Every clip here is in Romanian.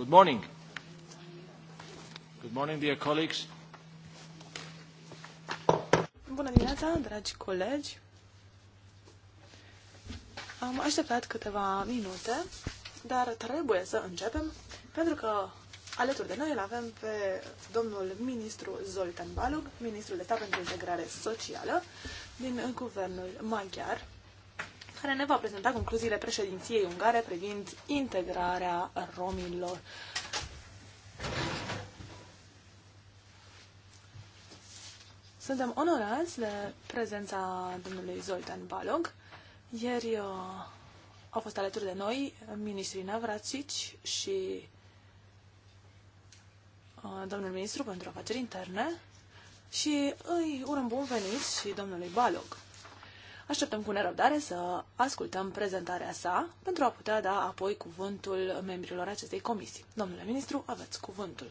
Good morning. Good morning, dear colleagues. Bună dimineața, dragi colegi. Am așteptat câteva minute, dar trebuie să începem, pentru că alături de noi îl avem pe domnul ministru Zoltan Balog, ministrul de stat pentru integrare socială din guvernul maghiar, care ne va prezenta concluziile președinției ungare privind integrarea romilor. Suntem onorați de prezența domnului Zoltan Balog. Ieri uh, au fost alături de noi ministrii Navracici și uh, domnul ministru pentru afaceri interne și îi urăm bun venit și domnului Balog. Așteptăm cu nerăbdare să ascultăm prezentarea sa pentru a putea da apoi cuvântul membrilor acestei comisii. Domnule ministru, aveți cuvântul.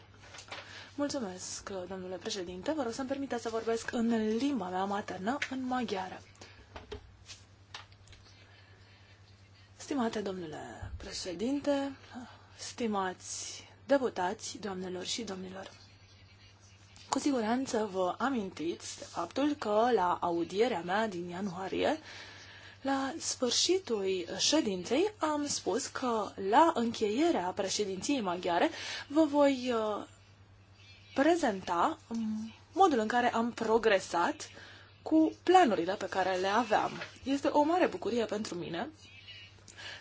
Mulțumesc, domnule președinte. Vă rog să-mi permite să vorbesc în limba mea maternă, în maghiară. Stimate domnule președinte, stimați deputați, doamnelor și domnilor, cu siguranță vă amintiți de faptul că la audierea mea din ianuarie, la sfârșitul ședinței, am spus că la încheierea președinției maghiare vă voi uh, prezenta modul în care am progresat cu planurile pe care le aveam. Este o mare bucurie pentru mine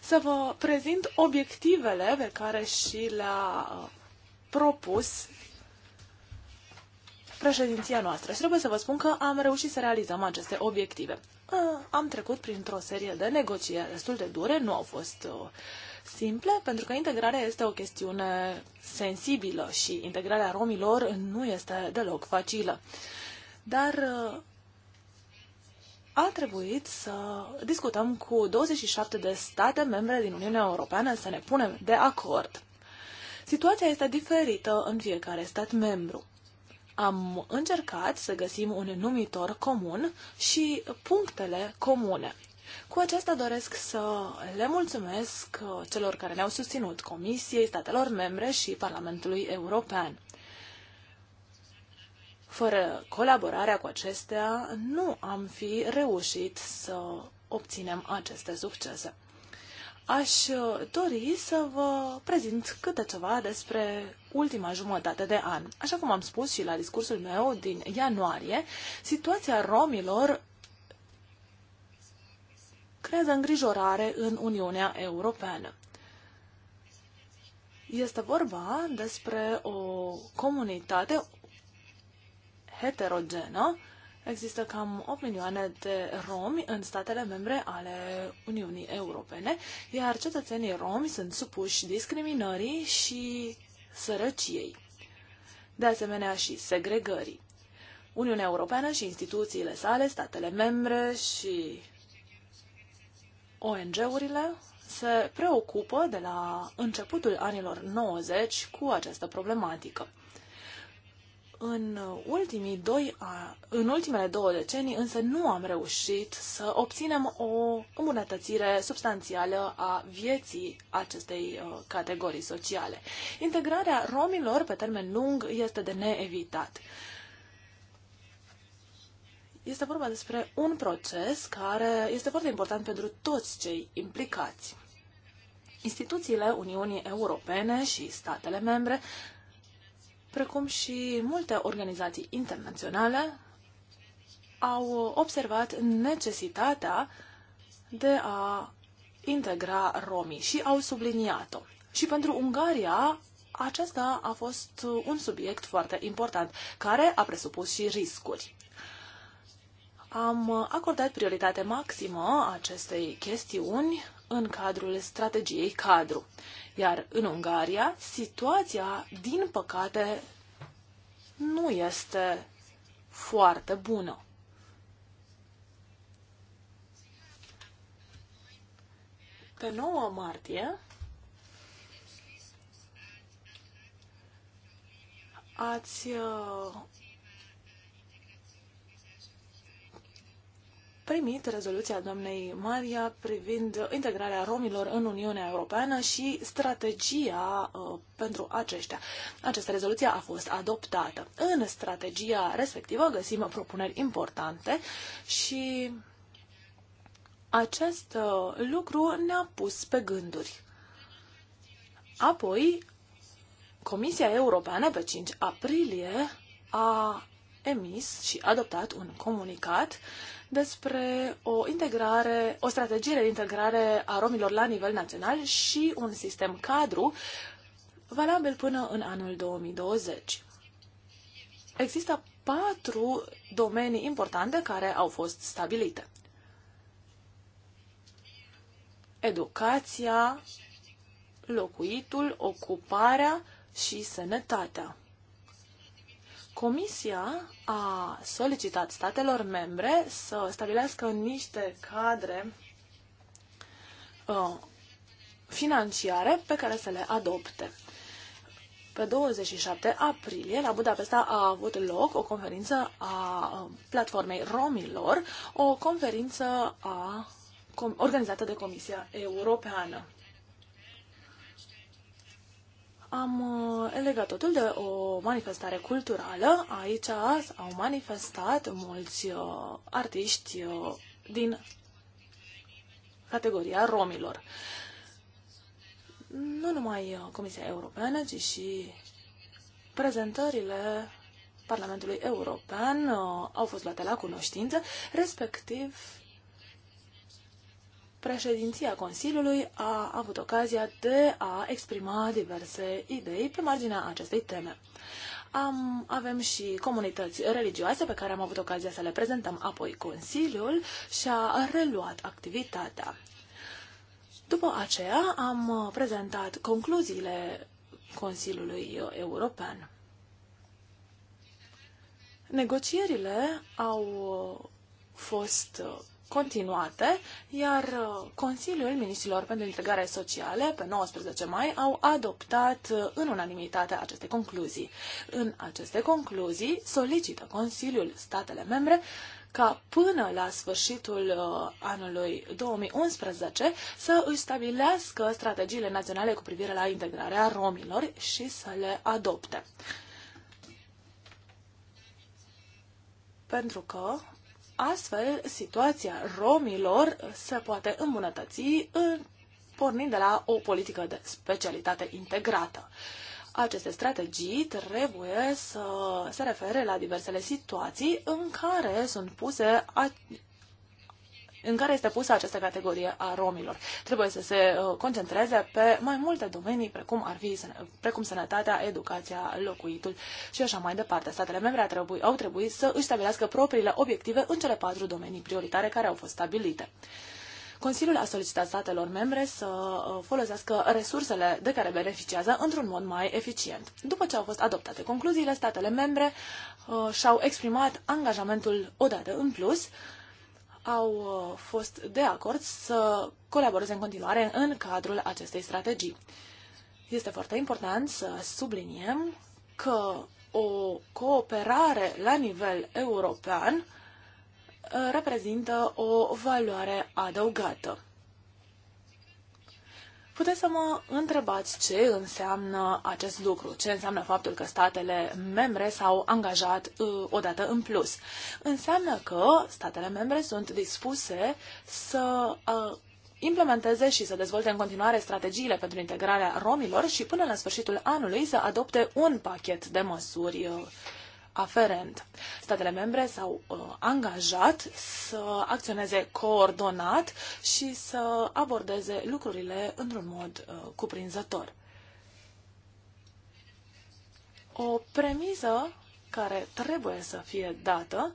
să vă prezint obiectivele pe care și le-a uh, propus președinția noastră și trebuie să vă spun că am reușit să realizăm aceste obiective. Am trecut printr-o serie de negocieri destul de dure, nu au fost uh, simple, pentru că integrarea este o chestiune sensibilă și integrarea romilor nu este deloc facilă. Dar uh, a trebuit să discutăm cu 27 de state membre din Uniunea Europeană să ne punem de acord. Situația este diferită în fiecare stat membru am încercat să găsim un numitor comun și punctele comune. Cu acesta doresc să le mulțumesc uh, celor care ne-au susținut, Comisiei, statelor membre și Parlamentului European. Fără colaborarea cu acestea, nu am fi reușit să obținem aceste succese aș uh, dori să vă prezint câte ceva despre ultima jumătate de an. Așa cum am spus și la discursul meu din ianuarie, situația romilor creează îngrijorare în Uniunea Europeană. Este vorba despre o comunitate heterogenă Există cam 8 milioane de romi în statele membre ale Uniunii Europene, iar cetățenii romi sunt supuși discriminării și sărăciei, de asemenea și segregării. Uniunea Europeană și instituțiile sale, statele membre și ONG-urile se preocupă de la începutul anilor 90 cu această problematică. În, ultimii doi, în ultimele două decenii însă nu am reușit să obținem o îmbunătățire substanțială a vieții acestei uh, categorii sociale. Integrarea romilor pe termen lung este de neevitat. Este vorba despre un proces care este foarte important pentru toți cei implicați. Instituțiile Uniunii Europene și statele membre precum și multe organizații internaționale, au observat necesitatea de a integra romii și au subliniat-o. Și pentru Ungaria, acesta a fost un subiect foarte important, care a presupus și riscuri. Am acordat prioritate maximă acestei chestiuni în cadrul strategiei cadru. Iar în Ungaria, situația, din păcate, nu este foarte bună. Pe 9 martie ați uh, primit rezoluția doamnei Maria privind integrarea romilor în Uniunea Europeană și strategia uh, pentru aceștia. Această rezoluție a fost adoptată. În strategia respectivă găsim propuneri importante și acest uh, lucru ne-a pus pe gânduri. Apoi, Comisia Europeană pe 5 aprilie a emis și adoptat un comunicat uh, despre o integrare, o strategie de integrare a romilor la nivel național și un sistem cadru valabil până în anul 2020. Există patru domenii importante care au fost stabilite. Educația, locuitul, ocuparea și sănătatea. Comisia a solicitat statelor membre să stabilească niște cadre uh, financiare pe care să le adopte. Pe 27 aprilie, la Budapesta, a avut loc o conferință a uh, platformei romilor, o conferință a, organizată de Comisia Europeană am uh, legat totul de o manifestare culturală. Aici au manifestat mulți uh, artiști uh, din categoria romilor. Nu numai Comisia Europeană, ci și prezentările Parlamentului European au fost luate la cunoștință, respectiv președinția Consiliului a avut ocazia de a exprima diverse idei pe marginea acestei teme. Am, avem și comunități religioase pe care am avut ocazia să le prezentăm, apoi Consiliul și-a reluat activitatea. După aceea am prezentat concluziile Consiliului European. Negocierile au fost continuate, iar uh, Consiliul Ministrilor pentru Integrare Sociale pe 19 mai au adoptat uh, în unanimitate aceste concluzii. În aceste concluzii solicită Consiliul statele membre ca până la sfârșitul uh, anului 2011 să își stabilească strategiile naționale cu privire la integrarea romilor și să le adopte. Pentru că Astfel, situația romilor se poate îmbunătăți pornind de la o politică de specialitate integrată. Aceste strategii trebuie să se refere la diversele situații în care sunt puse în care este pusă această categorie a romilor. Trebuie să se uh, concentreze pe mai multe domenii, precum ar fi precum sănătatea, educația, locuitul și așa mai departe. Statele membre au trebuit să își stabilească propriile obiective în cele patru domenii prioritare care au fost stabilite. Consiliul a solicitat statelor membre să uh, folosească resursele de care beneficiază într-un mod mai eficient. După ce au fost adoptate concluziile, statele membre uh, și-au exprimat angajamentul odată în plus au uh, fost de acord să colaboreze în continuare în cadrul acestei strategii. Este foarte important să subliniem că o cooperare la nivel european uh, reprezintă o valoare adăugată puteți să mă întrebați ce înseamnă acest lucru, ce înseamnă faptul că statele membre s-au angajat uh, odată în plus. Înseamnă că statele membre sunt dispuse să uh, implementeze și să dezvolte în continuare strategiile pentru integrarea romilor și până la sfârșitul anului să adopte un pachet de măsuri uh, aferent. Statele membre s-au uh, angajat să acționeze coordonat și să abordeze lucrurile într-un mod uh, cuprinzător. O premiză care trebuie să fie dată,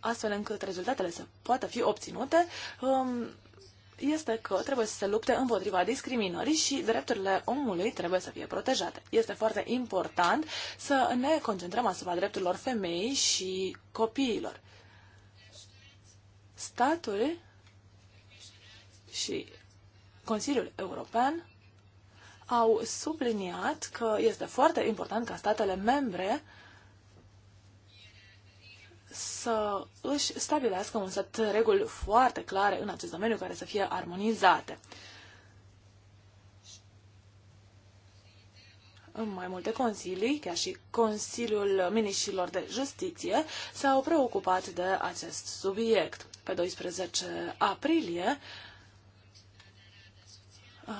astfel încât rezultatele să poată fi obținute, um, este că trebuie să se lupte împotriva discriminării și drepturile omului trebuie să fie protejate. Este foarte important să ne concentrăm asupra drepturilor femeii și copiilor. Statul și Consiliul European au subliniat că este foarte important ca statele membre să își stabilească un set reguli foarte clare în acest domeniu care să fie armonizate. În mai multe consilii, chiar și Consiliul Miniștrilor de Justiție, s-au preocupat de acest subiect. Pe 12 aprilie,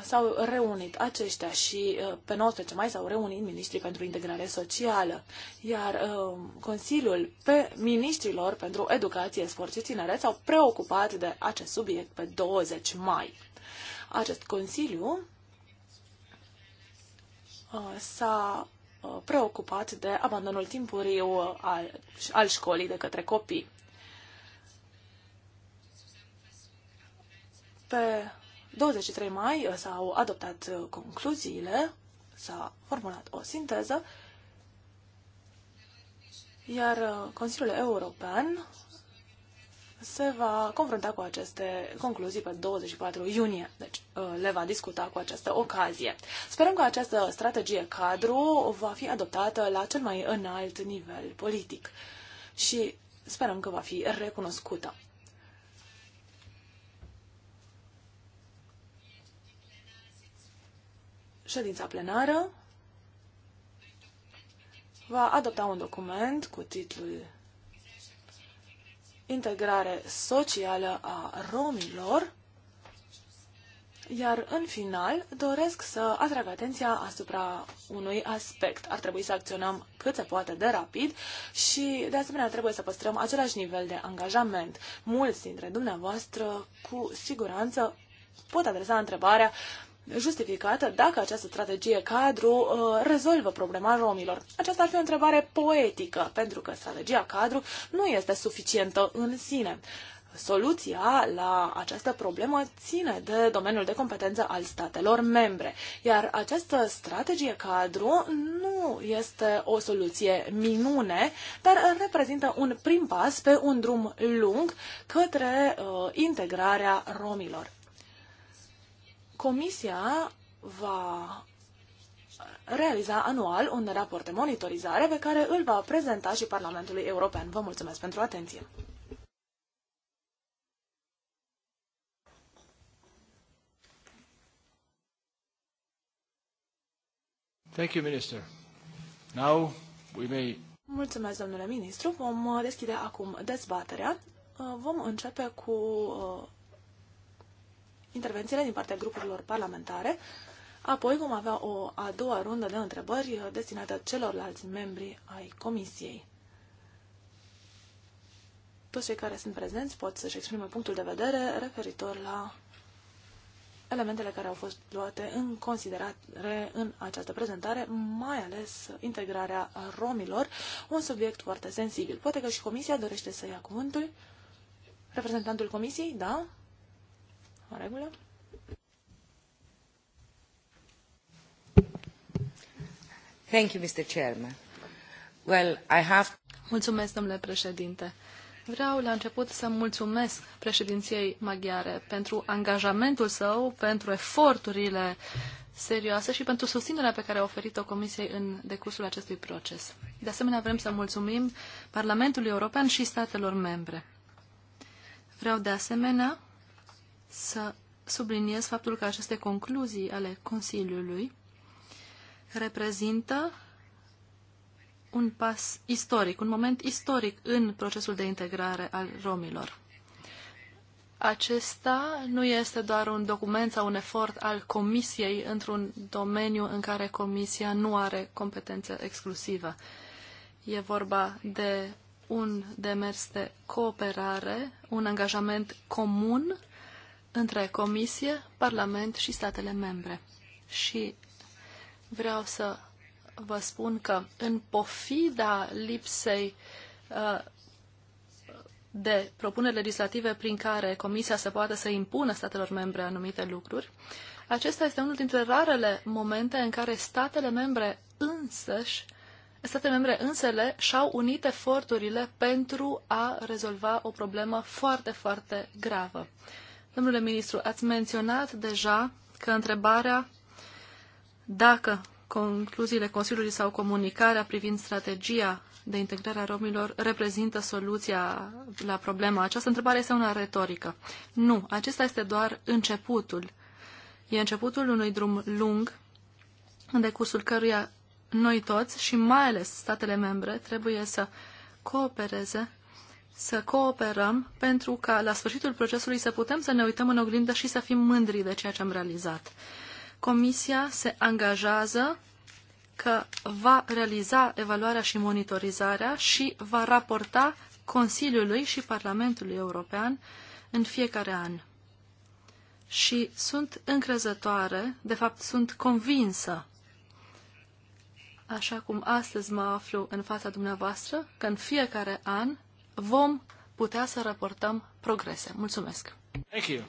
s-au reunit aceștia și uh, pe 19 mai s-au reunit ministrii pentru integrare socială, iar uh, Consiliul pe ministrilor pentru educație, sport și tineret s-au preocupat de acest subiect pe 20 mai. Acest Consiliu uh, s-a preocupat de abandonul timpuriu al, al școlii de către copii. Pe 23 mai uh, s-au adoptat uh, concluziile, s-a formulat o sinteză, iar uh, Consiliul European se va confrunta cu aceste concluzii pe 24 iunie. Deci le va discuta cu această ocazie. Sperăm că această strategie cadru va fi adoptată la cel mai înalt nivel politic și sperăm că va fi recunoscută. ședința plenară va adopta un document cu titlul Integrare socială a romilor, iar în final doresc să atrag atenția asupra unui aspect. Ar trebui să acționăm cât se poate de rapid și, de asemenea, trebuie să păstrăm același nivel de angajament. Mulți dintre dumneavoastră, cu siguranță, pot adresa întrebarea justificată dacă această strategie cadru uh, rezolvă problema romilor. Aceasta ar fi o întrebare poetică, pentru că strategia cadru nu este suficientă în sine. Soluția la această problemă ține de domeniul de competență al statelor membre, iar această strategie cadru nu este o soluție minune, dar reprezintă un prim pas pe un drum lung către uh, integrarea romilor. Comisia va realiza anual un raport de monitorizare pe care îl va prezenta și Parlamentului European. Vă mulțumesc pentru atenție! Thank you, Minister. Now we may... Mulțumesc, domnule ministru. Vom deschide acum dezbaterea. Vom începe cu uh, intervențiile din partea grupurilor parlamentare. Apoi vom avea o a doua rundă de întrebări uh, destinată celorlalți membri ai comisiei. Toți cei care sunt prezenți pot să-și exprime punctul de vedere referitor la elementele care au fost luate în considerare în această prezentare, mai ales integrarea romilor, un subiect foarte sensibil. Poate că și Comisia dorește să ia cuvântul. Reprezentantul Comisiei, da? În regulă? Thank you, Mr. Chairman. Well, I have... Mulțumesc, domnule președinte. Vreau la început să mulțumesc președinției maghiare pentru angajamentul său, pentru eforturile serioase și pentru susținerea pe care a oferit-o Comisiei în decursul acestui proces. De asemenea, vrem să mulțumim Parlamentului European și statelor membre. Vreau de asemenea să subliniez faptul că aceste concluzii ale Consiliului reprezintă un pas istoric, un moment istoric în procesul de integrare al romilor. Acesta nu este doar un document sau un efort al Comisiei într-un domeniu în care Comisia nu are competențe exclusivă. E vorba de un demers de cooperare, un angajament comun între Comisie, Parlament și statele membre. Și vreau să vă spun că în pofida lipsei uh, de propuneri legislative prin care Comisia se poate să impună statelor membre anumite lucruri, acesta este unul dintre rarele momente în care statele membre însăși statele membre însele și-au unit eforturile pentru a rezolva o problemă foarte, foarte gravă. Domnule ministru, ați menționat deja că întrebarea dacă concluziile Consiliului sau comunicarea privind strategia de integrare a romilor reprezintă soluția la problema. Această întrebare este una retorică. Nu, acesta este doar începutul. E începutul unui drum lung, în decursul căruia noi toți și mai ales statele membre trebuie să coopereze să cooperăm pentru ca la sfârșitul procesului să putem să ne uităm în oglindă și să fim mândri de ceea ce am realizat. Comisia se angajează că va realiza evaluarea și monitorizarea și va raporta Consiliului și Parlamentului European în fiecare an. Și sunt încrezătoare, de fapt sunt convinsă, așa cum astăzi mă aflu în fața dumneavoastră, că în fiecare an vom putea să raportăm progrese. Mulțumesc! Thank you.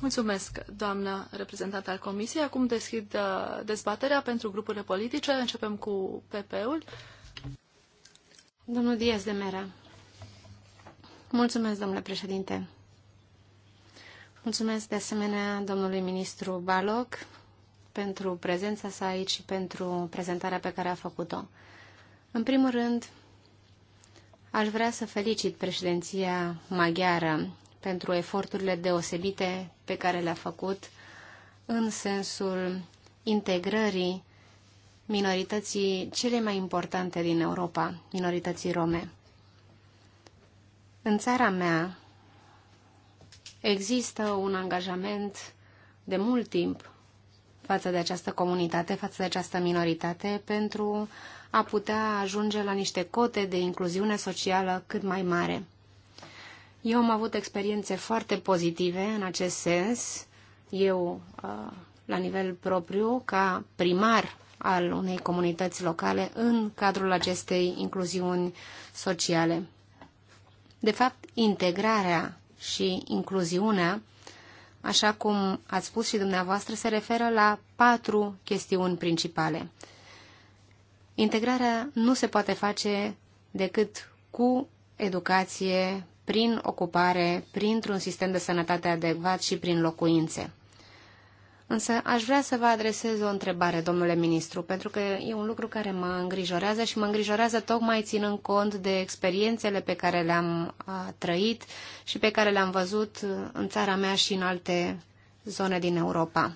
Mulțumesc, doamnă reprezentantă al Comisiei. Acum deschid uh, dezbaterea pentru grupurile politice. Începem cu PP-ul. Domnul Diaz de Mera. Mulțumesc, domnule președinte. Mulțumesc de asemenea domnului ministru Baloc pentru prezența sa aici și pentru prezentarea pe care a făcut-o. În primul rând, Aș vrea să felicit președinția maghiară pentru eforturile deosebite pe care le-a făcut în sensul integrării minorității cele mai importante din Europa, minorității rome. În țara mea există un angajament de mult timp față de această comunitate, față de această minoritate, pentru a putea ajunge la niște cote de incluziune socială cât mai mare. Eu am avut experiențe foarte pozitive în acest sens. Eu, uh, la nivel propriu, ca primar al unei comunități locale în cadrul acestei incluziuni sociale. De fapt, integrarea și incluziunea așa cum ați spus și dumneavoastră, se referă la patru chestiuni principale. Integrarea nu se poate face decât cu educație, prin ocupare, printr-un sistem de sănătate adecvat și prin locuințe. Însă aș vrea să vă adresez o întrebare, domnule ministru, pentru că e un lucru care mă îngrijorează și mă îngrijorează tocmai ținând cont de experiențele pe care le-am trăit și pe care le-am văzut în țara mea și în alte zone din Europa.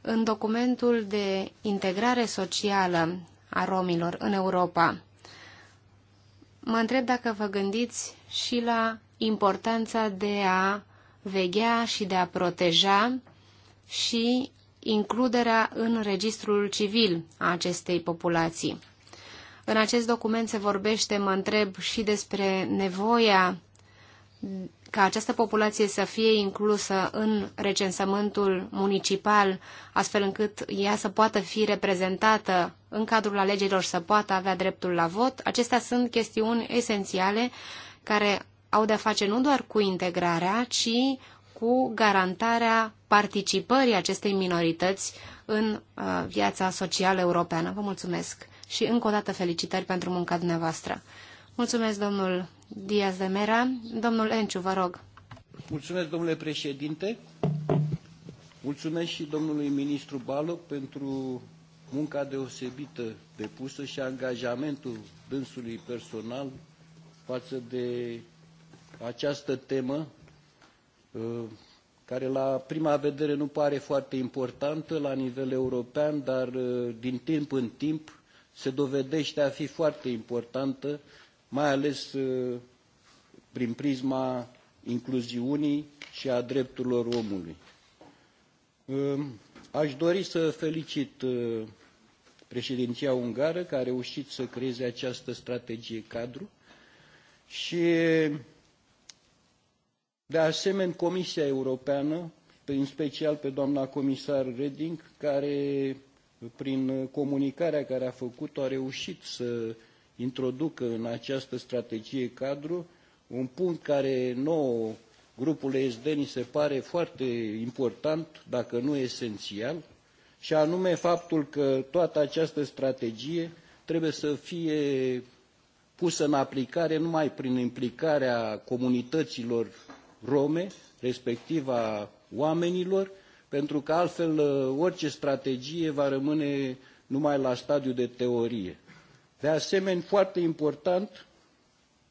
În documentul de integrare socială a romilor în Europa, mă întreb dacă vă gândiți și la importanța de a veghea și de a proteja și includerea în registrul civil a acestei populații. În acest document se vorbește, mă întreb, și despre nevoia ca această populație să fie inclusă în recensământul municipal, astfel încât ea să poată fi reprezentată în cadrul alegerilor, să poată avea dreptul la vot. Acestea sunt chestiuni esențiale care au de-a face nu doar cu integrarea, ci cu garantarea participării acestei minorități în uh, viața socială europeană. Vă mulțumesc și încă o dată felicitări pentru munca dumneavoastră. Mulțumesc, domnul Diaz de Mera. Domnul Enciu, vă rog. Mulțumesc, domnule președinte. Mulțumesc și domnului ministru Baloc pentru munca deosebită depusă și angajamentul dânsului personal față de această temă Uh, care la prima vedere nu pare foarte importantă la nivel european, dar uh, din timp în timp se dovedește a fi foarte importantă, mai ales uh, prin prisma incluziunii și a drepturilor omului. Aș dori să felicit președinția ungară care a reușit să creeze această strategie cadru și de asemenea, Comisia Europeană, în special pe doamna comisar Reding, care prin comunicarea care a făcut-o a reușit să introducă în această strategie cadru un punct care nouă grupul ESD ni se pare foarte important, dacă nu esențial, și anume faptul că toată această strategie trebuie să fie pusă în aplicare numai prin implicarea comunităților rome, respectiv a oamenilor, pentru că altfel ă, orice strategie va rămâne numai la stadiu de teorie. De asemenea, foarte important,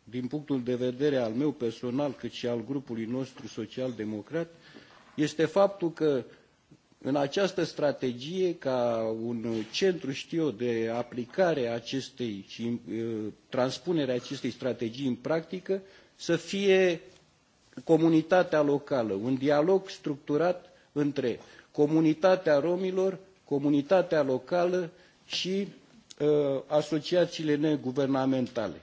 din punctul de vedere al meu personal, cât și al grupului nostru social-democrat, este faptul că în această strategie, ca un centru, știu eu, de aplicare a acestei și ă, transpunerea acestei strategii în practică, să fie comunitatea locală, un dialog structurat între comunitatea romilor, comunitatea locală și uh, asociațiile neguvernamentale.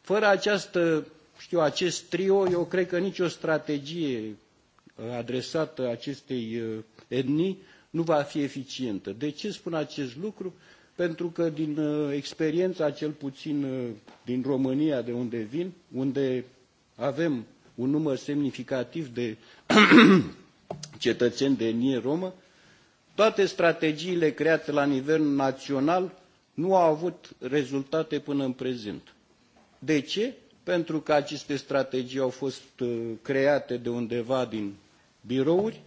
Fără această, știu, acest trio, eu cred că nicio strategie uh, adresată acestei uh, etnii nu va fi eficientă. De ce spun acest lucru? Pentru că din uh, experiența, cel puțin din România, de unde vin, unde avem un număr semnificativ de cetățeni de etnie romă, toate strategiile create la nivel național nu au avut rezultate până în prezent. De ce? Pentru că aceste strategii au fost uh, create de undeva din birouri,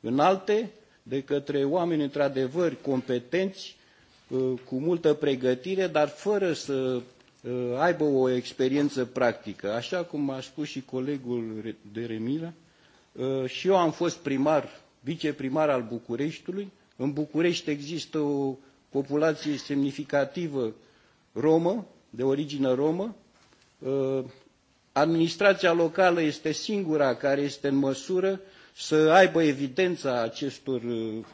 în alte, de către oameni într-adevăr competenți, uh, cu multă pregătire, dar fără să Uh, aibă o experiență practică. Așa cum a spus și colegul de Remila, uh, și eu am fost primar, viceprimar al Bucureștiului. În București există o populație semnificativă romă, de origine romă. Uh, administrația locală este singura care este în măsură să aibă evidența acestor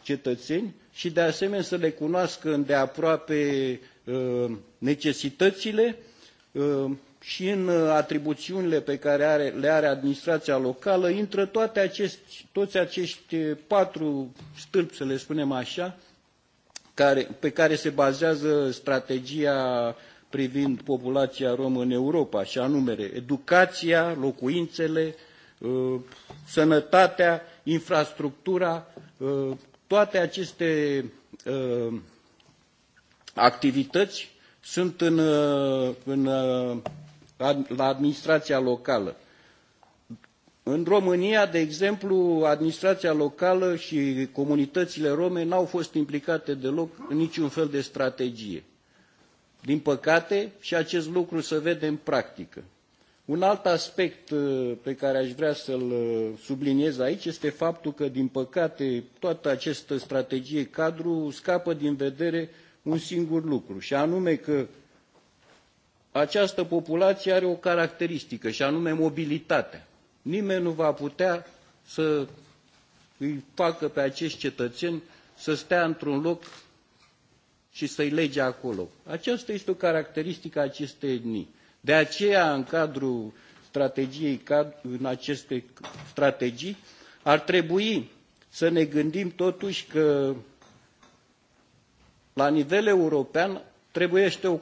cetățeni și de asemenea să le cunoască îndeaproape Uh, necesitățile uh, și în uh, atribuțiunile pe care le are administrația locală intră toate acești, toți acești patru stâlpi, să le spunem așa, care, pe care se bazează strategia privind populația romă în Europa, și anume educația, locuințele, sănătatea, infrastructura, toate aceste activități sunt în, uh, în, uh, la administrația locală. În România, de exemplu, administrația locală și comunitățile rome n-au fost implicate deloc în niciun fel de strategie. Din păcate, și acest lucru se vede în practică. Un alt aspect uh, pe care aș vrea să-l subliniez aici este faptul că, din păcate, toată această strategie cadru scapă din vedere un singur lucru, și anume că această populație are o caracteristică, și anume mobilitatea. Nimeni nu va putea să îi facă pe acești cetățeni să stea într-un loc și să-i lege acolo. Aceasta este o caracteristică a acestei etnii. De aceea, în cadrul strategiei, în aceste strategii, ar trebui să ne gândim totuși că la nivel european trebuiește o,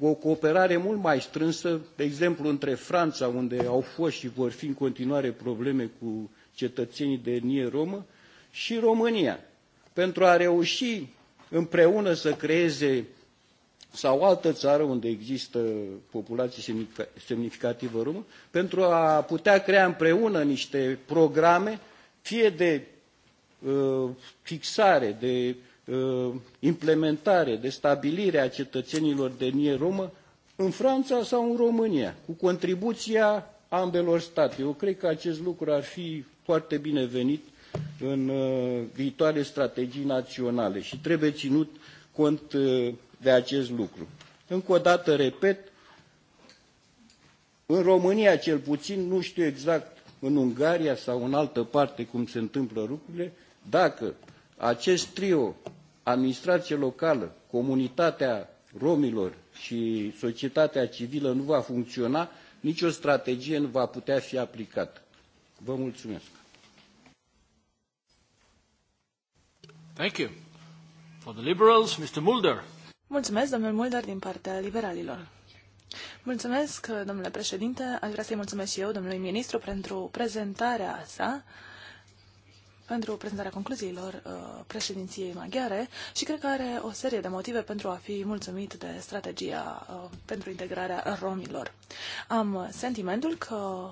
o cooperare mult mai strânsă, de exemplu între Franța, unde au fost și vor fi în continuare probleme cu cetățenii de etnie romă, și România. Pentru a reuși împreună să creeze sau altă țară unde există populație semnificativă romă, pentru a putea crea împreună niște programe, fie de uh, fixare, de Uh, implementare, de stabilire a cetățenilor de etnie romă în Franța sau în România, cu contribuția ambelor state. Eu cred că acest lucru ar fi foarte binevenit în uh, viitoare strategii naționale și trebuie ținut cont uh, de acest lucru. Încă o dată repet, în România cel puțin, nu știu exact în Ungaria sau în altă parte cum se întâmplă lucrurile, dacă acest trio administrație locală, comunitatea romilor și societatea civilă nu va funcționa, nicio strategie nu va putea fi aplicată. Vă mulțumesc. Thank you. For the liberals, Mr. Mulder. Mulțumesc, domnul Mulder, din partea liberalilor. Mulțumesc, domnule președinte. Aș vrea să-i mulțumesc și eu, domnului ministru, pentru prezentarea sa pentru prezentarea concluziilor uh, președinției maghiare și cred că are o serie de motive pentru a fi mulțumit de strategia uh, pentru integrarea romilor. Am sentimentul că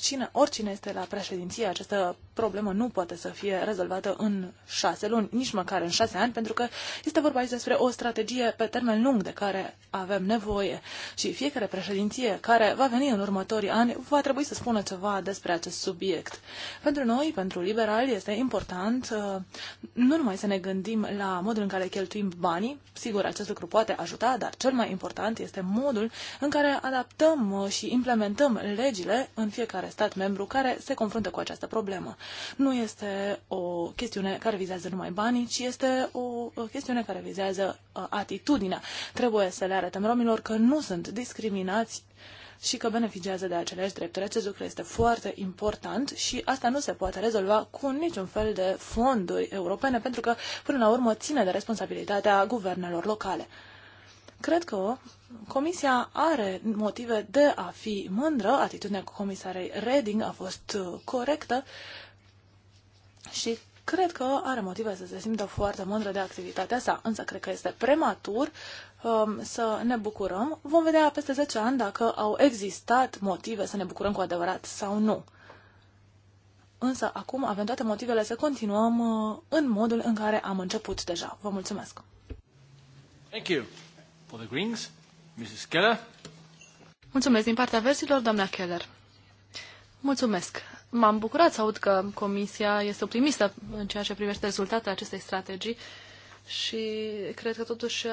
cine, oricine este la președinție, această problemă nu poate să fie rezolvată în șase luni, nici măcar în șase ani, pentru că este vorba aici despre o strategie pe termen lung de care avem nevoie și fiecare președinție care va veni în următorii ani va trebui să spună ceva despre acest subiect. Pentru noi, pentru liberali, este important uh, nu numai să ne gândim la modul în care cheltuim banii, sigur, acest lucru poate ajuta, dar cel mai important este modul în care adaptăm uh, și implementăm legile în fiecare stat membru care se confruntă cu această problemă. Nu este o chestiune care vizează numai banii, ci este o chestiune care vizează uh, atitudinea. Trebuie să le arătăm romilor că nu sunt discriminați și că beneficiază de aceleași drepturi. Acest lucru este foarte important și asta nu se poate rezolva cu niciun fel de fonduri europene, pentru că, până la urmă, ține de responsabilitatea guvernelor locale. Cred că Comisia are motive de a fi mândră, atitudinea cu comisarei Reding a fost uh, corectă și cred că are motive să se simtă foarte mândră de activitatea sa, însă cred că este prematur um, să ne bucurăm. Vom vedea peste 10 ani dacă au existat motive să ne bucurăm cu adevărat sau nu. Însă acum avem toate motivele să continuăm uh, în modul în care am început deja. Vă mulțumesc! Thank you. For the Greens, Mrs. Keller. Mulțumesc din partea versilor, doamna Keller. Mulțumesc. M-am bucurat să aud că Comisia este optimistă în ceea ce privește rezultatele acestei strategii și cred că totuși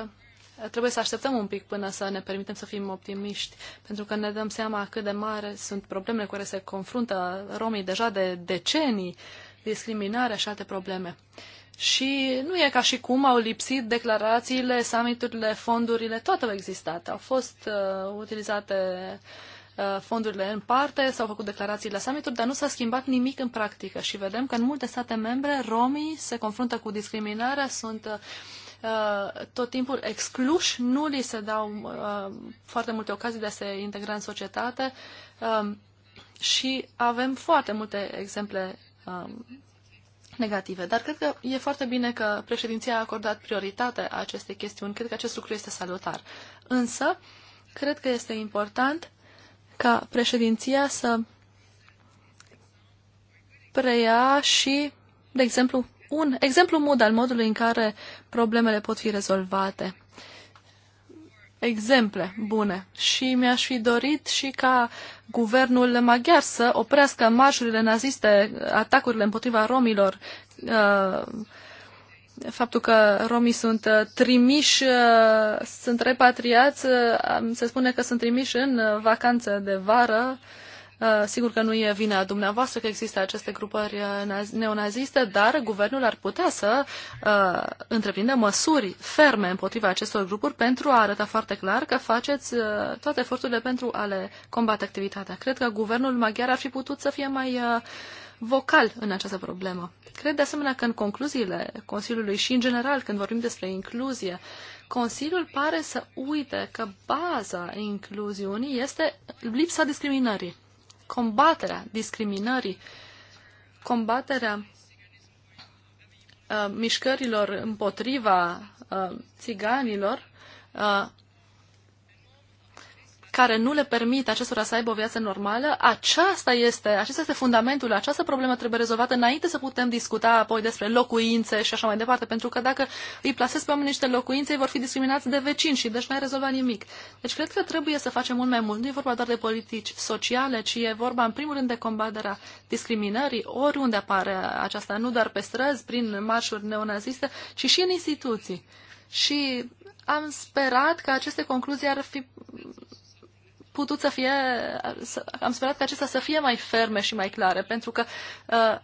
trebuie să așteptăm un pic până să ne permitem să fim optimiști, pentru că ne dăm seama cât de mare sunt problemele cu care se confruntă romii deja de decenii, discriminarea și alte probleme. Și nu e ca și cum au lipsit declarațiile, summiturile, fondurile, toate au existat. Au fost uh, utilizate uh, fondurile în parte, s-au făcut declarații la summituri, dar nu s-a schimbat nimic în practică și vedem că în multe state membre romii se confruntă cu discriminarea, sunt uh, tot timpul excluși, nu li se dau uh, foarte multe ocazii de a se integra în societate uh, și avem foarte multe exemple um, negative. Dar cred că e foarte bine că președinția a acordat prioritate a acestei chestiuni. Cred că acest lucru este salutar. Însă, cred că este important ca președinția să preia și, de exemplu, un exemplu mod al modului în care problemele pot fi rezolvate exemple bune și mi-aș fi dorit și ca guvernul maghiar să oprească marșurile naziste, atacurile împotriva romilor, uh, faptul că romii sunt uh, trimiși, uh, sunt repatriați, se spune că sunt trimiși în vacanță de vară, Uh, sigur că nu e vina dumneavoastră că există aceste grupări uh, neonaziste, dar guvernul ar putea să uh, întreprindă măsuri ferme împotriva acestor grupuri pentru a arăta foarte clar că faceți uh, toate eforturile pentru a le combate activitatea. Cred că guvernul maghiar ar fi putut să fie mai uh, vocal în această problemă. Cred de asemenea că în concluziile Consiliului și în general când vorbim despre incluzie, Consiliul pare să uite că baza incluziunii este lipsa discriminării combaterea discriminării, combaterea uh, mișcărilor împotriva uh, țiganilor, uh, care nu le permit acestora să aibă o viață normală, aceasta este, acesta este fundamentul, această problemă trebuie rezolvată înainte să putem discuta apoi despre locuințe și așa mai departe, pentru că dacă îi plasezi pe oameni niște locuințe, ei vor fi discriminați de vecini și deci n-ai rezolvat nimic. Deci cred că trebuie să facem mult mai mult. Nu e vorba doar de politici sociale, ci e vorba în primul rând de combaterea discriminării, oriunde apare aceasta, nu doar pe străzi, prin marșuri neonaziste, ci și în instituții. Și am sperat că aceste concluzii ar fi putut să fie, am sperat că acestea să fie mai ferme și mai clare, pentru că uh,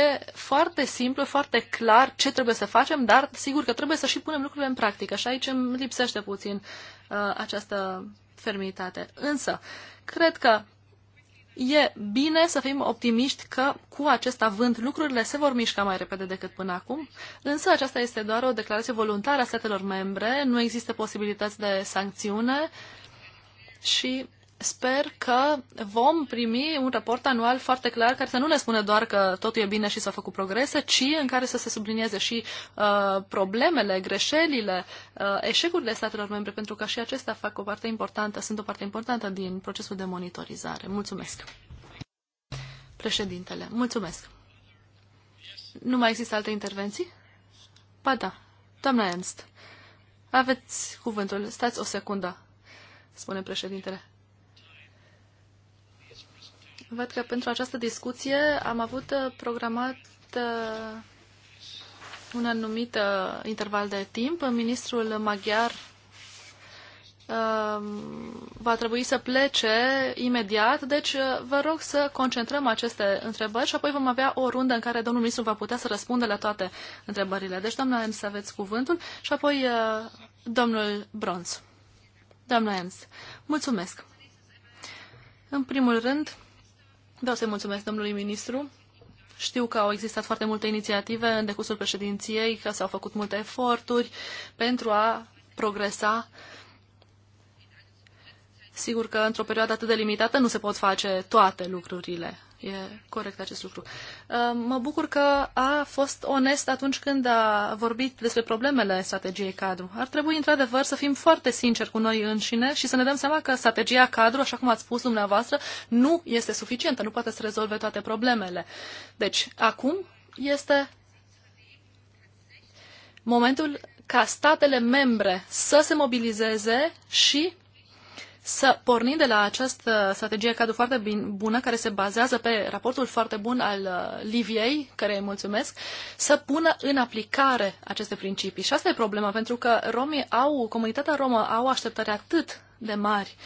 e foarte simplu, foarte clar ce trebuie să facem, dar sigur că trebuie să și punem lucrurile în practică și aici îmi lipsește puțin uh, această fermitate. Însă, cred că e bine să fim optimiști că cu acest avânt lucrurile se vor mișca mai repede decât până acum, însă aceasta este doar o declarație voluntară a statelor membre, nu există posibilități de sancțiune, uh, și sper că vom primi un raport anual foarte clar care să nu ne spună doar că totul e bine și s-au făcut progrese, ci în care să se sublinieze și uh, problemele, greșelile, uh, eșecurile statelor membre, pentru că și acestea fac o parte importantă, sunt o parte importantă din procesul de monitorizare. Mulțumesc. Președintele, mulțumesc. Nu mai există alte intervenții? Ba da. Doamna Ernst, aveți cuvântul. Stați o secundă spune președintele. Văd că pentru această discuție am avut uh, programat uh, un anumit uh, interval de timp. Ministrul maghiar va trebui să plece imediat, deci vă rog să concentrăm aceste întrebări și apoi vom avea o rundă în care domnul ministru va putea să răspundă la toate întrebările. Deci, doamna, să aveți cuvântul și apoi domnul Bronzu. Doamna Ems, mulțumesc! În primul rând, vreau să-i mulțumesc domnului ministru. Știu că au existat foarte multe inițiative în decursul președinției, că s-au făcut multe eforturi pentru a progresa. Sigur că într-o perioadă atât de limitată nu se pot face toate lucrurile e corect acest lucru. Uh, mă bucur că a fost onest atunci când a vorbit despre problemele strategiei cadru. Ar trebui, într-adevăr, să fim foarte sinceri cu noi înșine și să ne dăm seama că strategia cadru, așa cum ați spus dumneavoastră, nu este suficientă, nu poate să rezolve toate problemele. Deci, acum este momentul ca statele membre să se mobilizeze și să pornim de la această strategie cadru foarte bună, care se bazează pe raportul foarte bun al uh, Liviei, care îi mulțumesc, să pună în aplicare aceste principii. Și asta e problema, pentru că romii au, comunitatea romă au așteptări atât de mari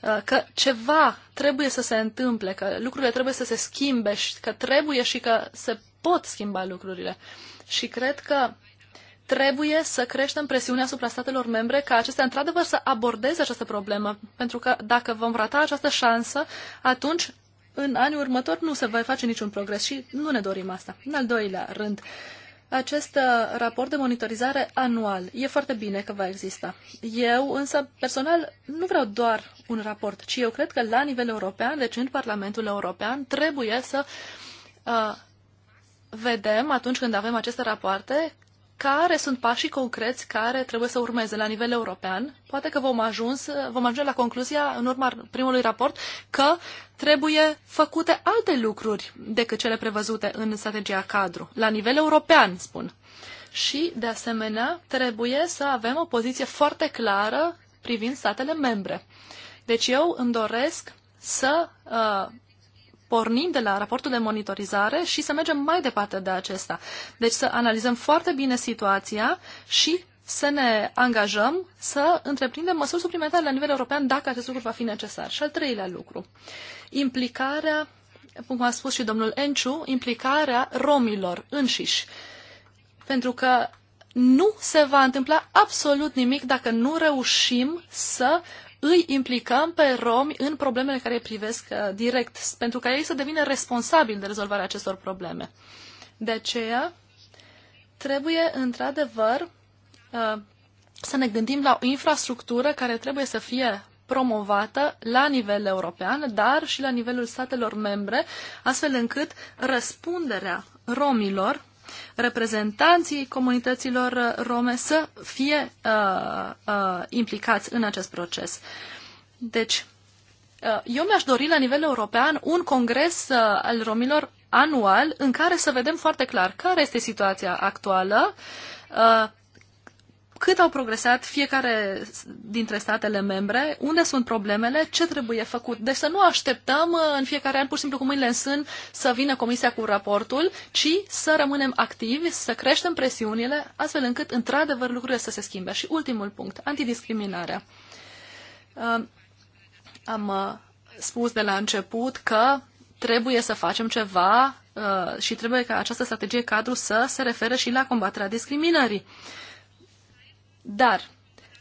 uh, că ceva trebuie să se întâmple, că lucrurile trebuie să se schimbe și că trebuie și că se pot schimba lucrurile. Și cred că trebuie să creștem presiunea asupra statelor membre ca acestea într-adevăr să abordeze această problemă, pentru că dacă vom rata această șansă, atunci în anii următori nu se va face niciun progres și nu ne dorim asta. În al doilea rând, acest uh, raport de monitorizare anual e foarte bine că va exista. Eu însă personal nu vreau doar un raport, ci eu cred că la nivel european, deci în Parlamentul European, trebuie să uh, vedem atunci când avem aceste rapoarte care sunt pașii concreți care trebuie să urmeze la nivel european. Poate că vom, ajuns, vom ajunge la concluzia, în urma primului raport, că trebuie făcute alte lucruri decât cele prevăzute în strategia cadru. La nivel european, spun. Și, de asemenea, trebuie să avem o poziție foarte clară privind statele membre. Deci eu îmi doresc să uh, pornind de la raportul de monitorizare și să mergem mai departe de acesta. Deci să analizăm foarte bine situația și să ne angajăm să întreprindem măsuri suplimentare la nivel european dacă acest lucru va fi necesar. Și al treilea lucru, implicarea, cum a spus și domnul Enciu, implicarea romilor înșiși. Pentru că nu se va întâmpla absolut nimic dacă nu reușim să îi implicăm pe romi în problemele care îi privesc uh, direct, pentru ca ei să devină responsabili de rezolvarea acestor probleme. De aceea, trebuie într-adevăr uh, să ne gândim la o infrastructură care trebuie să fie promovată la nivel european, dar și la nivelul statelor membre, astfel încât răspunderea romilor reprezentanții comunităților rome să fie uh, uh, implicați în acest proces. Deci, uh, eu mi-aș dori la nivel european un congres uh, al romilor anual în care să vedem foarte clar care este situația actuală, uh, cât au progresat fiecare dintre statele membre, unde sunt problemele, ce trebuie făcut. Deci să nu așteptăm uh, în fiecare an pur și simplu cu mâinile în sân să vină comisia cu raportul, ci să rămânem activi, să creștem presiunile, astfel încât într-adevăr lucrurile să se schimbe. Și ultimul punct, antidiscriminarea. Uh, am uh, spus de la început că trebuie să facem ceva și trebuie ca această strategie cadru să se refere și la combaterea discriminării. Dar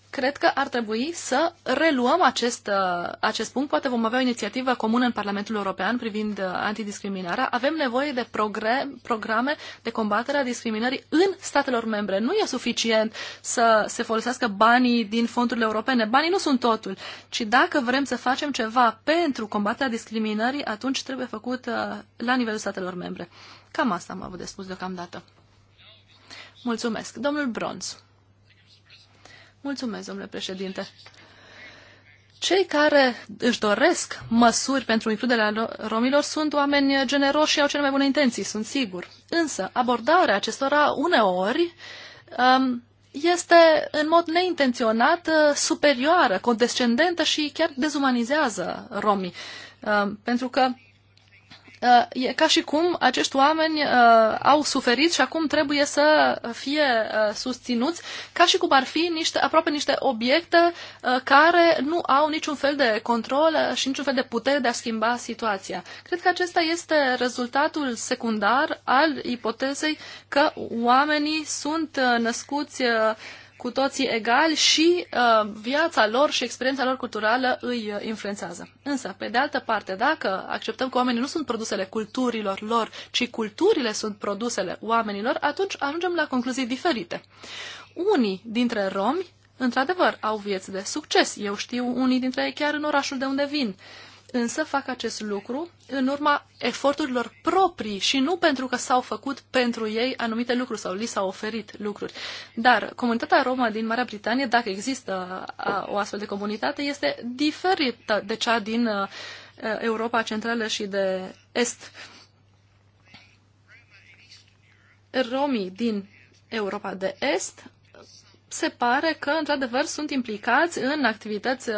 cred că ar trebui să reluăm acest, uh, acest punct. Poate vom avea o inițiativă comună în Parlamentul European privind uh, antidiscriminarea. Avem nevoie de progre, programe de combatere a discriminării în statelor membre. Nu e suficient să se folosească banii din fondurile europene. Banii nu sunt totul, ci dacă vrem să facem ceva pentru combaterea discriminării, atunci trebuie făcut uh, la nivelul statelor membre. Cam asta am avut de spus deocamdată. Mulțumesc. Domnul Bronz. Mulțumesc, domnule președinte. Cei care își doresc măsuri pentru includerea romilor sunt oameni generoși și au cele mai bune intenții, sunt sigur. Însă, abordarea acestora uneori um, este în mod neintenționat uh, superioară, condescendentă și chiar dezumanizează romii. Um, pentru că Uh, e ca și cum acești oameni uh, au suferit și acum trebuie să fie uh, susținuți, ca și cum ar fi niște, aproape niște obiecte uh, care nu au niciun fel de control uh, și niciun fel de putere de a schimba situația. Cred că acesta este rezultatul secundar al ipotezei că oamenii sunt uh, născuți uh, cu toții egali și uh, viața lor și experiența lor culturală îi uh, influențează. Însă, pe de altă parte, dacă acceptăm că oamenii nu sunt produsele culturilor lor, ci culturile sunt produsele oamenilor, atunci ajungem la concluzii diferite. Unii dintre romi, într-adevăr, au vieți de succes. Eu știu unii dintre ei chiar în orașul de unde vin. Uh, însă fac acest lucru în urma eforturilor proprii și nu pentru că s-au făcut pentru ei anumite lucruri sau li s-au oferit lucruri. Dar comunitatea Roma din Marea Britanie, dacă există o astfel de comunitate, este diferită de cea din Europa Centrală și de Est. Romii din Europa de Est se pare că, într-adevăr, sunt implicați în activități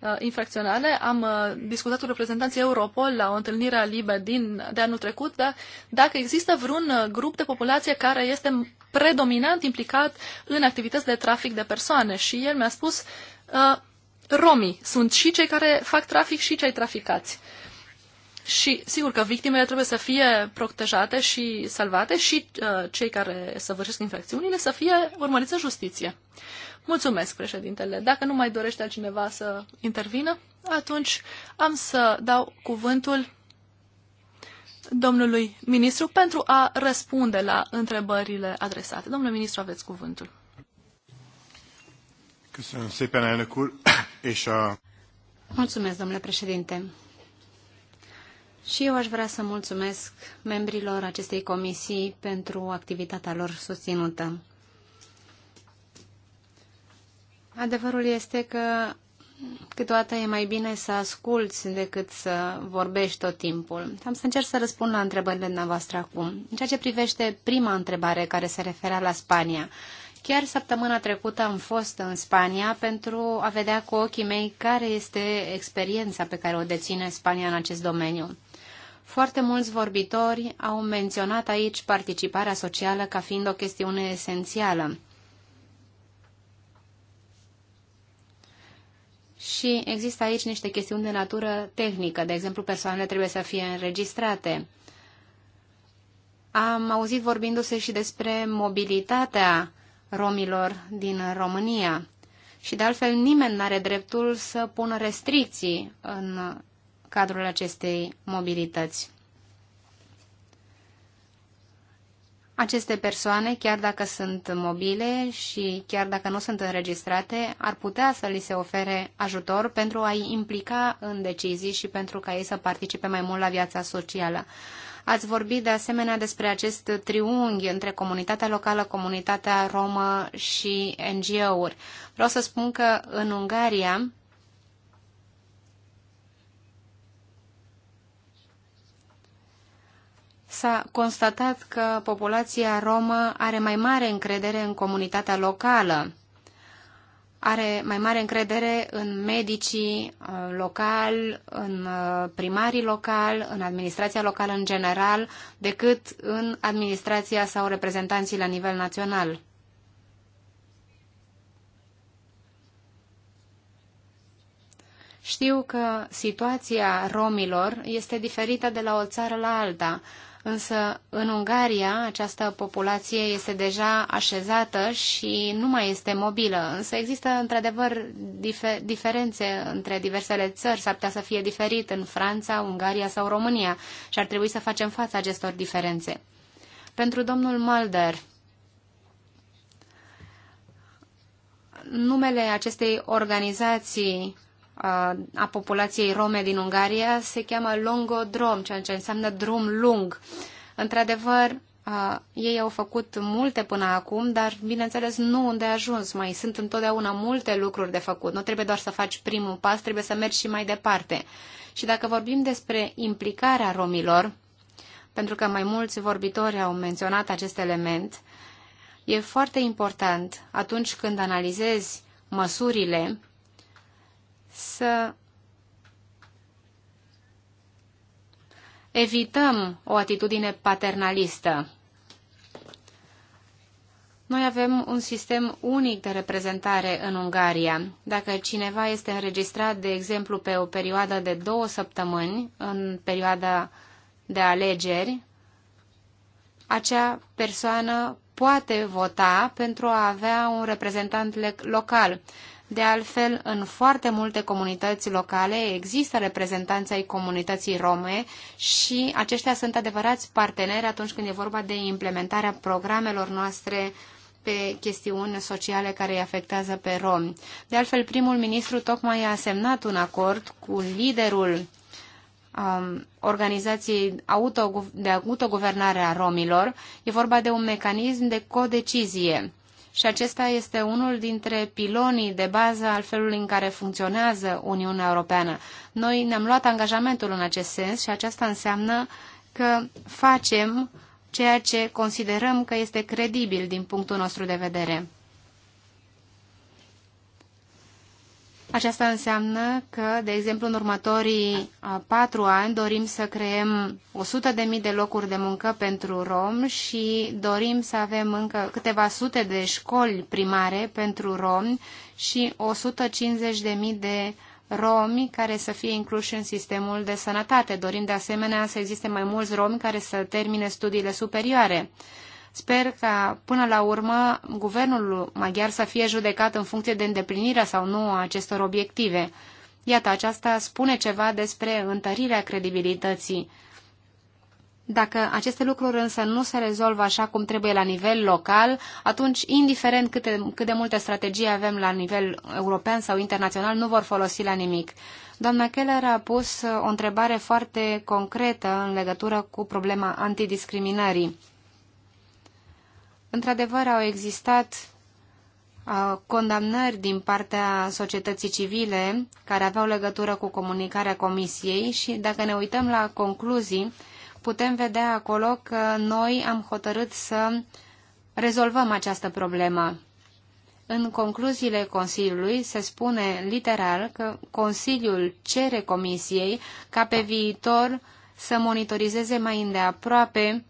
Uh, infracționale. Am uh, discutat cu reprezentanții Europol la o întâlnire a LIBE din, de anul trecut, dar dacă există vreun uh, grup de populație care este predominant implicat în activități de trafic de persoane și el mi-a spus romii sunt și cei care fac trafic și cei traficați. Și sigur că victimele trebuie să fie protejate și salvate și uh, cei care săvârșesc infracțiunile să fie urmăriți în justiție. Mulțumesc, președintele. Dacă nu mai dorește altcineva să intervină, atunci am să dau cuvântul domnului ministru pentru a răspunde la întrebările adresate. Domnule ministru, aveți cuvântul. Mulțumesc, domnule președinte. Și eu aș vrea să mulțumesc membrilor acestei comisii pentru activitatea lor susținută. Adevărul este că câteodată e mai bine să asculți decât să vorbești tot timpul. Am să încerc să răspund la întrebările noastre acum. În ceea ce privește prima întrebare care se referea la Spania, Chiar săptămâna trecută am fost în Spania pentru a vedea cu ochii mei care este experiența pe care o deține Spania în acest domeniu. Foarte mulți vorbitori au menționat aici participarea socială ca fiind o chestiune esențială. Și există aici niște chestiuni de natură tehnică. De exemplu, persoanele trebuie să fie înregistrate. Am auzit vorbindu-se și despre mobilitatea romilor din România. Și de altfel nimeni nu are dreptul să pună restricții în cadrul acestei mobilități. Aceste persoane, chiar dacă sunt mobile și chiar dacă nu sunt înregistrate, ar putea să li se ofere ajutor pentru a-i implica în decizii și pentru ca ei să participe mai mult la viața socială. Ați vorbit de asemenea despre acest triunghi între comunitatea locală, comunitatea romă și NGO-uri. Vreau să spun că în Ungaria s-a constatat că populația romă are mai mare încredere în comunitatea locală, are mai mare încredere în medicii uh, locali, în uh, primarii locali, în administrația locală în general, decât în administrația sau reprezentanții la nivel național. Știu că situația romilor este diferită de la o țară la alta, Însă, în Ungaria, această populație este deja așezată și nu mai este mobilă. Însă există, într-adevăr, difer- diferențe între diversele țări. S-ar putea să fie diferit în Franța, Ungaria sau România și ar trebui să facem față acestor diferențe. Pentru domnul Mulder, numele acestei organizații a populației rome din Ungaria se cheamă Longodrom, ceea ce înseamnă drum lung. Într-adevăr, ei au făcut multe până acum, dar bineînțeles nu unde a ajuns. Mai sunt întotdeauna multe lucruri de făcut. Nu trebuie doar să faci primul pas, trebuie să mergi și mai departe. Și dacă vorbim despre implicarea romilor, pentru că mai mulți vorbitori au menționat acest element, e foarte important atunci când analizezi măsurile să evităm o atitudine paternalistă. Noi avem un sistem unic de reprezentare în Ungaria. Dacă cineva este înregistrat, de exemplu, pe o perioadă de două săptămâni, în perioada de alegeri, acea persoană poate vota pentru a avea un reprezentant local. De altfel, în foarte multe comunități locale există reprezentanți ai comunității rome și aceștia sunt adevărați parteneri atunci când e vorba de implementarea programelor noastre pe chestiuni sociale care îi afectează pe romi. De altfel, primul ministru tocmai a semnat un acord cu liderul um, organizației auto, de autoguvernare a romilor. E vorba de un mecanism de codecizie și acesta este unul dintre pilonii de bază al felului în care funcționează Uniunea Europeană. Noi ne-am luat angajamentul în acest sens și aceasta înseamnă că facem ceea ce considerăm că este credibil din punctul nostru de vedere. Aceasta înseamnă că, de exemplu, în următorii patru ani dorim să creăm 100.000 de locuri de muncă pentru rom și dorim să avem încă câteva sute de școli primare pentru romi și 150.000 de romi care să fie incluși în sistemul de sănătate. Dorim de asemenea să existe mai mulți romi care să termine studiile superioare. Sper ca, până la urmă, guvernul maghiar să fie judecat în funcție de îndeplinirea sau nu a acestor obiective. Iată, aceasta spune ceva despre întărirea credibilității. Dacă aceste lucruri însă nu se rezolvă așa cum trebuie la nivel local, atunci, indiferent câte, cât de multe strategii avem la nivel european sau internațional, nu vor folosi la nimic. Doamna Keller a pus o întrebare foarte concretă în legătură cu problema antidiscriminării. Într-adevăr, au existat uh, condamnări din partea societății civile care aveau legătură cu comunicarea comisiei și dacă ne uităm la concluzii, putem vedea acolo că noi am hotărât să rezolvăm această problemă. În concluziile Consiliului se spune literal că Consiliul cere Comisiei ca pe viitor să monitorizeze mai îndeaproape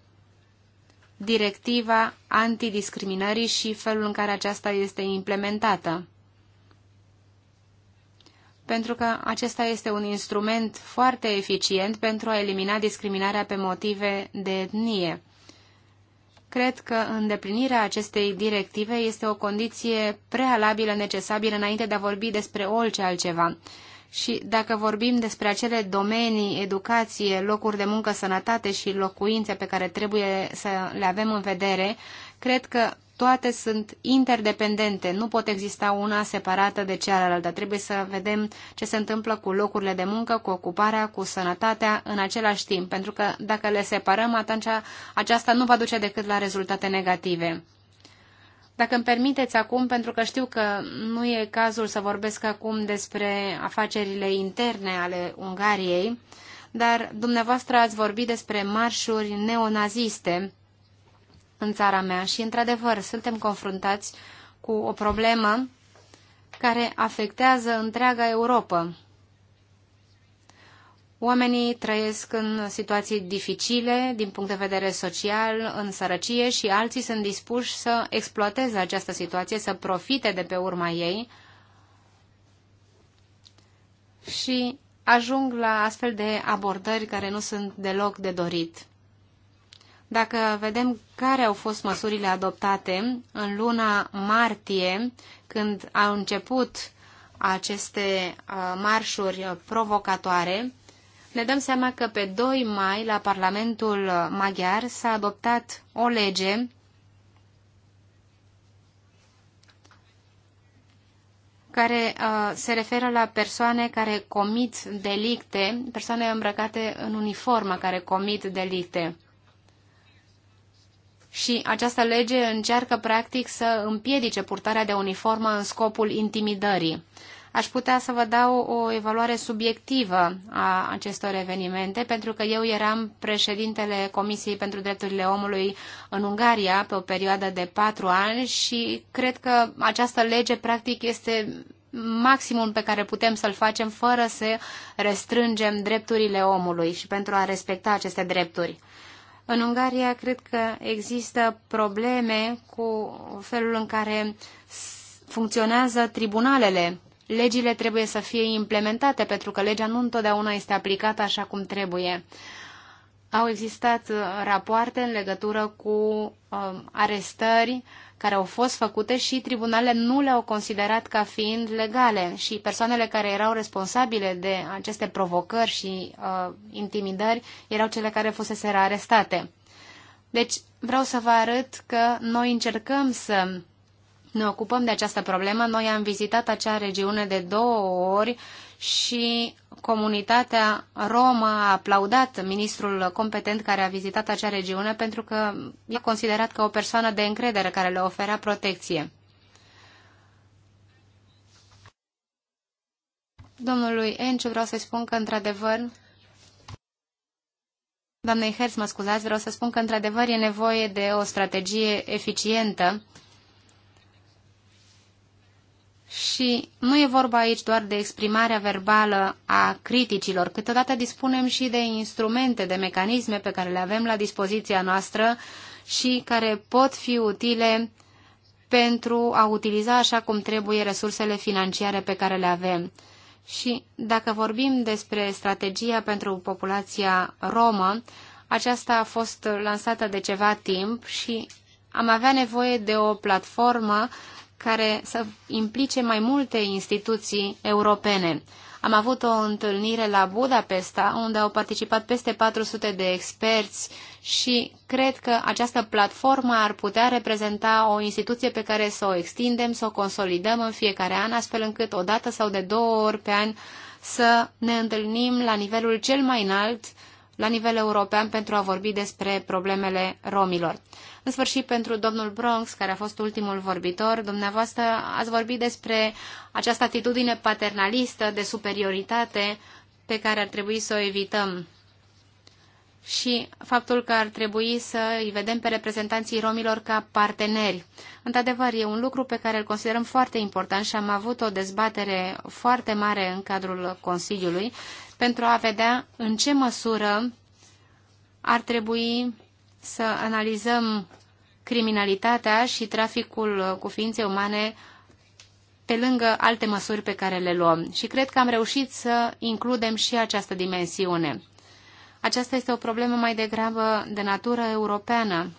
directiva antidiscriminării și felul în care aceasta este implementată. Pentru că acesta este un instrument foarte eficient pentru a elimina discriminarea pe motive de etnie. Cred că îndeplinirea acestei directive este o condiție prealabilă necesară înainte de a vorbi despre orice altceva. Și dacă vorbim despre acele domenii, educație, locuri de muncă, sănătate și locuințe pe care trebuie să le avem în vedere, cred că toate sunt interdependente, nu pot exista una separată de cealaltă. Trebuie să vedem ce se întâmplă cu locurile de muncă, cu ocuparea, cu sănătatea în același timp, pentru că dacă le separăm, atunci aceasta nu va duce decât la rezultate negative. Dacă îmi permiteți acum, pentru că știu că nu e cazul să vorbesc acum despre afacerile interne ale Ungariei, dar dumneavoastră ați vorbit despre marșuri neonaziste în țara mea și, într-adevăr, suntem confruntați cu o problemă care afectează întreaga Europa. Oamenii trăiesc în situații dificile din punct de vedere social, în sărăcie și alții sunt dispuși să exploateze această situație, să profite de pe urma ei și ajung la astfel de abordări care nu sunt deloc de dorit. Dacă vedem care au fost măsurile adoptate în luna martie, când au început aceste uh, marșuri provocatoare, ne dăm seama că pe 2 mai la Parlamentul Maghiar s-a adoptat o lege care uh, se referă la persoane care comit delicte, persoane îmbrăcate în uniformă care comit delicte. Și această lege încearcă practic să împiedice purtarea de uniformă în scopul intimidării aș putea să vă dau o evaluare subiectivă a acestor evenimente, pentru că eu eram președintele Comisiei pentru Drepturile Omului în Ungaria pe o perioadă de patru ani și cred că această lege practic este maximum pe care putem să-l facem fără să restrângem drepturile omului și pentru a respecta aceste drepturi. În Ungaria cred că există probleme cu felul în care funcționează tribunalele legile trebuie să fie implementate, pentru că legea nu întotdeauna este aplicată așa cum trebuie. Au existat uh, rapoarte în legătură cu uh, arestări care au fost făcute și tribunalele nu le-au considerat ca fiind legale și persoanele care erau responsabile de aceste provocări și uh, intimidări erau cele care fuseseră arestate. Deci vreau să vă arăt că noi încercăm să ne ocupăm de această problemă. Noi am vizitat acea regiune de două ori și comunitatea romă a aplaudat ministrul competent care a vizitat acea regiune pentru că e considerat ca o persoană de încredere care le oferea protecție. Domnului Enciu vreau să spun că, într-adevăr, doamnei Herz, mă scuzați, vreau să spun că, într-adevăr, e nevoie de o strategie eficientă și nu e vorba aici doar de exprimarea verbală a criticilor, câteodată dispunem și de instrumente, de mecanisme pe care le avem la dispoziția noastră și care pot fi utile pentru a utiliza așa cum trebuie resursele financiare pe care le avem. Și dacă vorbim despre strategia pentru populația romă, aceasta a fost lansată de ceva timp și am avea nevoie de o platformă care să implice mai multe instituții europene. Am avut o întâlnire la Budapesta, unde au participat peste 400 de experți și cred că această platformă ar putea reprezenta o instituție pe care să o extindem, să o consolidăm în fiecare an, astfel încât o dată sau de două ori pe an să ne întâlnim la nivelul cel mai înalt, la nivel european, pentru a vorbi despre problemele romilor. În sfârșit, pentru domnul Bronx, care a fost ultimul vorbitor, dumneavoastră ați vorbit despre această atitudine paternalistă de superioritate pe care ar trebui să o evităm și faptul că ar trebui să îi vedem pe reprezentanții romilor ca parteneri. Într-adevăr, e un lucru pe care îl considerăm foarte important și am avut o dezbatere foarte mare în cadrul Consiliului pentru a vedea în ce măsură ar trebui să analizăm criminalitatea și traficul uh, cu ființe umane pe lângă alte măsuri pe care le luăm. Și cred că am reușit să includem și această dimensiune. Aceasta este o problemă mai degrabă de natură europeană.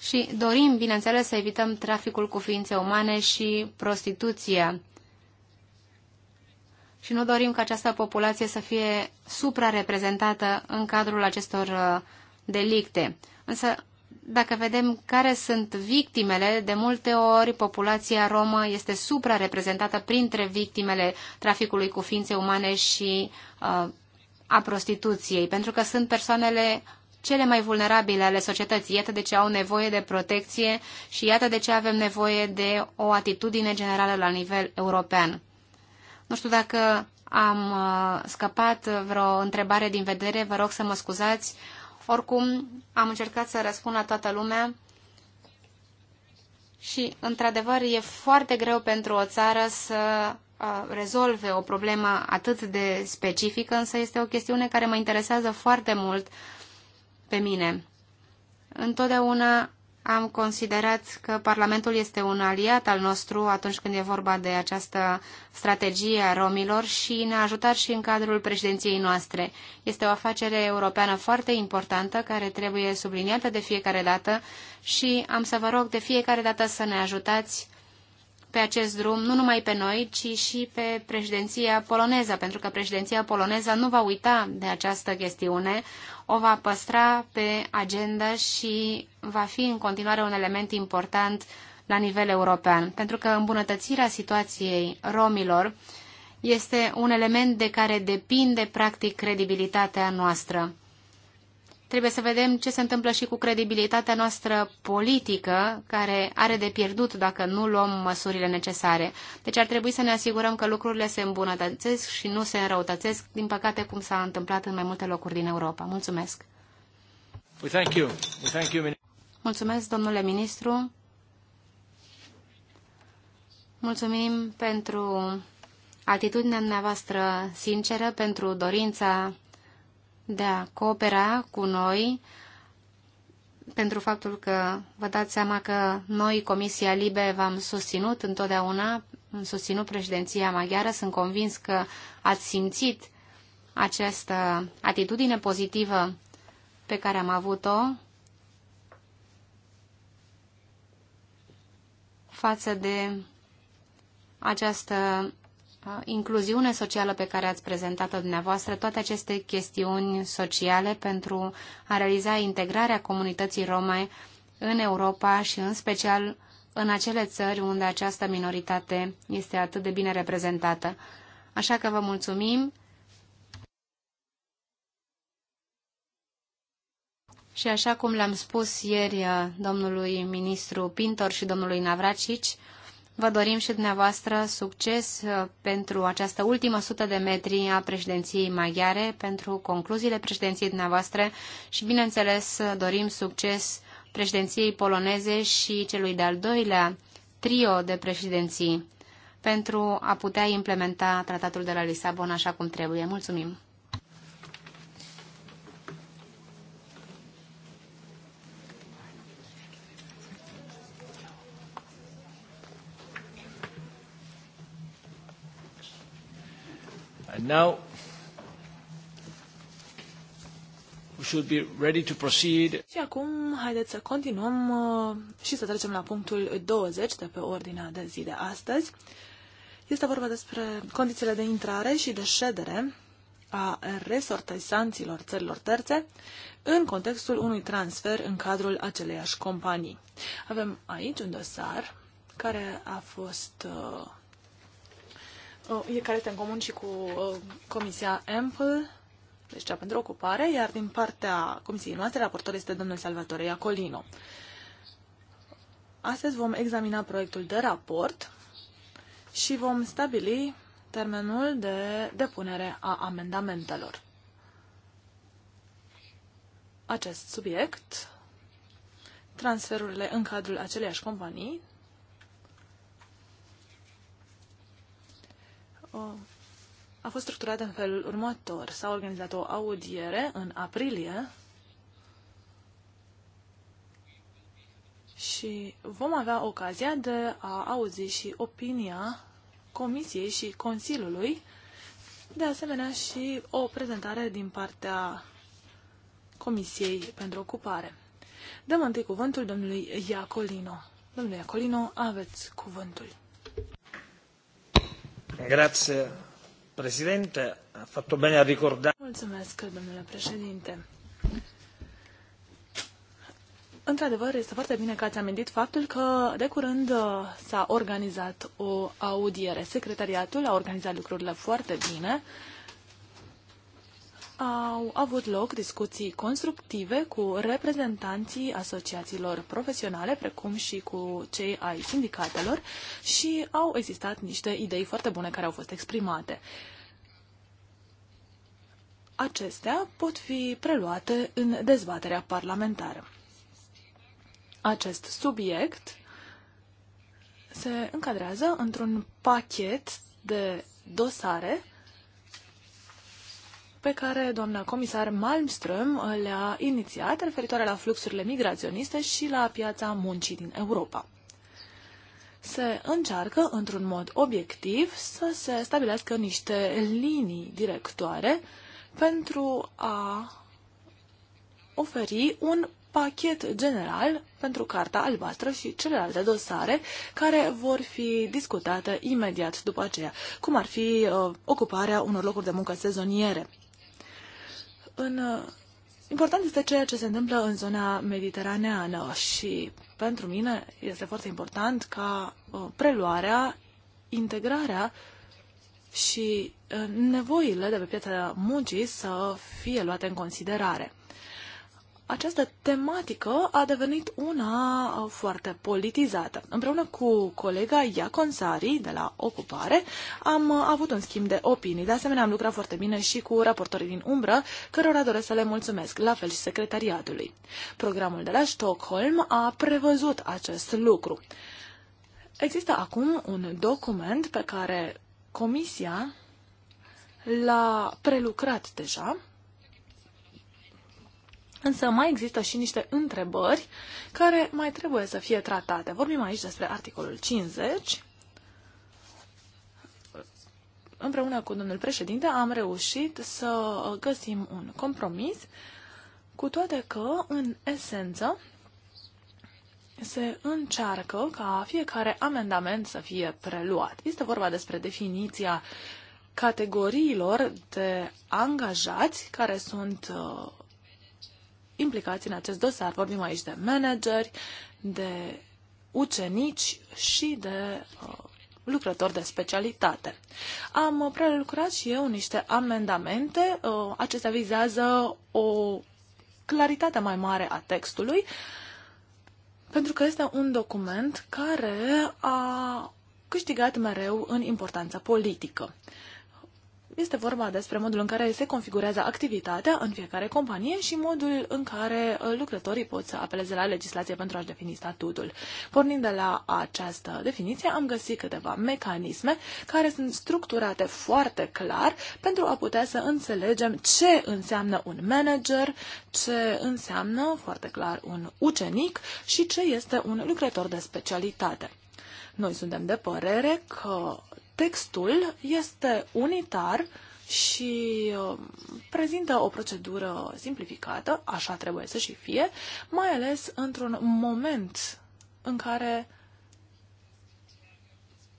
Și dorim, bineînțeles, să evităm traficul cu ființe umane și prostituția și nu dorim ca această populație să fie suprareprezentată în cadrul acestor uh, delicte. Însă, dacă vedem care sunt victimele, de multe ori populația romă este suprareprezentată printre victimele traficului cu ființe umane și uh, a prostituției, pentru că sunt persoanele cele mai vulnerabile ale societății. Iată de ce au nevoie de protecție și iată de ce avem nevoie de o atitudine generală la nivel european. Nu știu dacă am uh, scăpat vreo întrebare din vedere, vă rog să mă scuzați. Oricum, am încercat să răspund la toată lumea și, într-adevăr, e foarte greu pentru o țară să uh, rezolve o problemă atât de specifică, însă este o chestiune care mă interesează foarte mult pe mine. Întotdeauna am considerat că Parlamentul este un aliat al nostru atunci când e vorba de această strategie a romilor și ne-a ajutat și în cadrul președinției noastre. Este o afacere europeană foarte importantă care trebuie subliniată de fiecare dată și am să vă rog de fiecare dată să ne ajutați pe acest drum, nu numai pe noi, ci și pe președinția poloneză, pentru că președinția poloneză nu va uita de această chestiune, o va păstra pe agenda și va fi în continuare un element important la nivel european, pentru că îmbunătățirea situației romilor este un element de care depinde practic credibilitatea noastră. Trebuie să vedem ce se întâmplă și cu credibilitatea noastră politică, care are de pierdut dacă nu luăm măsurile necesare. Deci ar trebui să ne asigurăm că lucrurile se îmbunătățesc și nu se înrăutățesc, din păcate cum s-a întâmplat în mai multe locuri din Europa. Mulțumesc! Mulțumesc, domnule ministru. Mulțumim pentru atitudinea dumneavoastră sinceră, pentru dorința de a coopera cu noi pentru faptul că vă dați seama că noi, Comisia Libe, v-am susținut întotdeauna, am susținut președinția maghiară, sunt convins că ați simțit această atitudine pozitivă pe care am avut-o față de această incluziune socială pe care ați prezentat-o dumneavoastră, toate aceste chestiuni sociale pentru a realiza integrarea comunității rome în Europa și în special în acele țări unde această minoritate este atât de bine reprezentată. Așa că vă mulțumim și așa cum le-am spus ieri uh, domnului ministru Pintor și domnului Navracici, Vă dorim și dumneavoastră succes uh, pentru această ultimă sută de metri a președinției maghiare, pentru concluziile președinției dumneavoastră și, bineînțeles, dorim succes președinției poloneze și celui de-al doilea trio de președinții pentru a putea implementa tratatul de la Lisabona așa cum trebuie. Mulțumim! And now we should be ready to proceed. Și acum haideți să continuăm uh, și să trecem la punctul 20 de pe ordinea de zi de astăzi. Este vorba despre condițiile de intrare și de ședere a resortesanților țărilor terțe în contextul unui transfer în cadrul aceleiași companii. Avem aici un dosar care a fost uh, Uh, care este în comun și cu uh, Comisia Ample, deci cea pentru ocupare, iar din partea Comisiei noastre, raportor este domnul Salvatore Iacolino. Astăzi vom examina proiectul de raport și vom stabili termenul de depunere a amendamentelor. Acest subiect, transferurile în cadrul aceleiași companii, a fost structurată în felul următor. S-a organizat o audiere în aprilie și vom avea ocazia de a auzi și opinia Comisiei și Consiliului, de asemenea și o prezentare din partea Comisiei pentru Ocupare. Dăm întâi cuvântul domnului Iacolino. Domnule Iacolino, aveți cuvântul. A domnule președinte. Într-adevăr, este foarte bine că ați amintit faptul că de curând uh, s-a organizat o audiere. Secretariatul a organizat lucrurile foarte bine au avut loc discuții constructive cu reprezentanții asociațiilor profesionale, precum și cu cei ai sindicatelor și au existat niște idei foarte bune care au fost exprimate. Acestea pot fi preluate în dezbaterea parlamentară. Acest subiect se încadrează într-un pachet de dosare pe care doamna comisar Malmström le-a inițiat referitoare la fluxurile migraționiste și la piața muncii din Europa. Se încearcă, într-un mod obiectiv, să se stabilească niște linii directoare pentru a oferi un pachet general pentru Carta Albastră și celelalte dosare care vor fi discutate imediat după aceea, cum ar fi uh, ocuparea unor locuri de muncă sezoniere, în uh, Important este ceea ce se întâmplă în zona mediteraneană și pentru mine este foarte important ca uh, preluarea, integrarea și uh, nevoile de pe piața muncii să fie luate în considerare această tematică a devenit una uh, foarte politizată. Împreună cu colega Iacon Sari de la Ocupare am uh, avut un schimb de opinii. De asemenea, am lucrat foarte bine și cu raportorii din umbră, cărora doresc să le mulțumesc, la fel și secretariatului. Programul de la Stockholm a prevăzut acest lucru. Există acum un document pe care Comisia l-a prelucrat deja Însă mai există și niște întrebări care mai trebuie să fie tratate. Vorbim aici despre articolul 50. Împreună cu domnul președinte am reușit să găsim un compromis, cu toate că, în esență, se încearcă ca fiecare amendament să fie preluat. Este vorba despre definiția categoriilor de angajați care sunt uh, implicați în acest dosar. Vorbim aici de manageri, de ucenici și de uh, lucrători de specialitate. Am uh, prelucrat și eu niște amendamente. Uh, acestea vizează o claritate mai mare a textului, pentru că este un document care a câștigat mereu în importanța politică. Uh, este vorba despre modul în care se configurează activitatea în fiecare companie și modul în care uh, lucrătorii pot să apeleze la legislație pentru a-și defini statutul. Pornind de la această definiție, am găsit câteva mecanisme care sunt structurate foarte clar pentru a putea să înțelegem ce înseamnă un manager, ce înseamnă foarte clar un ucenic și ce este un lucrător de specialitate. Noi suntem de părere că Textul este unitar și uh, prezintă o procedură simplificată, așa trebuie să și fie, mai ales într-un moment în care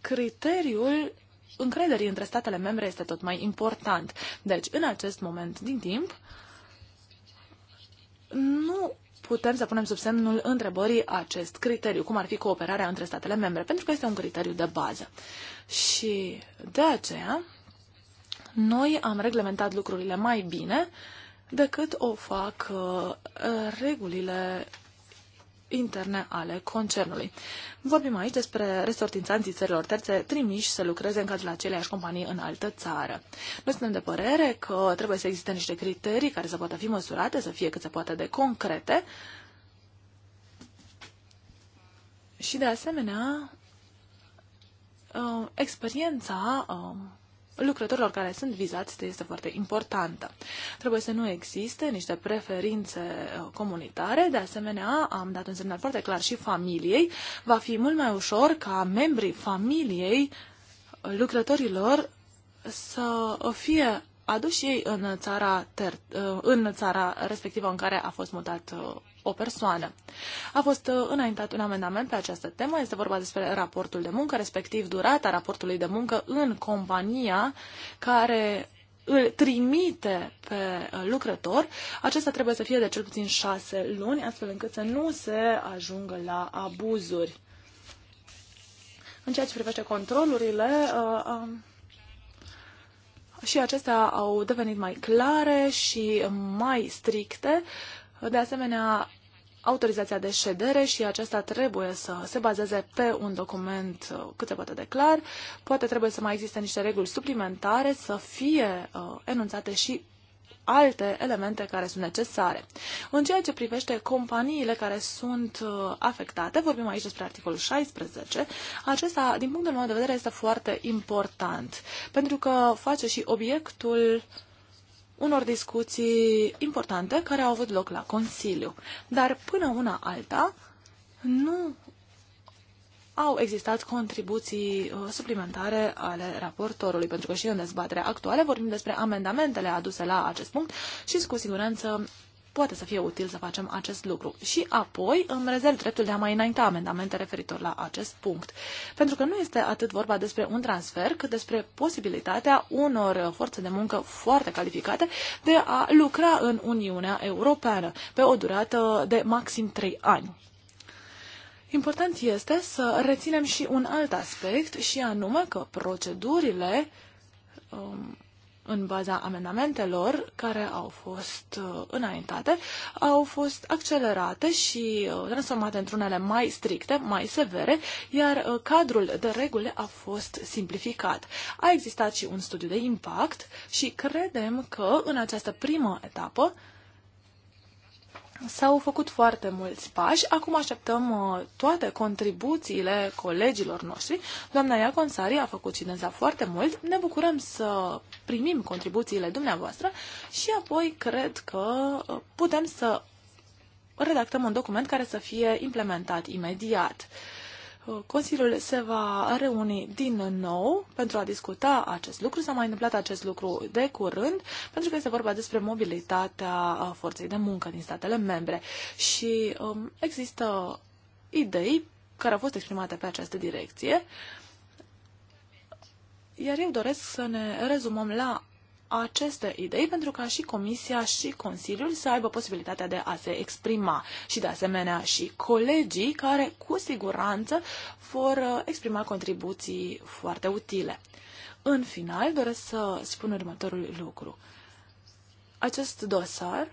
criteriul încrederii între statele membre este tot mai important. Deci, în acest moment din timp, nu putem să punem sub semnul întrebării acest criteriu, cum ar fi cooperarea între statele membre, pentru că este un criteriu de bază. Și de aceea, noi am reglementat lucrurile mai bine decât o fac uh, regulile interne ale concernului. Vorbim aici despre resortințanții țărilor terțe trimiși să lucreze în cadrul aceleiași companii în altă țară. Noi suntem de părere că trebuie să existe niște criterii care să poată fi măsurate, să fie cât se poate de concrete și de asemenea uh, experiența uh, lucrătorilor care sunt vizați este foarte importantă. Trebuie să nu existe niște preferințe uh, comunitare, de asemenea am dat un semnal foarte clar și familiei. Va fi mult mai ușor ca membrii familiei uh, lucrătorilor să fie aduși ei în țara, ter, uh, în țara respectivă în care a fost mutat uh, o persoană. A fost uh, înaintat un amendament pe această temă. Este vorba despre raportul de muncă, respectiv durata raportului de muncă în compania care îl trimite pe lucrător, acesta trebuie să fie de cel puțin șase luni, astfel încât să nu se ajungă la abuzuri. În ceea ce privește controlurile, și acestea au devenit mai clare și mai stricte. De asemenea, autorizația de ședere și aceasta trebuie să se bazeze pe un document uh, cât se poate de clar. Poate trebuie să mai existe niște reguli suplimentare, să fie uh, enunțate și alte elemente care sunt necesare. În ceea ce privește companiile care sunt uh, afectate, vorbim aici despre articolul 16, acesta, din punctul meu de vedere, este foarte important, pentru că face și obiectul unor discuții importante care au avut loc la Consiliu. Dar până una alta, nu au existat contribuții uh, suplimentare ale raportorului, pentru că și în dezbaterea actuală vorbim despre amendamentele aduse la acest punct și cu siguranță poate să fie util să facem acest lucru. Și apoi îmi rezerv dreptul de a mai înainta amendamente referitor la acest punct. Pentru că nu este atât vorba despre un transfer, cât despre posibilitatea unor forțe de muncă foarte calificate de a lucra în Uniunea Europeană pe o durată de maxim 3 ani. Important este să reținem și un alt aspect și anume că procedurile um, în baza amendamentelor care au fost uh, înaintate, au fost accelerate și uh, transformate într-unele mai stricte, mai severe, iar uh, cadrul de reguli a fost simplificat. A existat și un studiu de impact și credem că în această primă etapă S-au făcut foarte mulți pași. Acum așteptăm uh, toate contribuțiile colegilor noștri. Doamna Iaconsari a făcut și dânsa foarte mult. Ne bucurăm să primim contribuțiile dumneavoastră și apoi cred că uh, putem să redactăm un document care să fie implementat imediat. Uh, Consiliul se va reuni din nou pentru a discuta acest lucru. S-a mai întâmplat acest lucru de curând, pentru că este vorba despre mobilitatea uh, forței de muncă din statele membre. Și um, există idei care au fost exprimate pe această direcție, iar eu doresc să ne rezumăm la aceste idei pentru ca și Comisia și Consiliul să aibă posibilitatea de a se exprima și de asemenea și colegii care cu siguranță vor uh, exprima contribuții foarte utile. În final, doresc să spun următorul lucru. Acest dosar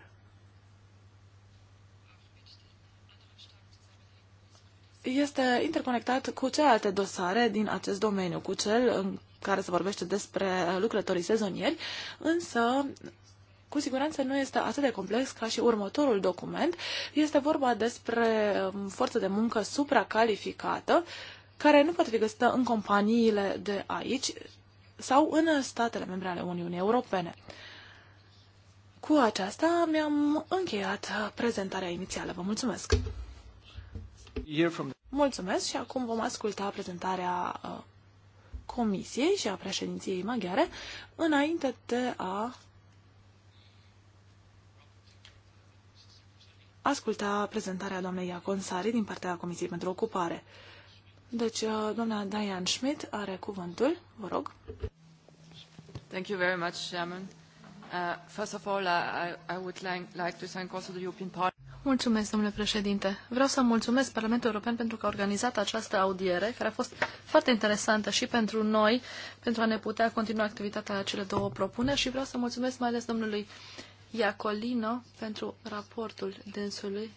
este interconectat cu celelalte dosare din acest domeniu, cu cel în care se vorbește despre lucrătorii sezonieri, însă cu siguranță nu este atât de complex ca și următorul document. Este vorba despre um, forță de muncă supracalificată care nu poate fi găsită în companiile de aici sau în statele membre ale Uniunii Europene. Cu aceasta mi-am încheiat prezentarea inițială. Vă mulțumesc! Mulțumesc și acum vom asculta prezentarea uh, Comisiei și a președinției maghiare înainte de a asculta prezentarea doamnei Sari din partea Comisiei pentru Ocupare. Deci, uh, doamna Diane Schmidt are cuvântul. Vă rog. Thank you very much, Chairman. Uh, first of all, I, I would like, like to thank also the European Parliament. Mulțumesc, domnule președinte. Vreau să mulțumesc Parlamentul European pentru că a organizat această audiere, care a fost foarte interesantă și pentru noi, pentru a ne putea continua activitatea la cele două propuneri și vreau să mulțumesc mai ales domnului Iacolino pentru raportul dânsului,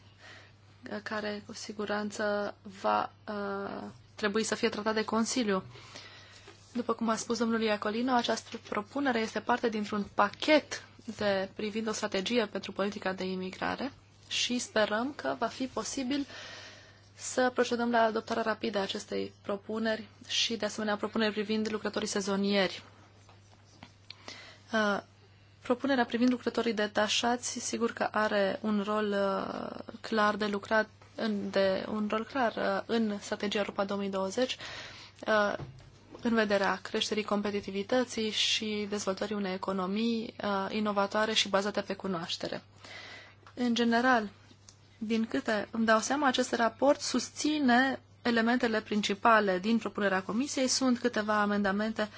care cu siguranță va uh, trebui să fie tratat de Consiliu. După cum a spus domnul Iacolino, această propunere este parte dintr-un pachet de privind o strategie pentru politica de imigrare și sperăm că va fi posibil să procedăm la adoptarea rapidă a acestei propuneri și, de asemenea, propuneri privind lucrătorii sezonieri. Uh, propunerea privind lucrătorii detașați, sigur că are un rol uh, clar de lucrat, de, un rol clar uh, în strategia Europa 2020, în vederea creșterii competitivității și dezvoltării unei economii inovatoare și bazate pe cunoaștere. În general, din câte îmi dau seama, acest raport susține elementele principale din propunerea comisiei. Sunt câteva amendamente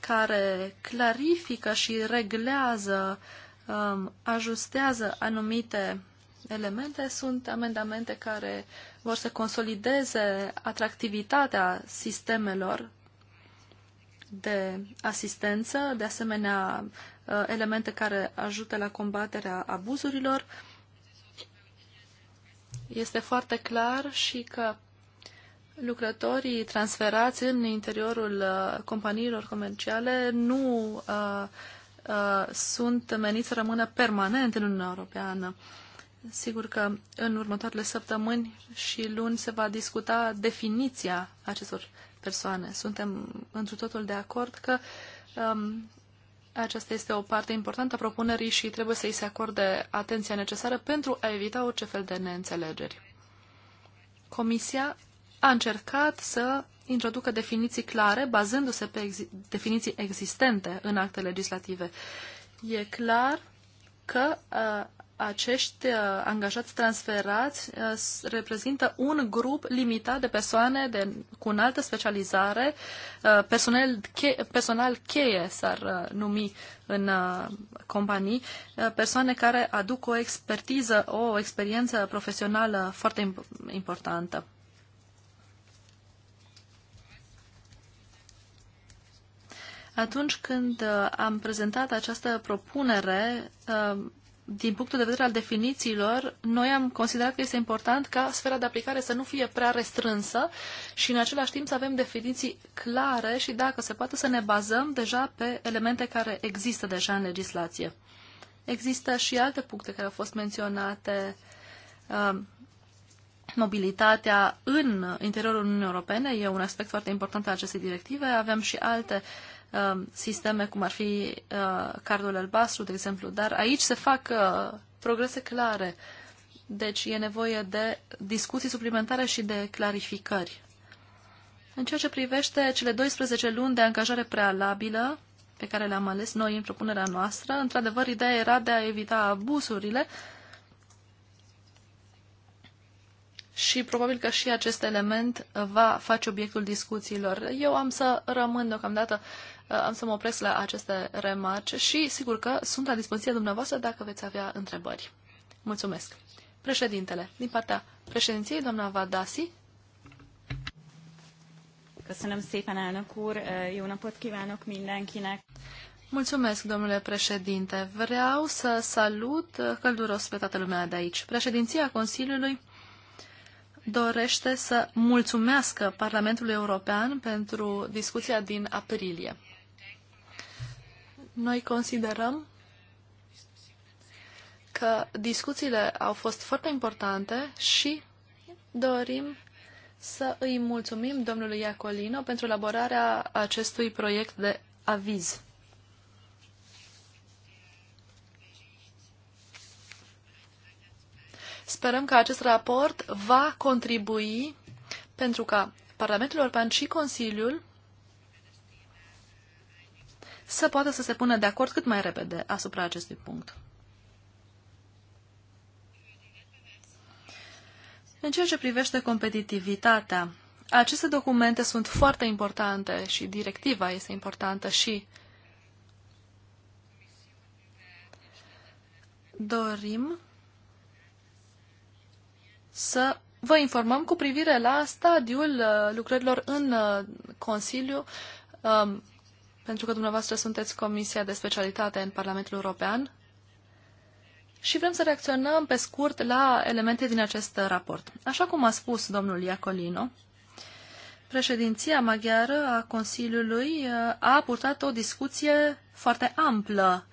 care clarifică și reglează, um, ajustează anumite elemente. Sunt amendamente care vor să consolideze atractivitatea sistemelor de asistență, de asemenea uh, elemente care ajută la combaterea abuzurilor este foarte clar și că lucrătorii transferați în interiorul uh, companiilor comerciale nu uh, uh, sunt meniți să rămână permanent în Uniunea Europeană. Sigur că în următoarele săptămâni și luni se va discuta definiția acestor persoane. Suntem întru totul de acord că um, aceasta este o parte importantă a propunerii și trebuie să îi se acorde atenția necesară pentru a evita orice fel de neînțelegeri. Comisia a încercat să introducă definiții clare, bazându-se pe exi- definiții existente în acte legislative. E clar că uh, acești uh, angajați transferați uh, reprezintă un grup limitat de persoane de, cu înaltă specializare, uh, personal, personal cheie s-ar numi în companii, persoane care aduc o expertiză, o experiență profesională foarte importantă. Atunci când am prezentat această propunere, din punctul de vedere al definițiilor, noi am considerat că este important ca sfera de aplicare să nu fie prea restrânsă și în același timp să avem definiții clare și dacă se poate să ne bazăm deja pe elemente care există deja în legislație. Există și alte puncte care au fost menționate, um, mobilitatea în interiorul Uniunii Europene e un aspect foarte important al acestei directive, avem și alte uh, Um, sisteme cum ar fi uh, cardul albastru, de exemplu, dar aici se fac uh, progrese clare. Deci e nevoie de discuții suplimentare și de clarificări. În ceea ce privește cele 12 luni de angajare prealabilă pe care le-am ales noi în propunerea noastră, într-adevăr, ideea era de a evita abuzurile, și probabil că și acest element va face obiectul discuțiilor. Eu am să rămân deocamdată am să mă opresc la aceste remarci și sigur că sunt la dispoziția dumneavoastră dacă veți avea întrebări. Mulțumesc. Președintele, din partea președinției, doamna Vadasi. Köszönöm szépen, elnök úr! Jó napot kívánok mindenkinek! Mulțumesc, domnule președinte. Vreau să salut călduros pe toată lumea de aici. Președinția Consiliului dorește să mulțumească Parlamentului European pentru discuția din aprilie. Noi considerăm că discuțiile au fost foarte importante și dorim să îi mulțumim domnului Iacolino pentru elaborarea acestui proiect de aviz. Sperăm că acest raport va contribui pentru ca Parlamentul European și Consiliul să poată să se pună de acord cât mai repede asupra acestui punct. În ceea ce privește competitivitatea, aceste documente sunt foarte importante și directiva este importantă și dorim să vă informăm cu privire la stadiul uh, lucrărilor în uh, Consiliu um, pentru că dumneavoastră sunteți Comisia de Specialitate în Parlamentul European și vrem să reacționăm pe scurt la elemente din acest raport. Așa cum a spus domnul Iacolino, președinția maghiară a Consiliului uh, a purtat o discuție foarte amplă.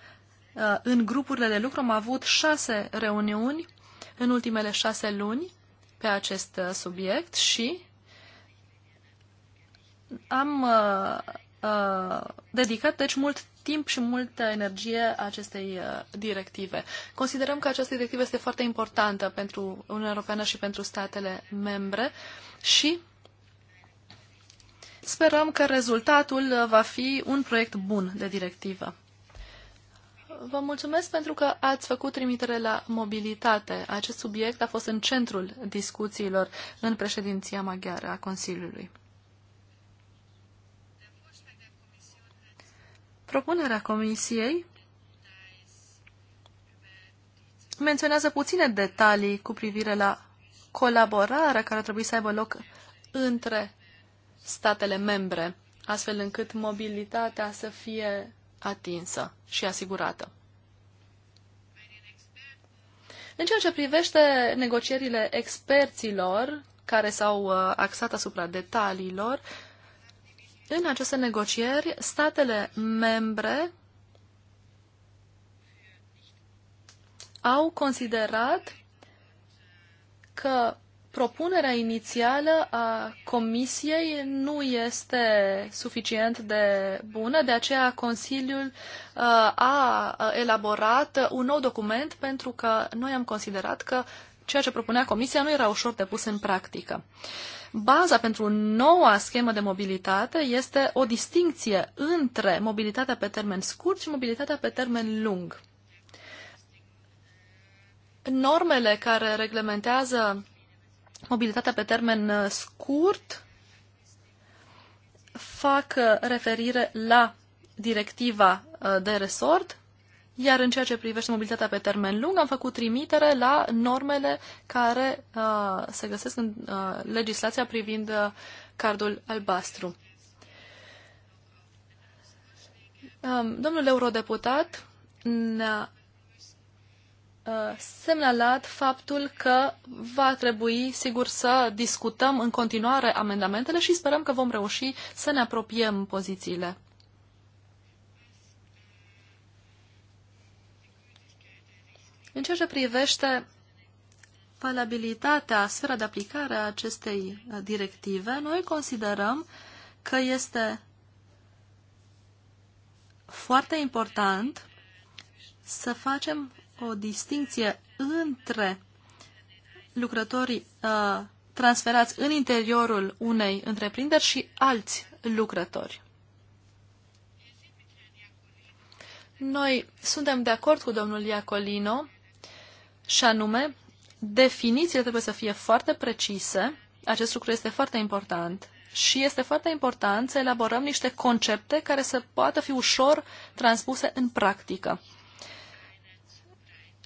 Uh, în grupurile de lucru am avut șase reuniuni în ultimele șase luni pe acest uh, subiect și am Uh, dedicat, deci, mult timp și multă energie acestei uh, directive. Considerăm că această directivă este foarte importantă pentru Uniunea Europeană și pentru statele membre și sperăm că rezultatul uh, va fi un proiect bun de directivă. Vă mulțumesc pentru că ați făcut trimitere la mobilitate. Acest subiect a fost în centrul discuțiilor în președinția maghiară a Consiliului. Propunerea Comisiei menționează puține detalii cu privire la colaborarea care trebuie să aibă loc între statele membre, astfel încât mobilitatea să fie atinsă și asigurată. În ceea ce privește negocierile experților, care s-au uh, axat asupra detaliilor, uh, în aceste negocieri, statele membre au considerat că propunerea inițială a Comisiei nu este suficient de bună, de aceea Consiliul uh, a uh, elaborat un nou document pentru că noi am considerat că ceea ce propunea Comisia nu era ușor de pus în practică. Baza pentru noua schemă de mobilitate este o distinție între mobilitatea pe termen scurt și mobilitatea pe termen lung. Normele care reglementează mobilitatea pe termen uh, scurt fac uh, referire la directiva uh, de resort iar în ceea ce privește mobilitatea pe termen lung, am făcut trimitere la normele care uh, se găsesc în uh, legislația privind uh, cardul albastru. Um, domnul eurodeputat ne-a uh, semnalat faptul că va trebui, sigur, să discutăm în continuare amendamentele și sperăm că vom reuși să ne apropiem pozițiile. În ceea ce privește valabilitatea, sfera de aplicare a acestei uh, directive, noi considerăm că este foarte important să facem o distinție între lucrătorii uh, transferați în interiorul unei întreprinderi și alți lucrători. Noi suntem de acord cu domnul Iacolino și anume, definițiile trebuie să fie foarte precise. Acest lucru este foarte important. Și este foarte important să elaborăm niște concepte care să poată fi ușor transpuse în practică.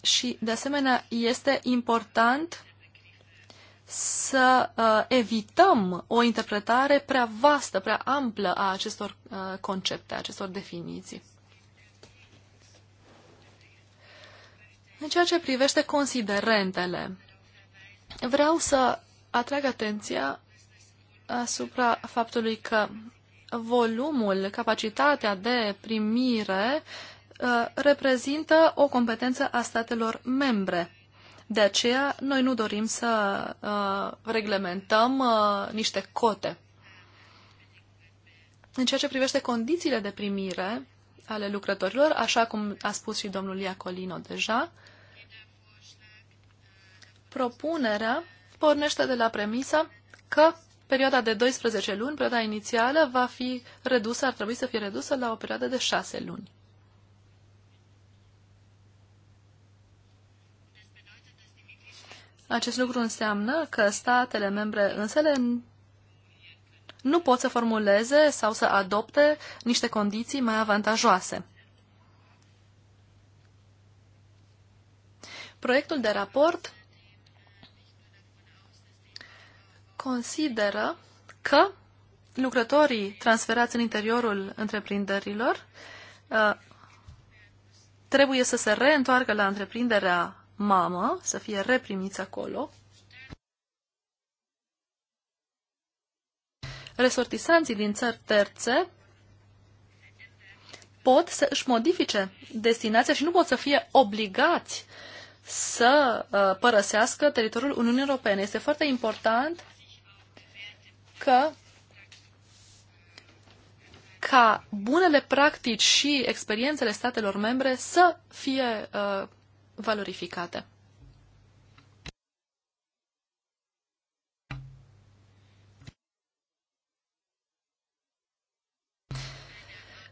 Și, de asemenea, este important să uh, evităm o interpretare prea vastă, prea amplă a acestor uh, concepte, a acestor definiții. În ceea ce privește considerentele, vreau să atrag atenția asupra faptului că volumul, capacitatea de primire uh, reprezintă o competență a statelor membre. De aceea, noi nu dorim să uh, reglementăm uh, niște cote. În ceea ce privește condițiile de primire, ale lucrătorilor, așa cum a spus și domnul Iacolino deja. Propunerea pornește de la premisa că perioada de 12 luni, perioada inițială, va fi redusă, ar trebui să fie redusă la o perioadă de 6 luni. Acest lucru înseamnă că statele membre însele nu pot să formuleze sau să adopte niște condiții mai avantajoase. Proiectul de raport consideră că lucrătorii transferați în interiorul întreprinderilor uh, trebuie să se reîntoarcă la întreprinderea mamă, să fie reprimiți acolo resortisanții din țări terțe pot să își modifice destinația și nu pot să fie obligați să uh, părăsească teritoriul Uniunii Europene. Este foarte important că ca bunele practici și experiențele statelor membre să fie uh, valorificate.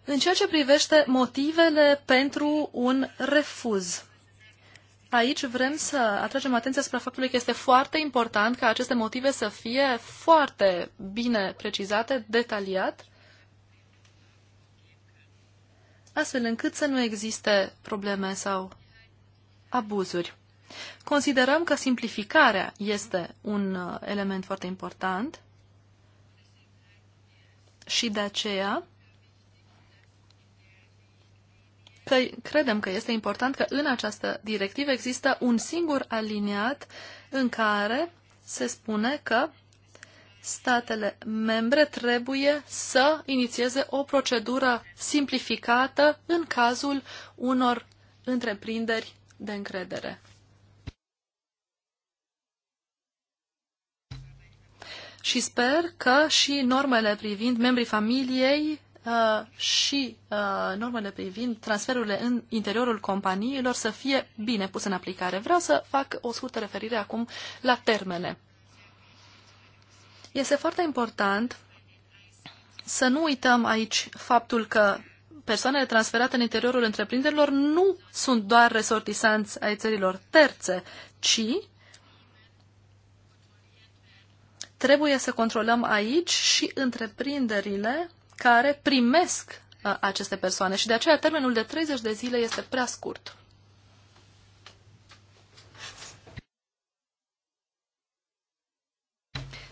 În ceea ce privește motivele pentru un refuz, aici vrem să atragem atenția spre faptul că este foarte important ca aceste motive să fie foarte bine precizate, detaliat, astfel încât să nu existe probleme sau abuzuri. Considerăm că simplificarea este un uh, element foarte important și de aceea că credem că este important că în această directivă există un singur aliniat în care se spune că statele membre trebuie să inițieze o procedură simplificată în cazul unor întreprinderi de încredere. Și sper că și normele privind membrii familiei Uh, și uh, normele privind transferurile în interiorul companiilor să fie bine puse în aplicare. Vreau să fac o scurtă referire acum la termene. Este foarte important să nu uităm aici faptul că persoanele transferate în interiorul întreprinderilor nu sunt doar resortisanți ai țărilor terțe, ci trebuie să controlăm aici și întreprinderile care primesc uh, aceste persoane și de aceea termenul de 30 de zile este prea scurt.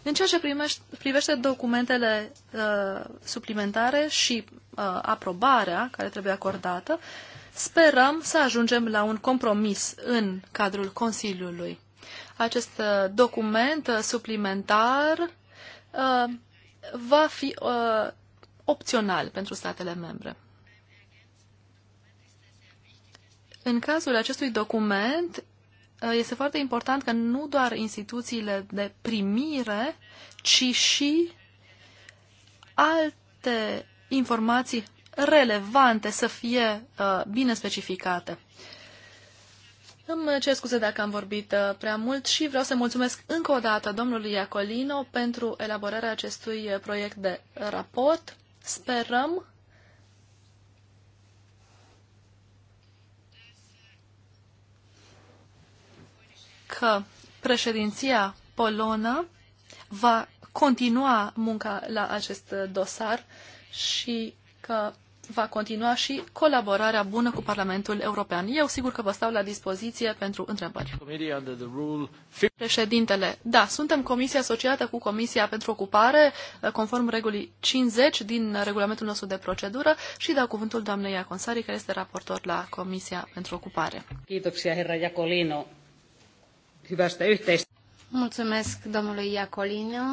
În ceea ce primește, privește documentele uh, suplimentare și uh, aprobarea care trebuie acordată, sperăm să ajungem la un compromis în cadrul Consiliului. Acest uh, document uh, suplimentar uh, va fi uh, opțional pentru statele membre. În cazul acestui document, uh, este foarte important că nu doar instituțiile de primire, ci și alte informații relevante să fie uh, bine specificate. Îmi cer scuze dacă am vorbit uh, prea mult și vreau să mulțumesc încă o dată domnului Iacolino pentru elaborarea acestui uh, proiect de raport. Sperăm că președinția polonă va continua munca la acest dosar și că va continua și colaborarea bună cu Parlamentul European. Eu sigur că vă stau la dispoziție pentru întrebări. Președintele, da, suntem comisia asociată cu Comisia pentru Ocupare, eh, conform regulii 50 din regulamentul nostru de procedură și dau cuvântul doamnei Aconsari, care este raportor la Comisia pentru Ocupare. Mulțumesc domnului Iacolino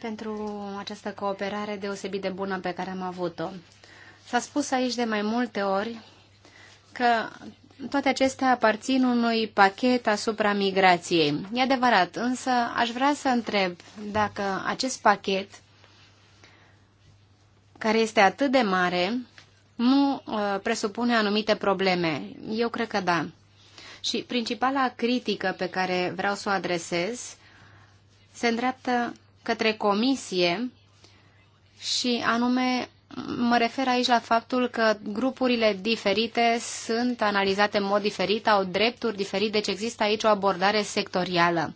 pentru această cooperare deosebit de bună pe care am avut-o. S-a spus aici de mai multe ori că toate acestea aparțin unui pachet asupra migrației. E adevărat, însă aș vrea să întreb dacă acest pachet, care este atât de mare, nu uh, presupune anumite probleme. Eu cred că da. Și principala critică pe care vreau să o adresez se îndreaptă către comisie și anume mă refer aici la faptul că grupurile diferite sunt analizate în mod diferit, au drepturi diferite, deci există aici o abordare sectorială.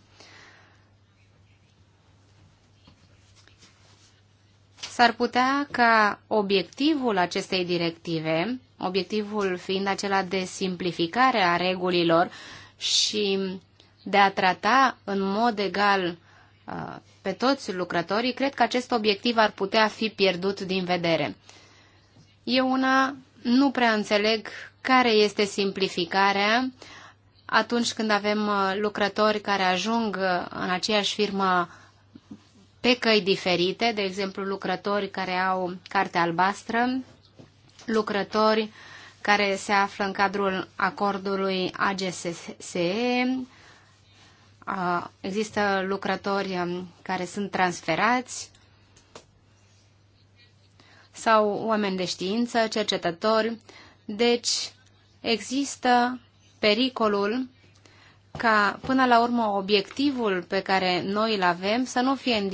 S-ar putea ca obiectivul acestei directive, obiectivul fiind acela de simplificare a regulilor și de a trata în mod egal uh, pe toți lucrătorii, cred că acest obiectiv ar putea fi pierdut din vedere. Eu una nu prea înțeleg care este simplificarea atunci când avem uh, lucrători care ajung uh, în aceeași firmă pe căi diferite, de exemplu lucrători care au carte albastră, lucrători care se află în cadrul acordului AGSSE, există lucrători um, care sunt transferați sau oameni de știință, cercetători. Deci există pericolul ca până la urmă obiectivul pe care noi îl avem să nu fie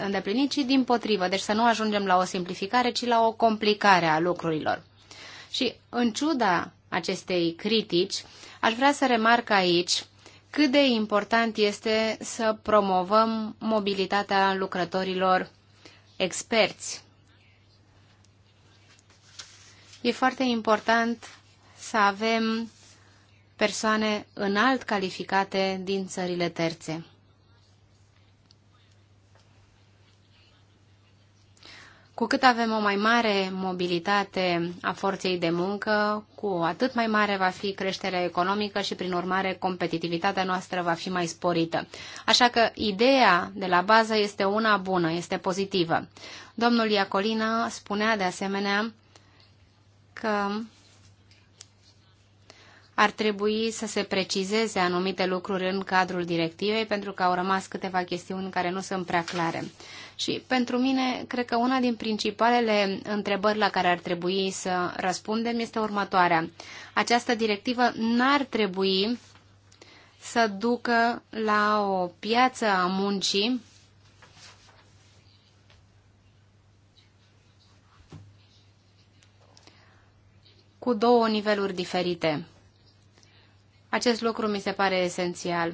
îndeplinit, ci din potrivă. Deci să nu ajungem la o simplificare, ci la o complicare a lucrurilor. Și în ciuda acestei critici, aș vrea să remarc aici cât de important este să promovăm mobilitatea lucrătorilor experți. E foarte important să avem persoane înalt calificate din țările terțe. Cu cât avem o mai mare mobilitate a forței de muncă, cu atât mai mare va fi creșterea economică și, prin urmare, competitivitatea noastră va fi mai sporită. Așa că ideea de la bază este una bună, este pozitivă. Domnul Iacolina spunea de asemenea că ar trebui să se precizeze anumite lucruri în cadrul directivei, pentru că au rămas câteva chestiuni care nu sunt prea clare. Și pentru mine, cred că una din principalele întrebări la care ar trebui să răspundem este următoarea. Această directivă n-ar trebui să ducă la o piață a muncii cu două niveluri diferite. Acest lucru mi se pare esențial.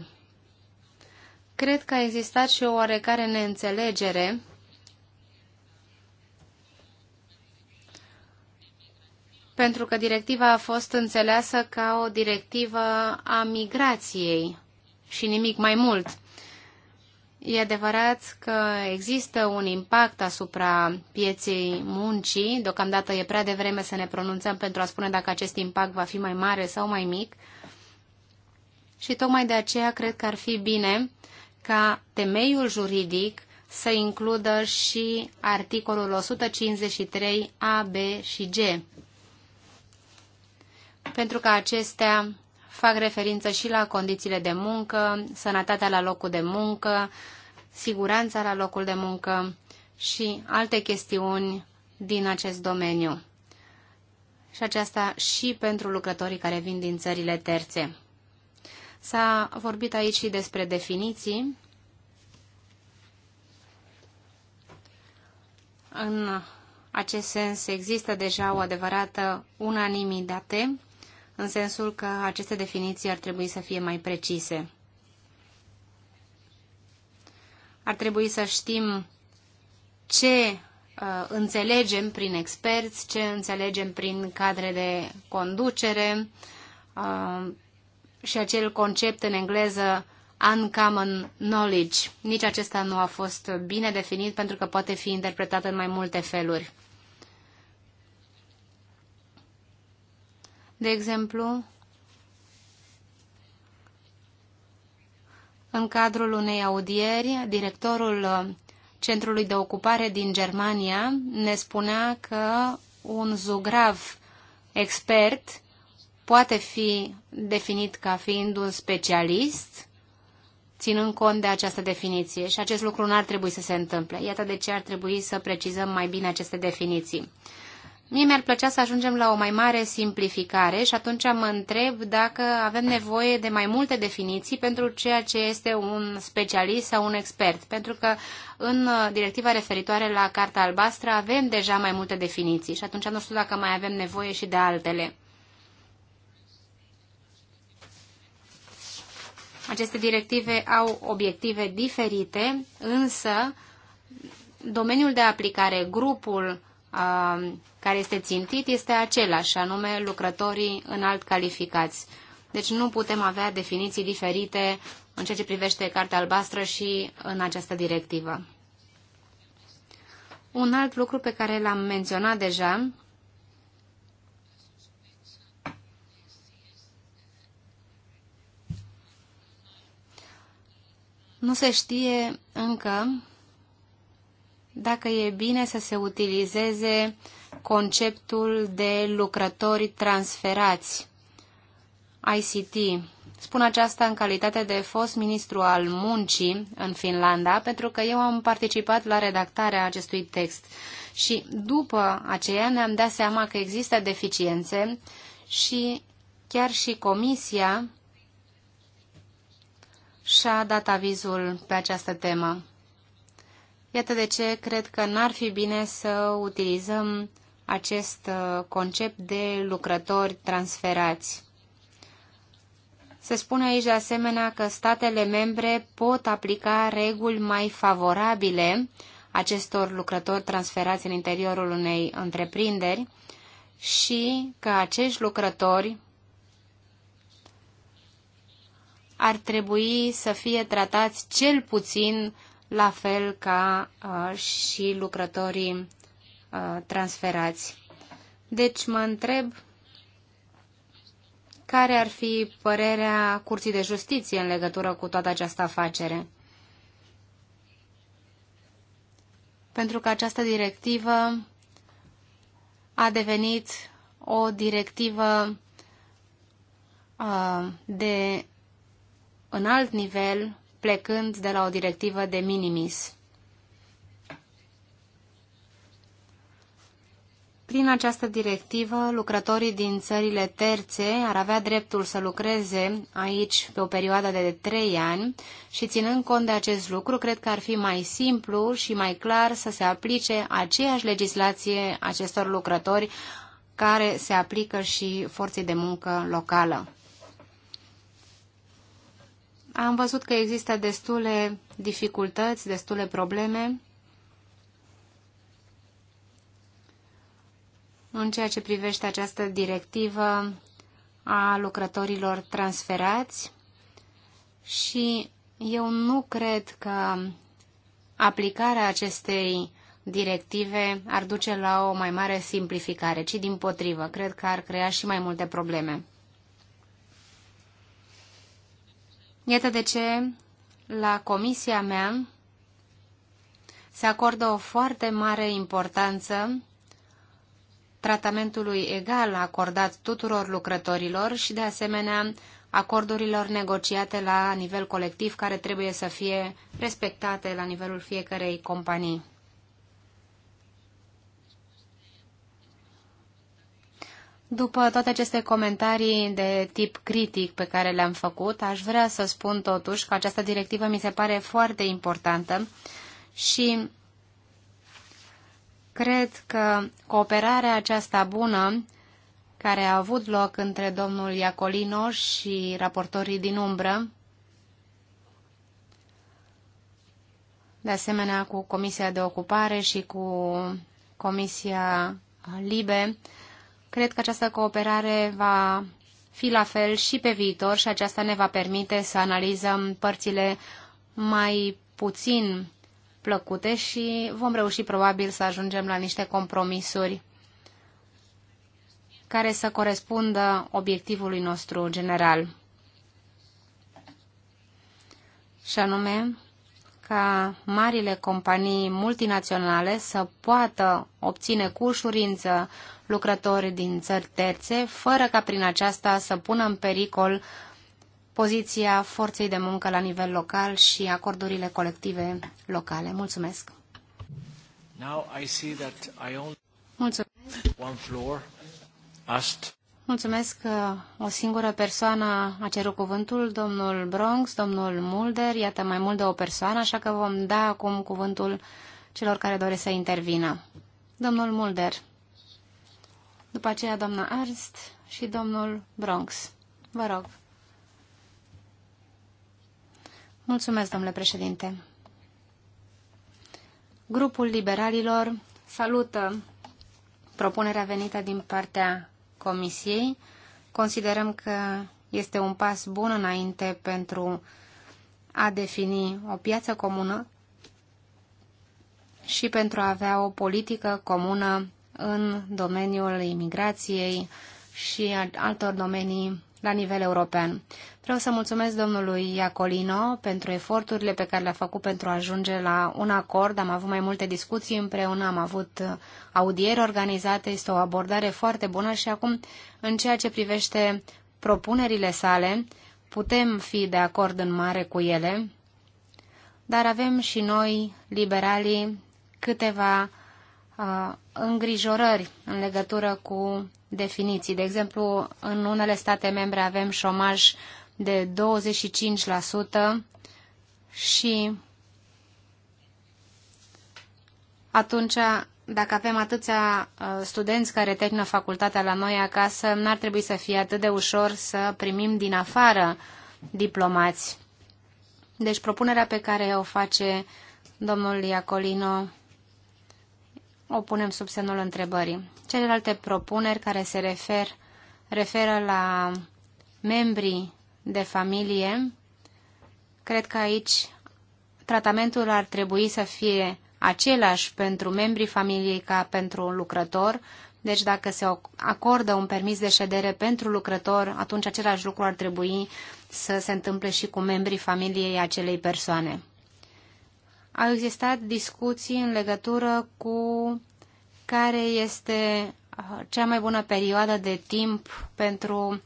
Cred că a existat și o oarecare neînțelegere pentru că directiva a fost înțeleasă ca o directivă a migrației și nimic mai mult. E adevărat că există un impact asupra pieței muncii. Deocamdată e prea devreme să ne pronunțăm pentru a spune dacă acest impact va fi mai mare sau mai mic, și tocmai de aceea cred că ar fi bine ca temeiul juridic să includă și articolul 153 A, B și G, pentru că acestea fac referință și la condițiile de muncă, sănătatea la locul de muncă, siguranța la locul de muncă și alte chestiuni din acest domeniu. Și aceasta și pentru lucrătorii care vin din țările terțe. S-a vorbit aici și despre definiții. În acest sens există deja o adevărată unanimitate, în sensul că aceste definiții ar trebui să fie mai precise. Ar trebui să știm ce uh, înțelegem prin experți, ce înțelegem prin cadre de conducere, uh, și acel concept în engleză uncommon knowledge. Nici acesta nu a fost bine definit pentru că poate fi interpretat în mai multe feluri. De exemplu, în cadrul unei audieri, directorul Centrului de Ocupare din Germania ne spunea că un zugrav expert poate fi definit ca fiind un specialist, ținând cont de această definiție și acest lucru nu ar trebui să se întâmple. Iată de ce ar trebui să precizăm mai bine aceste definiții. Mie mi-ar plăcea să ajungem la o mai mare simplificare și atunci mă întreb dacă avem nevoie de mai multe definiții pentru ceea ce este un specialist sau un expert, pentru că în directiva referitoare la Carta Albastră avem deja mai multe definiții și atunci nu știu dacă mai avem nevoie și de altele. Aceste directive au obiective diferite, însă domeniul de aplicare, grupul uh, care este țintit, este același, anume lucrătorii înalt calificați. Deci nu putem avea definiții diferite în ceea ce privește Cartea Albastră și în această directivă. Un alt lucru pe care l-am menționat deja Nu se știe încă dacă e bine să se utilizeze conceptul de lucrători transferați, ICT. Spun aceasta în calitate de fost ministru al muncii în Finlanda, pentru că eu am participat la redactarea acestui text. Și după aceea ne-am dat seama că există deficiențe și chiar și comisia și-a dat avizul pe această temă. Iată de ce cred că n-ar fi bine să utilizăm acest uh, concept de lucrători transferați. Se spune aici de asemenea că statele membre pot aplica reguli mai favorabile acestor lucrători transferați în interiorul unei întreprinderi și că acești lucrători ar trebui să fie tratați cel puțin la fel ca uh, și lucrătorii uh, transferați. Deci mă întreb care ar fi părerea Curții de Justiție în legătură cu toată această afacere. Pentru că această directivă a devenit o directivă uh, de în alt nivel, plecând de la o directivă de minimis. Prin această directivă, lucrătorii din țările terțe ar avea dreptul să lucreze aici pe o perioadă de trei ani și ținând cont de acest lucru, cred că ar fi mai simplu și mai clar să se aplice aceeași legislație acestor lucrători care se aplică și forței de muncă locală am văzut că există destule dificultăți, destule probleme în ceea ce privește această directivă a lucrătorilor transferați și eu nu cred că aplicarea acestei directive ar duce la o mai mare simplificare, ci din potrivă, cred că ar crea și mai multe probleme. Iată de ce la comisia mea se acordă o foarte mare importanță tratamentului egal acordat tuturor lucrătorilor și, de asemenea, acordurilor negociate la nivel colectiv care trebuie să fie respectate la nivelul fiecarei companii. După toate aceste comentarii de tip critic pe care le-am făcut, aș vrea să spun totuși că această directivă mi se pare foarte importantă și cred că cooperarea aceasta bună care a avut loc între domnul Iacolino și raportorii din umbră, de asemenea cu Comisia de Ocupare și cu Comisia Libe, Cred că această cooperare va fi la fel și pe viitor și aceasta ne va permite să analizăm părțile mai puțin plăcute și vom reuși probabil să ajungem la niște compromisuri care să corespundă obiectivului nostru general. Și anume, ca marile companii multinaționale să poată obține cu ușurință lucrători din țări terțe, fără ca prin aceasta să pună în pericol poziția forței de muncă la nivel local și acordurile colective locale. Mulțumesc! Mulțumesc! Mulțumesc că uh, o singură persoană a cerut cuvântul, domnul Bronx, domnul Mulder, iată mai mult de o persoană, așa că vom da acum cuvântul celor care doresc să intervină. Domnul Mulder, după aceea doamna Arst și domnul Bronx. Vă rog. Mulțumesc, domnule președinte. Grupul liberalilor salută propunerea venită din partea Comisiei. Considerăm că este un pas bun înainte pentru a defini o piață comună și pentru a avea o politică comună în domeniul imigrației și altor domenii la nivel european. Vreau să mulțumesc domnului Iacolino pentru eforturile pe care le-a făcut pentru a ajunge la un acord. Am avut mai multe discuții împreună, am avut uh, audieri organizate, este o abordare foarte bună și acum, în ceea ce privește propunerile sale, putem fi de acord în mare cu ele, dar avem și noi, liberalii, câteva uh, îngrijorări în legătură cu definiții. De exemplu, în unele state membre avem șomaj de 25% și atunci, dacă avem atâția uh, studenți care termină facultatea la noi acasă, n-ar trebui să fie atât de ușor să primim din afară diplomați. Deci propunerea pe care o face domnul Iacolino o punem sub semnul întrebării. Celelalte propuneri care se refer, referă la membrii de familie, cred că aici tratamentul ar trebui să fie același pentru membrii familiei ca pentru lucrător, deci dacă se acordă un permis de ședere pentru lucrător, atunci același lucru ar trebui să se întâmple și cu membrii familiei acelei persoane. Au existat discuții în legătură cu care este uh, cea mai bună perioadă de timp pentru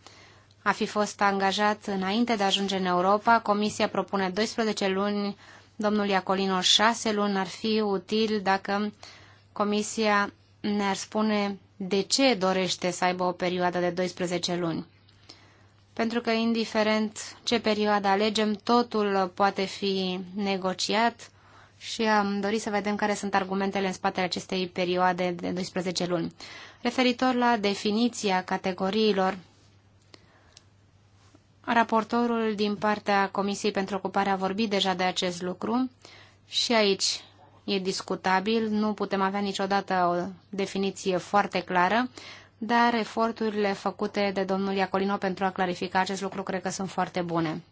a fi fost angajat înainte de a ajunge în Europa. Comisia propune 12 luni, domnul Iacolino 6 luni. Ar fi util dacă Comisia ne-ar spune de ce dorește să aibă o perioadă de 12 luni. Pentru că, indiferent ce perioadă alegem, totul poate fi negociat și am dorit să vedem care sunt argumentele în spatele acestei perioade de 12 luni. Referitor la definiția categoriilor, raportorul din partea Comisiei pentru Ocupare a vorbit deja de acest lucru și aici e discutabil, nu putem avea niciodată o definiție foarte clară, dar eforturile făcute de domnul Iacolino pentru a clarifica acest lucru cred că sunt foarte bune.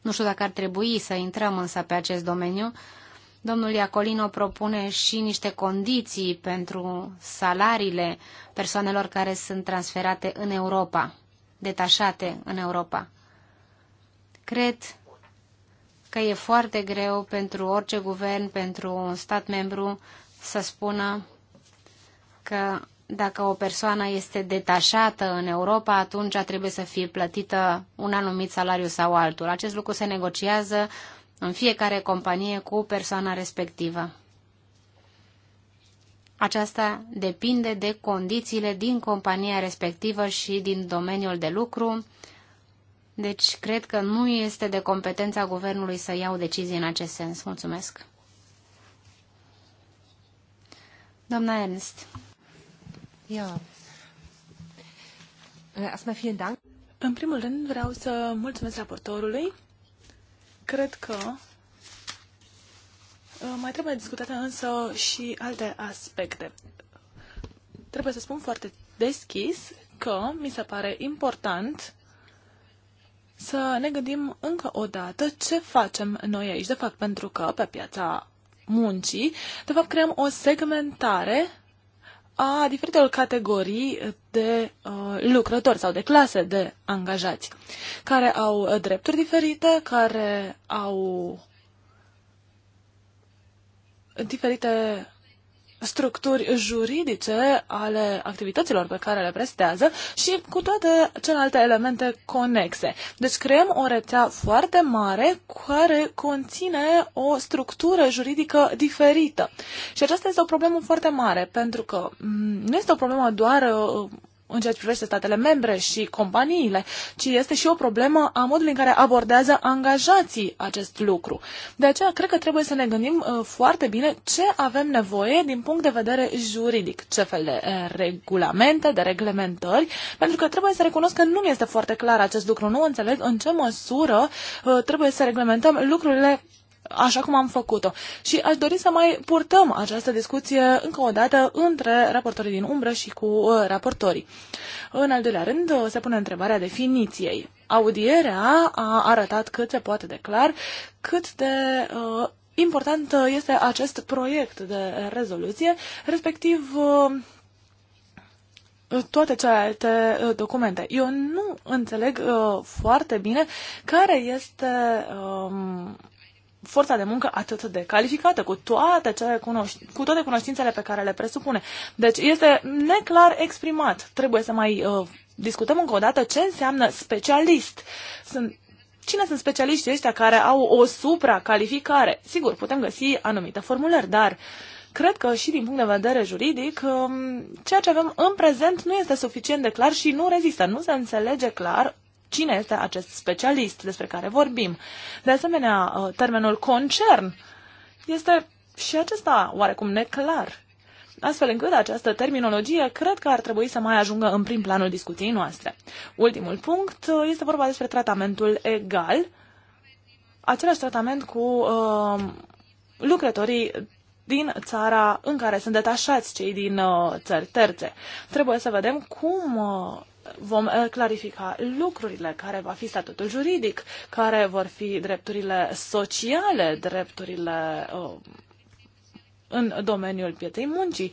Nu știu dacă ar trebui să intrăm însă pe acest domeniu, Domnul Iacolino propune și niște condiții pentru salariile persoanelor care sunt transferate în Europa, detașate în Europa. Cred că e foarte greu pentru orice guvern, pentru un stat membru să spună că dacă o persoană este detașată în Europa, atunci trebuie să fie plătită un anumit salariu sau altul. Acest lucru se negociază în fiecare companie cu persoana respectivă. Aceasta depinde de condițiile din compania respectivă și din domeniul de lucru, deci cred că nu este de competența guvernului să iau decizii în acest sens. Mulțumesc. Doamna Ernst. Ja. În primul rând vreau să mulțumesc raportorului Cred că uh, mai trebuie discutate însă și alte aspecte. Trebuie să spun foarte deschis că mi se pare important să ne gândim încă o dată ce facem noi aici. De fapt, pentru că pe piața muncii, de fapt, creăm o segmentare a diferitelor categorii de uh, lucrători sau de clase de angajați, care au uh, drepturi diferite, care au diferite structuri juridice ale activităților pe care le prestează și cu toate celelalte elemente conexe. Deci creăm o rețea foarte mare care conține o structură juridică diferită. Și aceasta este o problemă foarte mare, pentru că mm, nu este o problemă doar uh, în ceea ce privește statele membre și companiile, ci este și o problemă a modului în care abordează angajații acest lucru. De aceea, cred că trebuie să ne gândim uh, foarte bine ce avem nevoie din punct de vedere juridic, ce fel de uh, regulamente, de reglementări, pentru că trebuie să recunosc că nu mi este foarte clar acest lucru. Nu înțeleg în ce măsură uh, trebuie să reglementăm lucrurile așa cum am făcut-o. Și aș dori să mai purtăm această discuție încă o dată între raportorii din umbră și cu uh, raportorii. În al doilea rând, uh, se pune întrebarea definiției. Audierea a arătat cât se poate de clar cât de uh, important uh, este acest proiect de rezoluție, respectiv uh, toate celelalte documente. Eu nu înțeleg uh, foarte bine care este um, forța de muncă atât de calificată, cu toate, cele cunoști, cu toate cunoștințele pe care le presupune. Deci este neclar exprimat. Trebuie să mai uh, discutăm încă o dată ce înseamnă specialist. Sunt Cine sunt specialiștii ăștia care au o supracalificare? Sigur, putem găsi anumite formulări, dar cred că și din punct de vedere juridic, um, ceea ce avem în prezent nu este suficient de clar și nu rezistă, nu se înțelege clar cine este acest specialist despre care vorbim. De asemenea, uh, termenul concern este și acesta oarecum neclar. Astfel încât această terminologie cred că ar trebui să mai ajungă în prim planul discuției noastre. Ultimul punct uh, este vorba despre tratamentul egal, același tratament cu uh, lucrătorii din țara în care sunt detașați cei din uh, țări terțe. Trebuie să vedem cum uh, vom eh, clarifica lucrurile, care va fi statutul juridic, care vor fi drepturile sociale, drepturile eh, în domeniul pieței muncii,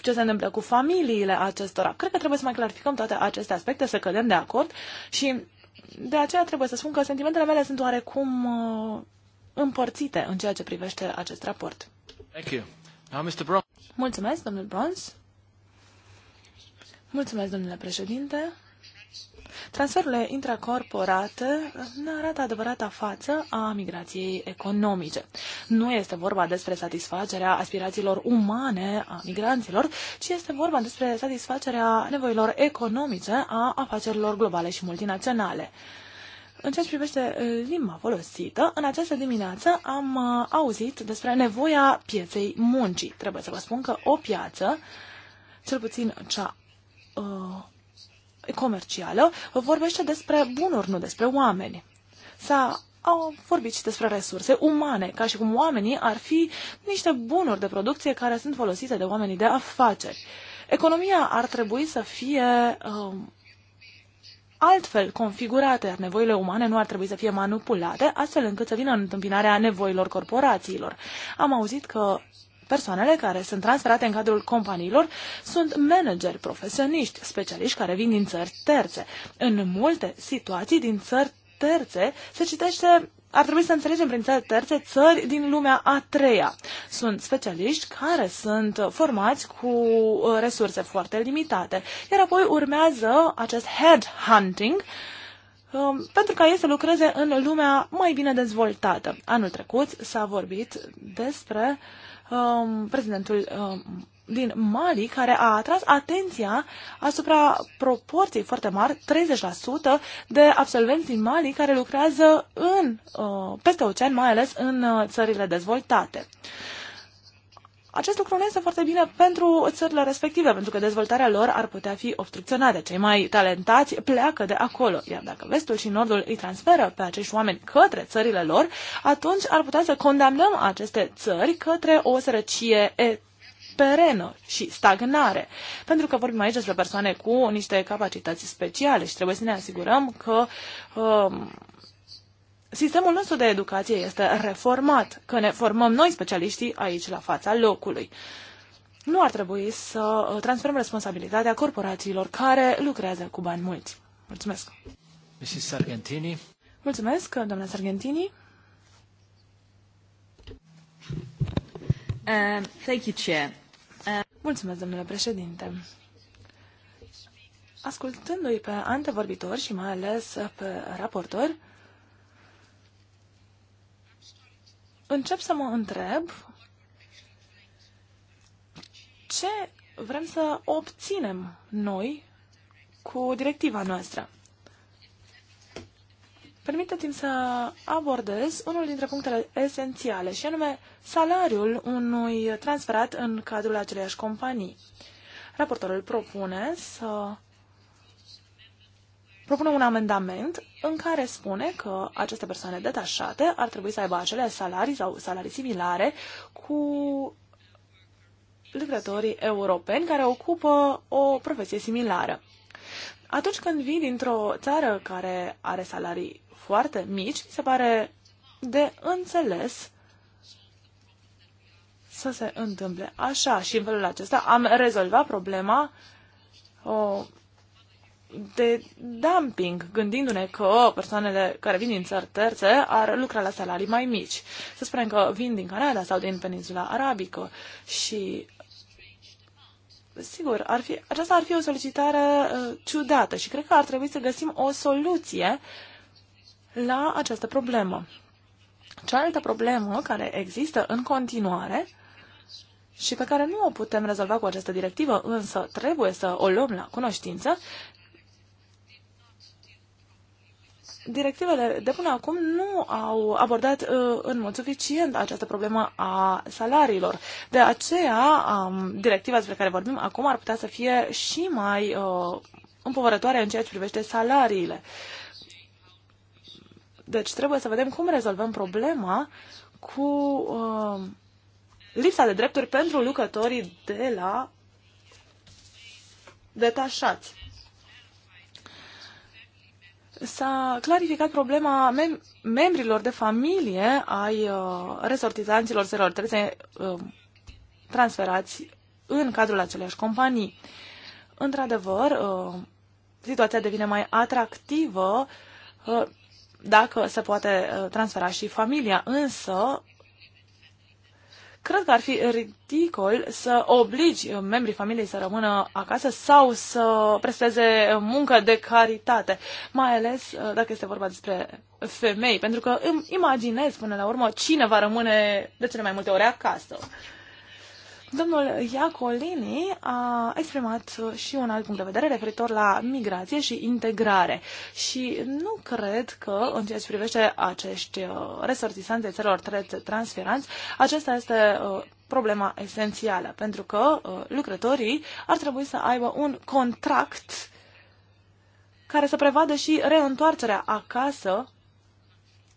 ce se întâmplă cu familiile acestora. Cred că trebuie să mai clarificăm toate aceste aspecte, să cădem de acord și de aceea trebuie să spun că sentimentele mele sunt oarecum eh, împărțite în ceea ce privește acest raport. Thank you. Now, Mr. Bronze. Mulțumesc, domnul Bronze. Mulțumesc, domnule președinte. Transferurile intracorporate ne arată adevărata față a migrației economice. Nu este vorba despre satisfacerea aspirațiilor umane a migranților, ci este vorba despre satisfacerea nevoilor economice a afacerilor globale și multinaționale. În ceea ce privește limba folosită, în această dimineață am auzit despre nevoia pieței muncii. Trebuie să vă spun că o piață, cel puțin cea uh, comercială vorbește despre bunuri, nu despre oameni. S-a au vorbit și despre resurse umane, ca și cum oamenii ar fi niște bunuri de producție care sunt folosite de oamenii de afaceri. Economia ar trebui să fie um, altfel configurată. iar nevoile umane nu ar trebui să fie manipulate, astfel încât să vină în întâmpinarea nevoilor corporațiilor. Am auzit că persoanele care sunt transferate în cadrul companiilor sunt manageri, profesioniști, specialiști care vin din țări terțe. În multe situații din țări terțe se citește ar trebui să înțelegem prin țări terțe țări din lumea a treia. Sunt specialiști care sunt formați cu uh, resurse foarte limitate. Iar apoi urmează acest headhunting, um, pentru ca ei să lucreze în lumea mai bine dezvoltată. Anul trecut s-a vorbit despre uh, um, prezidentul um, din Mali, care a atras atenția asupra proporției foarte mari, 30% de absolvenți din Mali care lucrează în, uh, peste ocean, mai ales în uh, țările dezvoltate acest lucru nu este foarte bine pentru țările respective, pentru că dezvoltarea lor ar putea fi obstrucționată. Cei mai talentați pleacă de acolo, iar dacă vestul și nordul îi transferă pe acești oameni către țările lor, atunci ar putea să condamnăm aceste țări către o sărăcie perenă și stagnare. Pentru că vorbim aici despre persoane cu niște capacități speciale și trebuie să ne asigurăm că um, sistemul nostru de educație este reformat, că ne formăm noi specialiștii aici la fața locului. Nu ar trebui să uh, transferăm responsabilitatea corporațiilor care lucrează cu bani mulți. Mulțumesc! Mrs. Sargentini. Mulțumesc, doamna Sargentini. Uh, thank you, Chair. Uh... Mulțumesc, domnule președinte. Ascultându-i pe antevorbitori și mai ales pe raportori, încep să mă întreb ce vrem să obținem noi cu directiva noastră. Permiteți-mi să abordez unul dintre punctele esențiale, și anume salariul unui transferat în cadrul aceleiași companii. Raportorul propune să propune un amendament în care spune că aceste persoane detașate ar trebui să aibă acele salarii sau salarii similare cu lucrătorii europeni care ocupă o profesie similară. Atunci când vii dintr-o țară care are salarii foarte mici, mi se pare de înțeles să se întâmple așa și în felul acesta am rezolvat problema o, de dumping, gândindu-ne că persoanele care vin din țări terțe ar lucra la salarii mai mici. Să spunem că vin din Canada sau din peninsula arabică și sigur, ar fi, aceasta ar fi o solicitare uh, ciudată și cred că ar trebui să găsim o soluție la această problemă. Cealaltă problemă care există în continuare și pe care nu o putem rezolva cu această directivă, însă trebuie să o luăm la cunoștință, directivele de până acum nu au abordat uh, în mod suficient această problemă a salariilor. De aceea, um, directiva despre care vorbim acum ar putea să fie și mai uh, împovărătoare în ceea ce privește salariile. Deci trebuie să vedem cum rezolvăm problema cu uh, lipsa de drepturi pentru lucrătorii de la detașați s-a clarificat problema mem- membrilor de familie ai uh, resortizanților celor terțe uh, transferați în cadrul aceleiași companii. Într-adevăr, uh, situația devine mai atractivă uh, dacă se poate uh, transfera și familia, însă Cred că ar fi ridicol să obligi membrii familiei să rămână acasă sau să presteze muncă de caritate, mai ales uh, dacă este vorba despre femei, pentru că îmi imaginez până la urmă cine va rămâne de cele mai multe ori acasă. Domnul Iacolini a exprimat și un alt punct de vedere referitor la migrație și integrare și nu cred că în ceea ce privește acești uh, resortisanți de țărilor transferanți, acesta este uh, problema esențială, pentru că uh, lucrătorii ar trebui să aibă un contract care să prevadă și reîntoarcerea acasă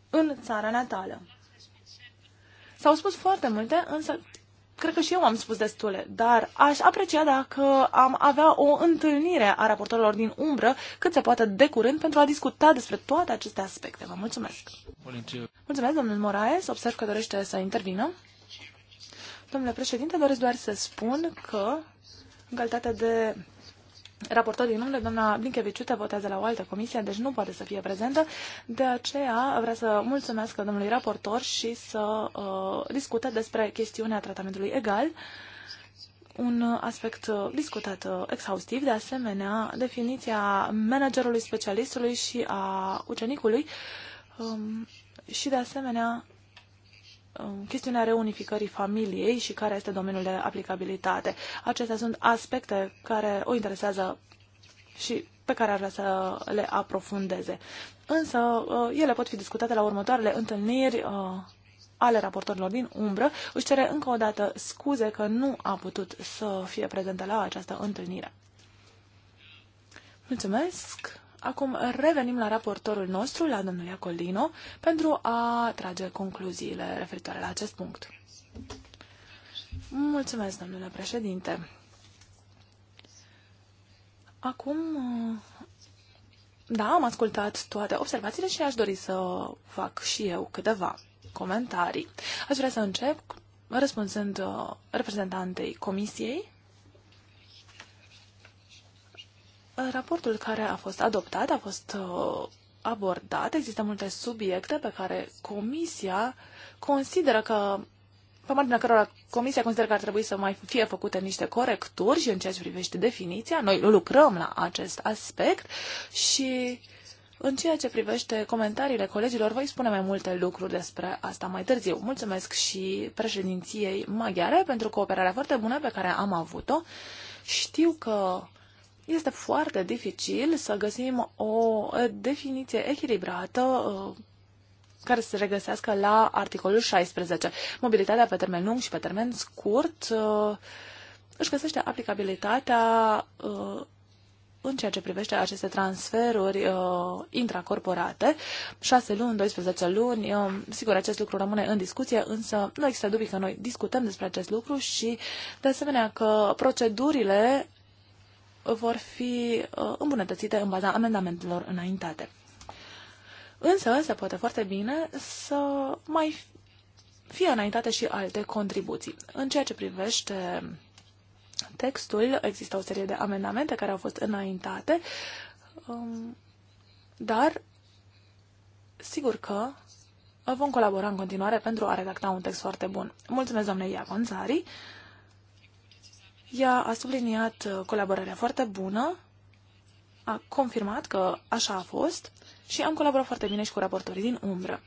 în țara natală. S-au spus foarte multe, însă cred că și eu am spus destule, dar aș aprecia dacă am avea o întâlnire a raportorilor din umbră cât se poate de curând pentru a discuta despre toate aceste aspecte. Vă mulțumesc! Mulțumesc, domnul Moraes. Observ că dorește să intervină. Domnule președinte, doresc doar să spun că, în calitate de Raportor din umbră, doamna Blinkeviciute, votează la o altă comisie, deci nu poate să fie prezentă. De aceea vrea să mulțumesc domnului raportor și să uh, discute despre chestiunea tratamentului egal, un aspect uh, discutat uh, exhaustiv, de asemenea definiția managerului specialistului și a ucenicului um, și de asemenea Um, chestiunea reunificării familiei și care este domeniul de aplicabilitate. Acestea sunt aspecte care o interesează și pe care ar vrea să le aprofundeze. Însă, uh, ele pot fi discutate la următoarele întâlniri uh, ale raportorilor din umbră. Își cere încă o dată scuze că nu a putut să fie prezentă la această întâlnire. Mulțumesc! Acum revenim la raportorul nostru, la domnul Iacolino, pentru a trage concluziile referitoare la acest punct. Mulțumesc, domnule președinte. Acum, da, am ascultat toate observațiile și aș dori să fac și eu câteva comentarii. Aș vrea să încep răspunzând uh, reprezentantei comisiei Raportul care a fost adoptat a fost uh, abordat. Există multe subiecte pe care Comisia consideră că pe marginea cărora Comisia consideră că ar trebui să mai fie făcute niște corecturi și în ceea ce privește definiția. Noi lucrăm la acest aspect și în ceea ce privește comentariile colegilor, voi spune mai multe lucruri despre asta mai târziu. Mulțumesc și președinției maghiare pentru cooperarea foarte bună pe care am avut-o. Știu că este foarte dificil să găsim o definiție echilibrată uh, care să se regăsească la articolul 16. Mobilitatea pe termen lung și pe termen scurt uh, își găsește aplicabilitatea uh, în ceea ce privește aceste transferuri uh, intracorporate, 6 luni, 12 luni, uh, sigur acest lucru rămâne în discuție, însă nu există dubii că noi discutăm despre acest lucru și de asemenea că procedurile vor fi uh, îmbunătățite în baza amendamentelor înaintate. Însă se poate foarte bine să mai fie înaintate și alte contribuții. În ceea ce privește textul, există o serie de amendamente care au fost înaintate, um, dar sigur că vom colabora în continuare pentru a redacta un text foarte bun. Mulțumesc, Ia Gonzari! Ea a subliniat uh, colaborarea foarte bună, a confirmat că așa a fost și am colaborat foarte bine și cu raportorii din umbră.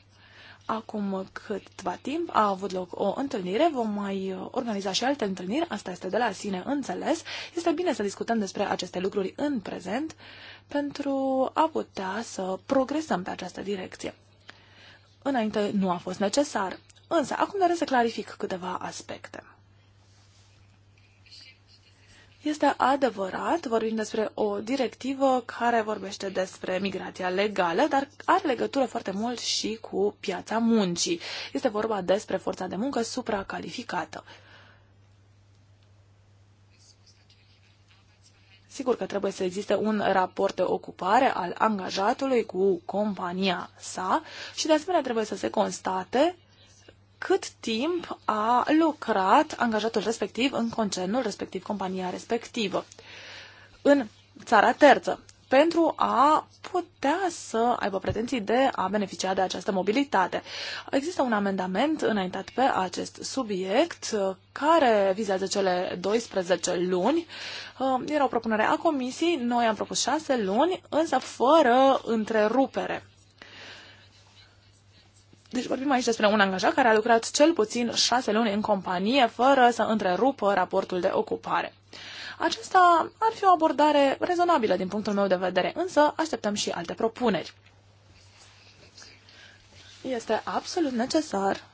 Acum câtva timp a avut loc o întâlnire, vom mai uh, organiza și alte întâlniri, asta este de la sine înțeles. Este bine să discutăm despre aceste lucruri în prezent pentru a putea să progresăm pe această direcție. Înainte nu a fost necesar, însă acum doresc să clarific câteva aspecte. Este adevărat, vorbim despre o directivă care vorbește despre migrația legală, dar are legătură foarte mult și cu piața muncii. Este vorba despre forța de muncă supracalificată. Sigur că trebuie să existe un raport de ocupare al angajatului cu compania sa și de asemenea trebuie să se constate cât timp a lucrat angajatul respectiv în concernul respectiv, compania respectivă, în țara terță, pentru a putea să aibă pretenții de a beneficia de această mobilitate. Există un amendament înaintat pe acest subiect uh, care vizează cele 12 luni. Uh, era o propunere a comisiei, noi am propus 6 luni, însă fără întrerupere. Deci vorbim aici despre un angajat care a lucrat cel puțin șase luni în companie fără să întrerupă raportul de ocupare. Acesta ar fi o abordare rezonabilă din punctul meu de vedere, însă așteptăm și alte propuneri. Este absolut necesar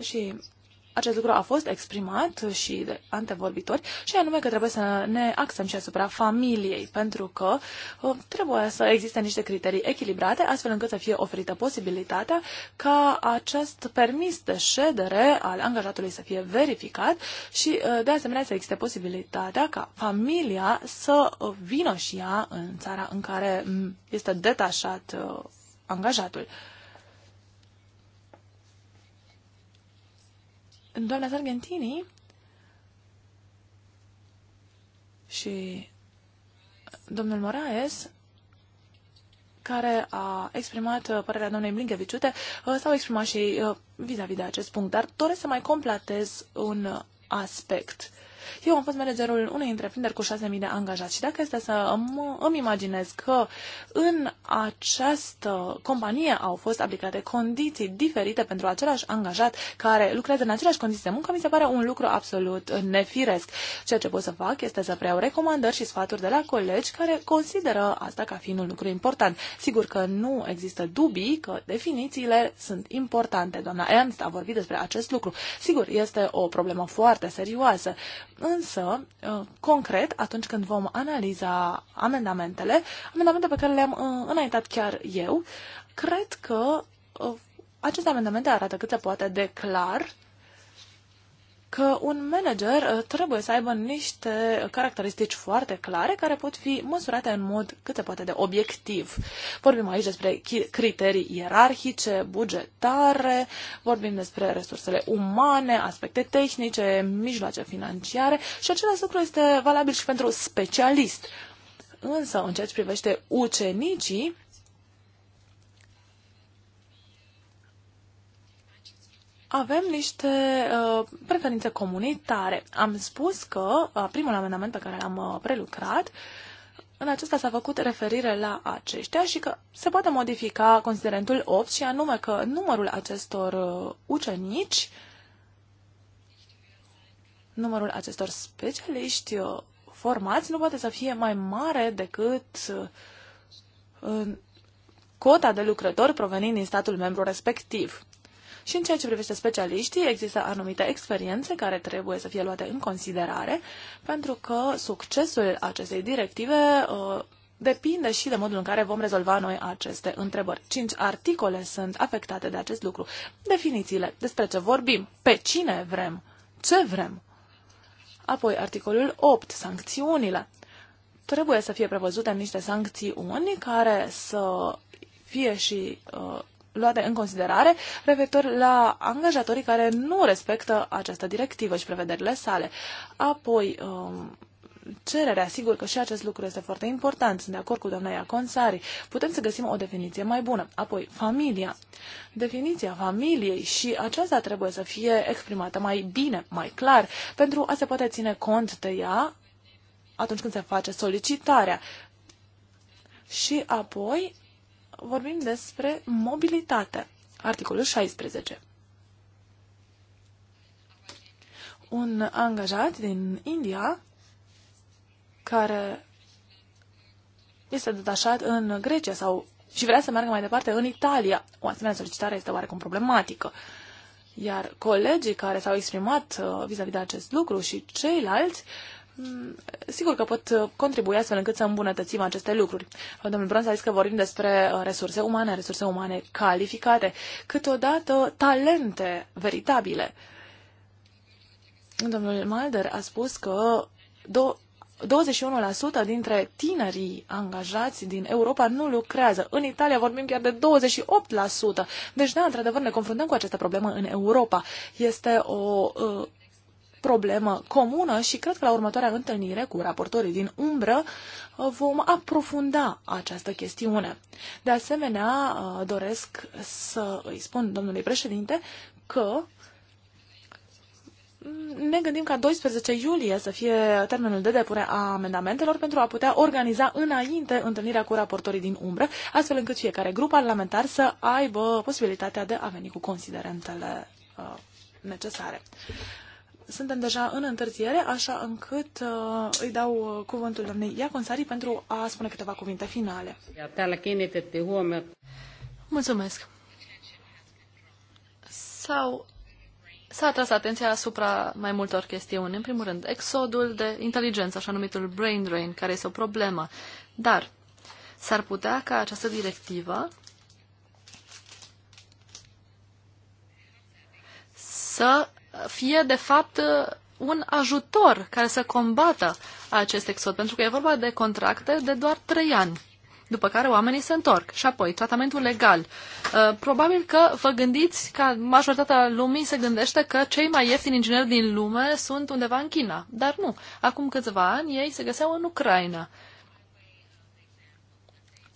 și acest lucru a fost exprimat și de antevorbitori, și anume că trebuie să ne axăm și asupra familiei, pentru că uh, trebuie să existe niște criterii echilibrate, astfel încât să fie oferită posibilitatea ca acest permis de ședere al angajatului să fie verificat și, uh, de asemenea, să existe posibilitatea ca familia să uh, vină și ea în țara în care mm, este detașat angajatul. doamna Sargentini și domnul Moraes care a exprimat uh, părerea doamnei Blinkeviciute, uh, s-au exprimat și uh, vis-a-vis -vis de acest punct, dar doresc să mai completez un aspect. Eu am fost managerul unei întreprinderi cu 6.000 de angajați și dacă este să îmi, îmi imaginez că în această companie au fost aplicate condiții diferite pentru același angajat care lucrează în aceleași condiții de muncă, mi se pare un lucru absolut nefiresc. Ceea ce pot să fac este să preiau recomandări și sfaturi de la colegi care consideră asta ca fiind un lucru important. Sigur că nu există dubii că definițiile sunt importante. Doamna Ernst a vorbit despre acest lucru. Sigur, este o problemă foarte serioasă. Însă, uh, concret, atunci când vom analiza amendamentele, amendamente pe care le-am uh, înaintat chiar eu, cred că uh, aceste amendamente arată cât se poate de clar că un manager uh, trebuie să aibă niște caracteristici foarte clare care pot fi măsurate în mod cât se poate de obiectiv. Vorbim aici despre criterii ierarhice, bugetare, vorbim despre resursele umane, aspecte tehnice, mijloace financiare și același lucru este valabil și pentru specialist. Însă, în ceea ce privește ucenicii, avem niște uh, preferințe comunitare. Am spus că uh, primul amendament pe care l-am uh, prelucrat, în acesta s-a făcut referire la aceștia și că se poate modifica considerentul 8 și anume că numărul acestor uh, ucenici, numărul acestor specialiști uh, formați nu poate să fie mai mare decât uh, cota de lucrători provenind din statul membru respectiv. Și în ceea ce privește specialiștii, există anumite experiențe care trebuie să fie luate în considerare, pentru că succesul acestei directive uh, depinde și de modul în care vom rezolva noi aceste întrebări. Cinci articole sunt afectate de acest lucru. Definițiile, despre ce vorbim, pe cine vrem, ce vrem. Apoi articolul 8, sancțiunile. Trebuie să fie prevăzute niște sancțiuni care să fie și uh, luate în considerare referitor la angajatorii care nu respectă această directivă și prevederile sale. Apoi, um, cererea, sigur că și acest lucru este foarte important, sunt de acord cu doamna Iaconsari, putem să găsim o definiție mai bună. Apoi, familia. Definiția familiei și aceasta trebuie să fie exprimată mai bine, mai clar, pentru a se poate ține cont de ea atunci când se face solicitarea. Și apoi, vorbim despre mobilitate. Articolul 16. Un angajat din India care este detașat în Grecia sau și vrea să meargă mai departe în Italia. O asemenea solicitare este oarecum problematică. Iar colegii care s-au exprimat uh, vis-a-vis -vis de acest lucru și ceilalți uh, Mm, sigur că pot contribui astfel încât să îmbunătățim aceste lucruri. Domnul Brons a zis că vorbim despre uh, resurse umane, resurse umane calificate, câteodată talente veritabile. Domnul Malder a spus că 21% dintre tinerii angajați din Europa nu lucrează. În Italia vorbim chiar de 28%. Deci, da, într-adevăr, ne confruntăm cu această problemă în Europa. Este o uh, problemă comună și cred că la următoarea întâlnire cu raportorii din umbră uh, vom aprofunda această chestiune. De asemenea, uh, doresc să îi spun domnului președinte că ne gândim ca 12 iulie să fie termenul de depune a amendamentelor pentru a putea organiza înainte întâlnirea cu raportorii din umbră, astfel încât fiecare grup parlamentar să aibă posibilitatea de a veni cu considerentele uh, necesare suntem deja în întârziere, așa încât uh, îi dau uh, cuvântul doamnei Iaconsari pentru a spune câteva cuvinte finale. Mulțumesc. Sau s-a atras atenția asupra mai multor chestiuni. În primul rând, exodul de inteligență, așa numitul brain drain, care este o problemă. Dar s-ar putea ca această directivă să fie, de fapt, un ajutor care să combată acest exod, pentru că e vorba de contracte de doar trei ani, după care oamenii se întorc. Și apoi, tratamentul legal. Uh, probabil că vă gândiți că majoritatea lumii se gândește că cei mai ieftini ingineri din lume sunt undeva în China, dar nu. Acum câțiva ani ei se găseau în Ucraina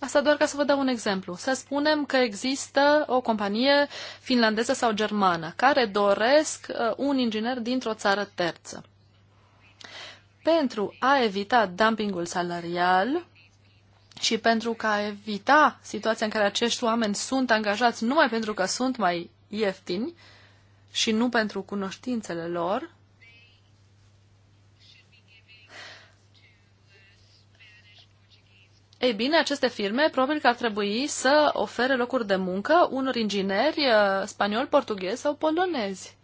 Asta doar ca să vă dau un exemplu. Să spunem că există o companie finlandeză sau germană care doresc uh, un inginer dintr-o țară terță. Pentru a evita dumpingul salarial și pentru ca a evita situația în care acești oameni sunt angajați numai pentru că sunt mai ieftini și nu pentru cunoștințele lor, Ei bine, aceste firme probabil că ar trebui să ofere locuri de muncă unor ingineri uh, spanioli, portughezi sau polonezi.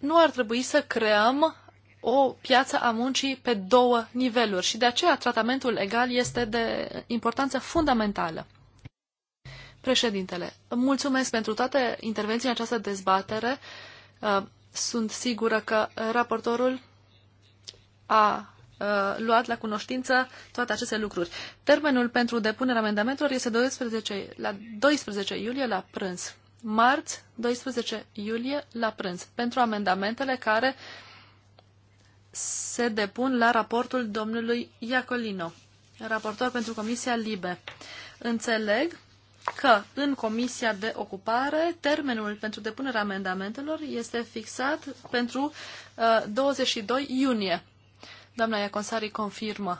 Nu ar trebui să creăm o piață a muncii pe două niveluri și de aceea tratamentul egal este de importanță fundamentală. Președintele, mulțumesc pentru toate intervențiile în această dezbatere. Uh, sunt sigură că raportorul a Uh, luat la cunoștință toate aceste lucruri. Termenul pentru depunerea amendamentelor este 12, la 12 iulie la prânz. Marți, 12 iulie la prânz. Pentru amendamentele care se depun la raportul domnului Iacolino, raportor pentru Comisia Libe. Înțeleg că în Comisia de Ocupare termenul pentru depunerea amendamentelor este fixat pentru uh, 22 iunie. Doamna Iaconsari confirmă.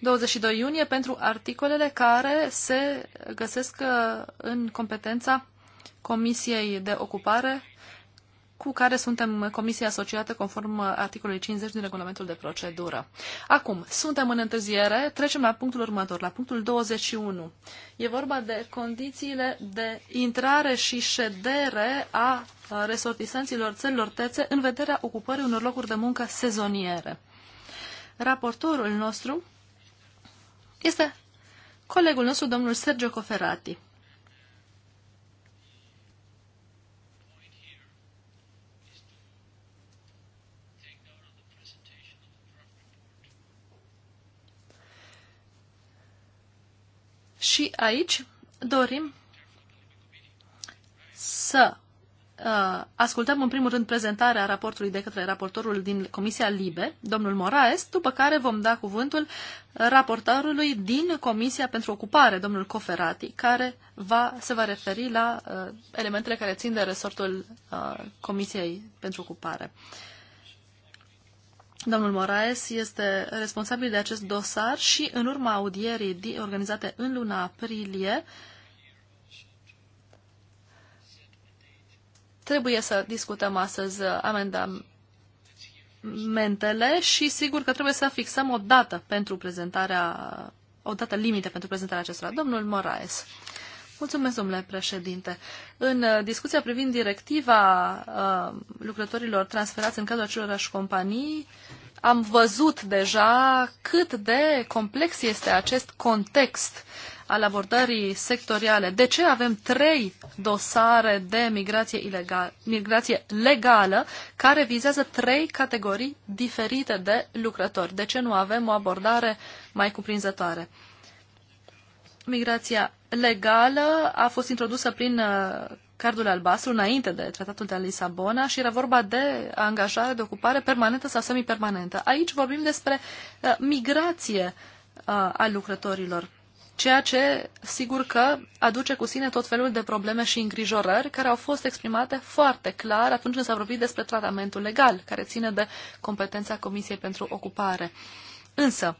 22 iunie pentru articolele care se găsesc uh, în competența Comisiei de Ocupare cu care suntem Comisia asociată conform uh, articolului 50 din regulamentul de procedură. Acum, suntem în întârziere, trecem la punctul următor, la punctul 21. E vorba de condițiile de intrare și ședere a uh, resortisanților țărilor tețe în vederea ocupării unor locuri de muncă sezoniere. Raportorul nostru este colegul nostru, domnul Sergio Coferati. Și aici dorim să Uh, ascultăm în primul rând prezentarea raportului de către raportorul din Comisia Libe, domnul Moraes, după care vom da cuvântul raportorului din Comisia pentru Ocupare, domnul Coferati, care va, se va referi la uh, elementele care țin de resortul uh, Comisiei pentru Ocupare. Domnul Moraes este responsabil de acest dosar și în urma audierii organizate în luna aprilie, uh, Trebuie să discutăm astăzi uh, amendamentele și sigur că trebuie să fixăm o dată pentru prezentarea, o dată limită pentru prezentarea acestora. Domnul Moraes. Mulțumesc, domnule președinte. În uh, discuția privind directiva uh, lucrătorilor transferați în cadrul acelorași companii, am văzut deja cât de complex este acest context al abordării sectoriale. De ce avem trei dosare de migrație, ilegal, migrație legală care vizează trei categorii diferite de lucrători? De ce nu avem o abordare mai cuprinzătoare? Migrația legală a fost introdusă prin uh, cardul albastru înainte de tratatul de Lisabona și era vorba de angajare, de ocupare permanentă sau semipermanentă. Aici vorbim despre uh, migrație uh, a lucrătorilor ceea ce, sigur că, aduce cu sine tot felul de probleme și îngrijorări care au fost exprimate foarte clar atunci când s-a vorbit despre tratamentul legal, care ține de competența Comisiei pentru Ocupare. Însă,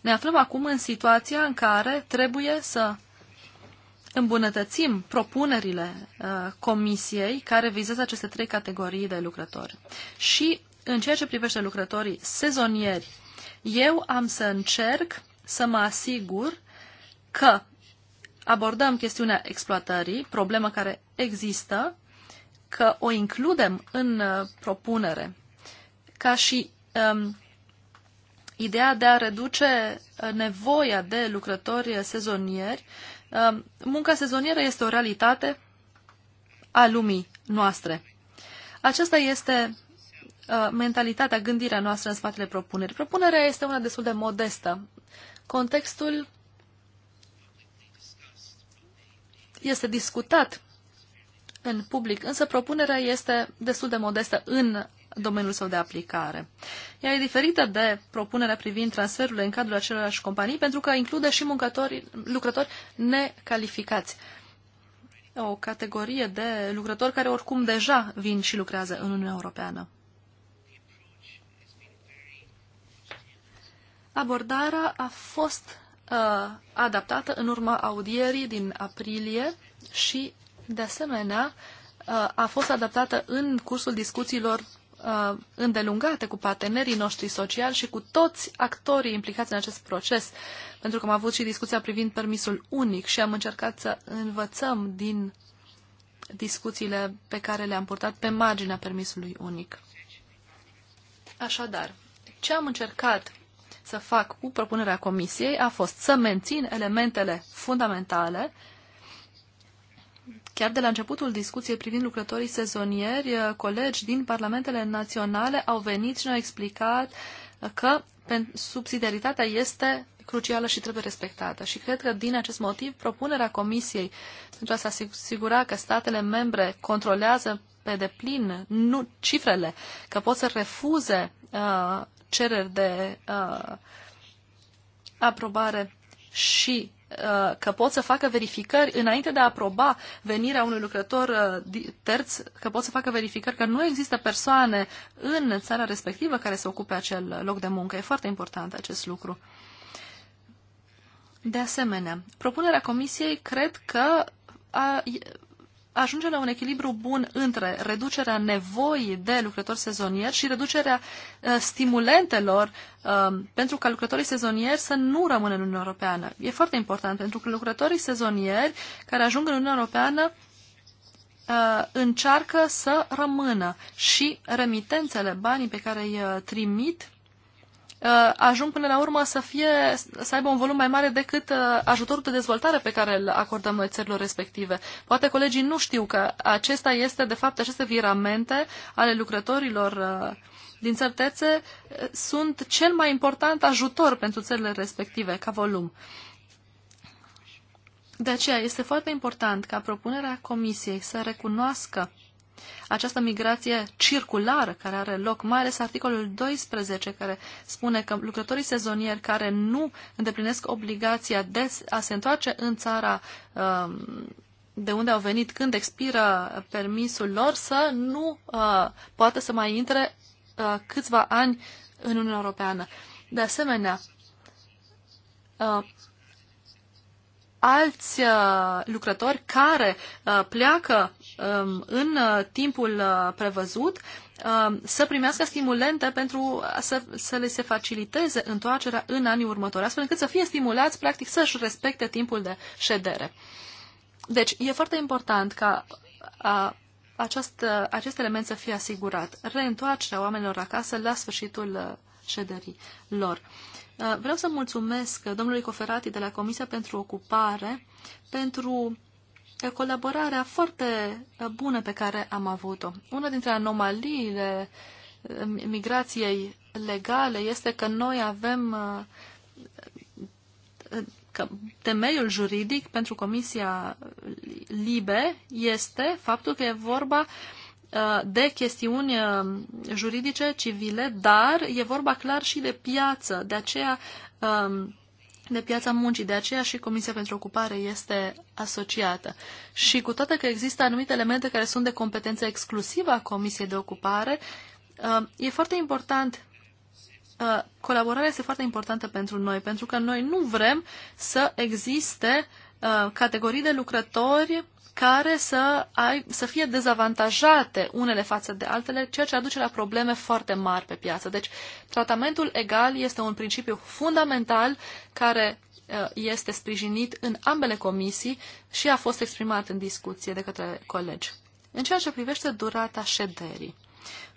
ne aflăm acum în situația în care trebuie să îmbunătățim propunerile uh, Comisiei care vizează aceste trei categorii de lucrători. Și în ceea ce privește lucrătorii sezonieri, eu am să încerc să mă asigur că abordăm chestiunea exploatării, problemă care există, că o includem în uh, propunere, ca și um, ideea de a reduce uh, nevoia de lucrători sezonieri. Um, munca sezonieră este o realitate a lumii noastre. Aceasta este uh, mentalitatea, gândirea noastră în spatele propunerii. Propunerea este una destul de modestă. Contextul este discutat în public, însă propunerea este destul de modestă în domeniul său de aplicare. Ea e diferită de propunerea privind transferurile în cadrul acelorași companii pentru că include și muncători, lucrători necalificați. O categorie de lucrători care oricum deja vin și lucrează în Uniunea Europeană. Abordarea a fost uh, adaptată în urma audierii din aprilie și, de asemenea, uh, a fost adaptată în cursul discuțiilor uh, îndelungate cu partenerii noștri sociali și cu toți actorii implicați în acest proces, pentru că am avut și discuția privind permisul unic și am încercat să învățăm din discuțiile pe care le-am purtat pe marginea permisului unic. Așadar, ce am încercat să fac cu propunerea Comisiei a fost să mențin elementele fundamentale Chiar de la începutul discuției privind lucrătorii sezonieri, colegi din parlamentele naționale au venit și ne-au explicat că subsidiaritatea este crucială și trebuie respectată. Și cred că din acest motiv propunerea Comisiei pentru a se asigura că statele membre controlează pe deplin nu, cifrele, că pot să refuze uh, cereri de uh, aprobare și uh, că pot să facă verificări înainte de a aproba venirea unui lucrător uh, terț, că pot să facă verificări că nu există persoane în țara respectivă care să ocupe acel loc de muncă. E foarte important acest lucru. De asemenea, propunerea comisiei cred că a, ajunge la un echilibru bun între reducerea nevoii de lucrători sezonieri și reducerea uh, stimulentelor uh, pentru ca lucrătorii sezonieri să nu rămână în Uniunea Europeană. E foarte important pentru că lucrătorii sezonieri care ajung în Uniunea Europeană uh, încearcă să rămână și remitențele, banii pe care îi uh, trimit Uh, ajung până la urmă să, fie, să aibă un volum mai mare decât uh, ajutorul de dezvoltare pe care îl acordăm noi țărilor respective. Poate colegii nu știu că acesta este, de fapt, aceste viramente ale lucrătorilor uh, din țări terțe sunt cel mai important ajutor pentru țările respective ca volum. De aceea este foarte important ca propunerea Comisiei să recunoască această migrație circulară care are loc, mai ales articolul 12 care spune că lucrătorii sezonieri care nu îndeplinesc obligația de a se întoarce în țara um, de unde au venit când expiră permisul lor să nu uh, poată să mai intre uh, câțiva ani în Uniunea Europeană. De asemenea, uh, alți uh, lucrători care uh, pleacă Um, în uh, timpul uh, prevăzut um, să primească stimulente pentru să, să le se faciliteze întoarcerea în anii următori, astfel încât să fie stimulați, practic, să-și respecte timpul de ședere. Deci, e foarte important ca a, acest, uh, acest element să fie asigurat. Reîntoarcerea oamenilor acasă la sfârșitul șederii lor. Vreau să mulțumesc domnului Coferati de la Comisia pentru Ocupare pentru colaborarea foarte uh, bună pe care am avut-o. Una dintre anomaliile uh, migrației legale este că noi avem uh, că temeiul juridic pentru Comisia Libe este faptul că e vorba de chestiuni juridice, civile, dar e vorba clar și de piață. De aceea um, de piața muncii. De aceea și Comisia pentru Ocupare este asociată. Și cu toate că există anumite elemente care sunt de competență exclusivă a Comisiei de Ocupare, uh, e foarte important uh, colaborarea este foarte importantă pentru noi, pentru că noi nu vrem să existe uh, categorii de lucrători care să, ai, să fie dezavantajate unele față de altele, ceea ce aduce la probleme foarte mari pe piață. Deci, tratamentul egal este un principiu fundamental care uh, este sprijinit în ambele comisii și a fost exprimat în discuție de către colegi. În ceea ce privește durata șederii,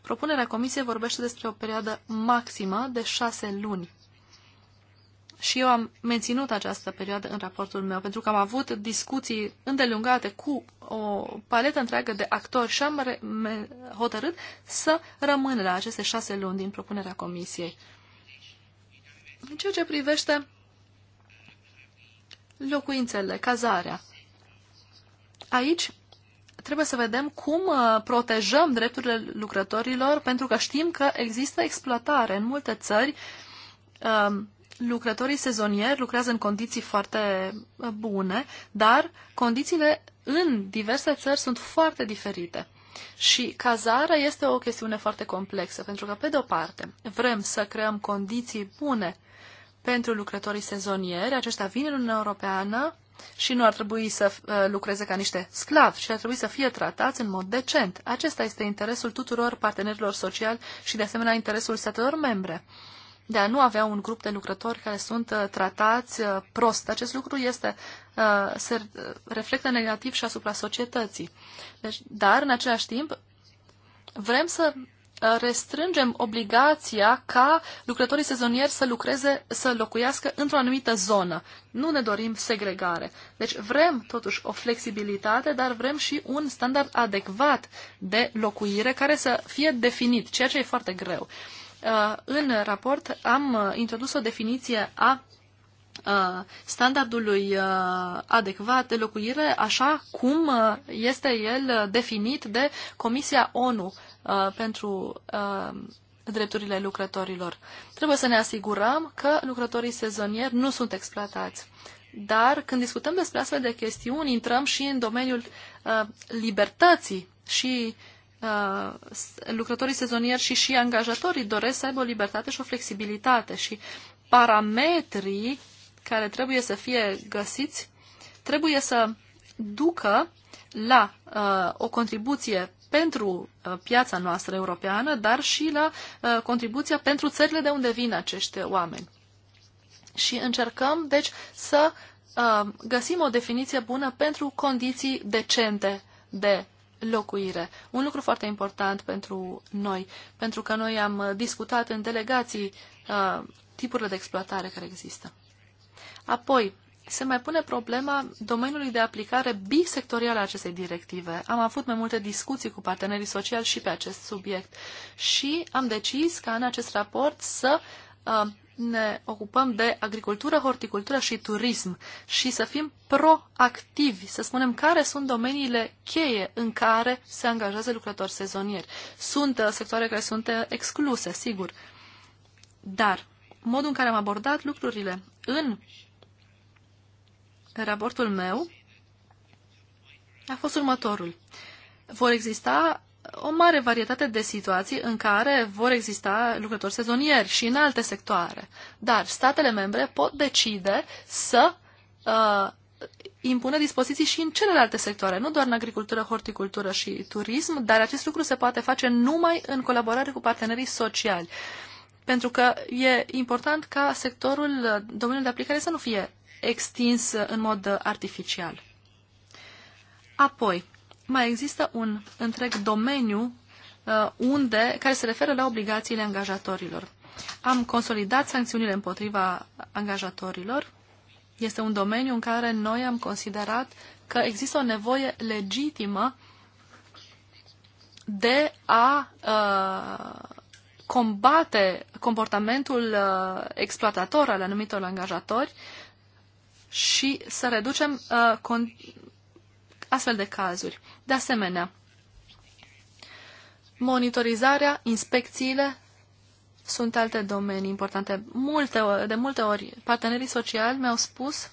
propunerea comisiei vorbește despre o perioadă maximă de șase luni și eu am menținut această perioadă în raportul meu, pentru că am avut discuții îndelungate cu o paletă întreagă de actori și am hotărât să rămân la aceste șase luni din propunerea comisiei. În ceea ce privește locuințele, cazarea, aici trebuie să vedem cum uh, protejăm drepturile lucrătorilor, pentru că știm că există exploatare în multe țări um, lucrătorii sezonieri lucrează în condiții foarte uh, bune, dar condițiile în diverse țări sunt foarte diferite. Și cazarea este o chestiune foarte complexă, pentru că, pe de-o parte, vrem să creăm condiții bune pentru lucrătorii sezonieri, aceștia vin în Uniunea Europeană și nu ar trebui să uh, lucreze ca niște sclavi, ci ar trebui să fie tratați în mod decent. Acesta este interesul tuturor partenerilor sociali și, de asemenea, interesul statelor membre de a nu avea un grup de lucrători care sunt uh, tratați uh, prost. Acest lucru este, uh, se reflectă negativ și asupra societății. Deci, dar, în același timp, vrem să restrângem obligația ca lucrătorii sezonieri să lucreze, să locuiască într-o anumită zonă. Nu ne dorim segregare. Deci vrem totuși o flexibilitate, dar vrem și un standard adecvat de locuire care să fie definit, ceea ce e foarte greu. Uh, Uh, în raport am uh, introdus o definiție a uh, standardului adecvat de locuire, așa cum este el definit de Comisia ONU pentru drepturile lucrătorilor. Trebuie să ne asigurăm că lucrătorii sezonieri nu sunt exploatați. Dar când discutăm despre astfel de chestiuni, intrăm și în domeniul libertății și uh, Uh, lucrătorii sezonieri și și angajatorii doresc să aibă o libertate și o flexibilitate și parametrii care trebuie să fie găsiți trebuie să ducă la uh, o contribuție pentru uh, piața noastră europeană, dar și la uh, contribuția pentru țările de unde vin acești oameni. Și încercăm, deci, să uh, găsim o definiție bună pentru condiții decente de locuire. Un lucru foarte important pentru noi, pentru că noi am discutat în delegații uh, tipurile de exploatare care există. Apoi, se mai pune problema domeniului de aplicare bisectorial a acestei directive. Am avut mai multe discuții cu partenerii sociali și pe acest subiect și am decis ca în acest raport să uh, ne ocupăm de agricultură, horticultură și turism și să fim proactivi, să spunem care sunt domeniile cheie în care se angajează lucrători sezonieri. Sunt uh, sectoare care sunt uh, excluse, sigur, dar modul în care am abordat lucrurile în raportul meu a fost următorul. Vor exista o mare varietate de situații în care vor exista lucrători sezonieri și în alte sectoare. Dar statele membre pot decide să uh, impună dispoziții și în celelalte sectoare, nu doar în agricultură, horticultură și turism, dar acest lucru se poate face numai în colaborare cu partenerii sociali. Pentru că e important ca sectorul, domeniul de aplicare să nu fie extins în mod artificial. Apoi, mai există un întreg domeniu uh, unde, care se referă la obligațiile angajatorilor. Am consolidat sancțiunile împotriva angajatorilor. Este un domeniu în care noi am considerat că există o nevoie legitimă de a uh, combate comportamentul uh, exploatator al anumitor angajatori și să reducem uh, con- astfel de cazuri. De asemenea, monitorizarea, inspecțiile sunt alte domenii importante. Multe, de multe ori, partenerii sociali mi-au spus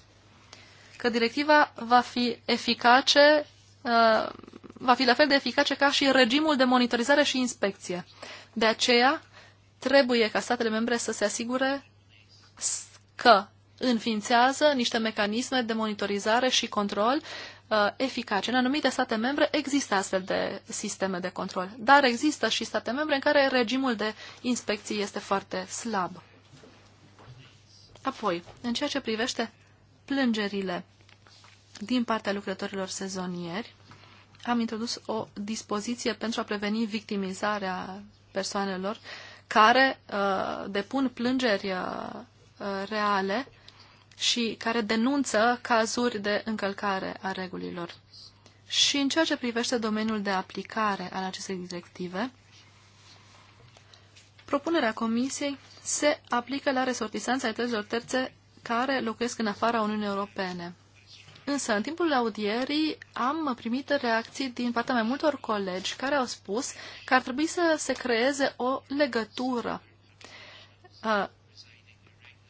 că directiva va fi eficace, uh, va fi la fel de eficace ca și regimul de monitorizare și inspecție. De aceea, trebuie ca statele membre să se asigure că înființează niște mecanisme de monitorizare și control uh, eficace. În anumite state membre există astfel de sisteme de control, dar există și state membre în care regimul de inspecții este foarte slab. Apoi, în ceea ce privește plângerile din partea lucrătorilor sezonieri, am introdus o dispoziție pentru a preveni victimizarea persoanelor care uh, depun plângeri uh, reale și care denunță cazuri de încălcare a regulilor. Și în ceea ce privește domeniul de aplicare al acestei directive, propunerea Comisiei se aplică la resortisanța ai terțe care locuiesc în afara Uniunii Europene. Însă, în timpul audierii, am primit reacții din partea mai multor colegi care au spus că ar trebui să se creeze o legătură uh,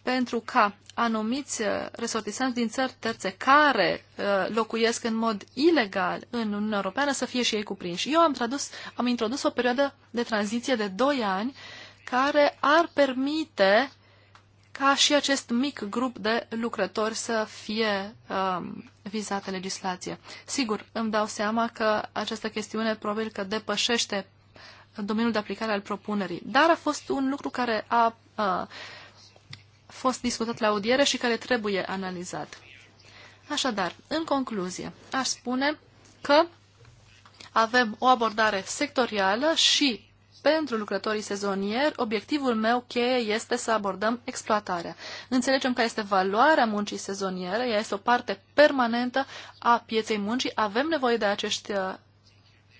pentru ca anumiți uh, resortisanți din țări terțe care uh, locuiesc în mod ilegal în Uniunea Europeană să fie și ei cuprinși. Eu am, tradus, am introdus o perioadă de tranziție de 2 ani care ar permite ca și acest mic grup de lucrători să fie um, vizate legislație. Sigur, îmi dau seama că această chestiune probabil că depășește domeniul de aplicare al propunerii, dar a fost un lucru care a uh, fost discutat la audiere și care trebuie analizat. Așadar, în concluzie, aș spune că avem o abordare sectorială și pentru lucrătorii sezonieri, obiectivul meu cheie este să abordăm exploatarea. Înțelegem că este valoarea muncii sezoniere, ea este o parte permanentă a pieței muncii, avem nevoie de acești uh,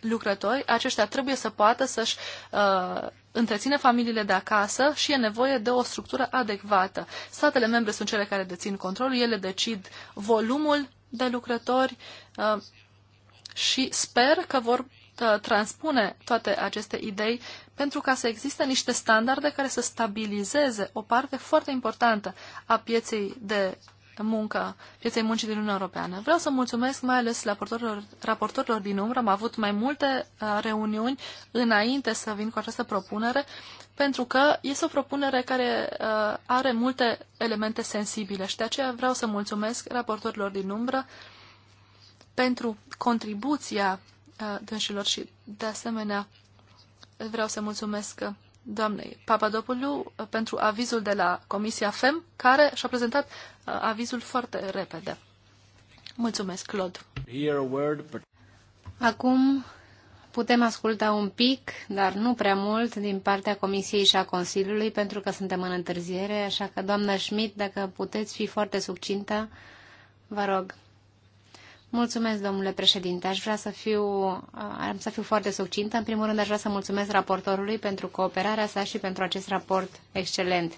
lucrători, aceștia trebuie să poată să-și uh, întreține familiile de acasă și e nevoie de o structură adecvată. Statele membre sunt cele care dețin controlul, ele decid volumul de lucrători uh, și sper că vor uh, transpune toate aceste idei pentru ca să existe niște standarde care să stabilizeze o parte foarte importantă a pieței de muncă, pieței muncii din Uniunea Europeană. Vreau să mulțumesc mai ales raportorilor, raportorilor din umbră. Am avut mai multe uh, reuniuni înainte să vin cu această propunere, pentru că este o propunere care uh, are multe elemente sensibile și de aceea vreau să mulțumesc raportorilor din umbră pentru contribuția uh, dânșilor și de asemenea vreau să mulțumesc doamnei Papadopoulou uh, pentru avizul de la Comisia FEM, care și-a prezentat uh, avizul foarte repede. Mulțumesc, Claude. Acum putem asculta un pic, dar nu prea mult, din partea Comisiei și a Consiliului, pentru că suntem în întârziere, așa că, doamna Schmidt, dacă puteți fi foarte succintă, vă rog. Mulțumesc, domnule președinte. Aș vrea să fiu, uh, am să fiu foarte succintă. În primul rând, aș vrea să mulțumesc raportorului pentru cooperarea sa și pentru acest raport excelent.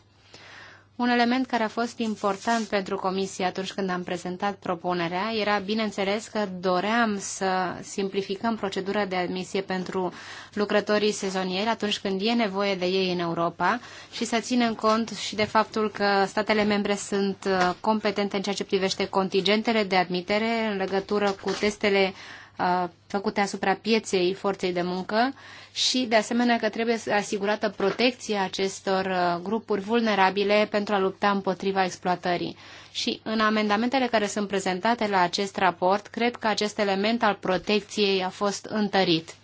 Un element care a fost important pentru comisie atunci când am prezentat propunerea era, bineînțeles, că doream să simplificăm procedura de admisie pentru lucrătorii sezonieri atunci când e nevoie de ei în Europa și să ținem cont și de faptul că statele membre sunt uh, competente în ceea ce privește contingentele de admitere în legătură cu testele Uh, făcute asupra pieței forței de muncă și, de asemenea, că trebuie asigurată protecția acestor uh, grupuri vulnerabile pentru a lupta împotriva exploatării. Și în amendamentele care sunt prezentate la acest raport, cred că acest element al protecției a fost întărit.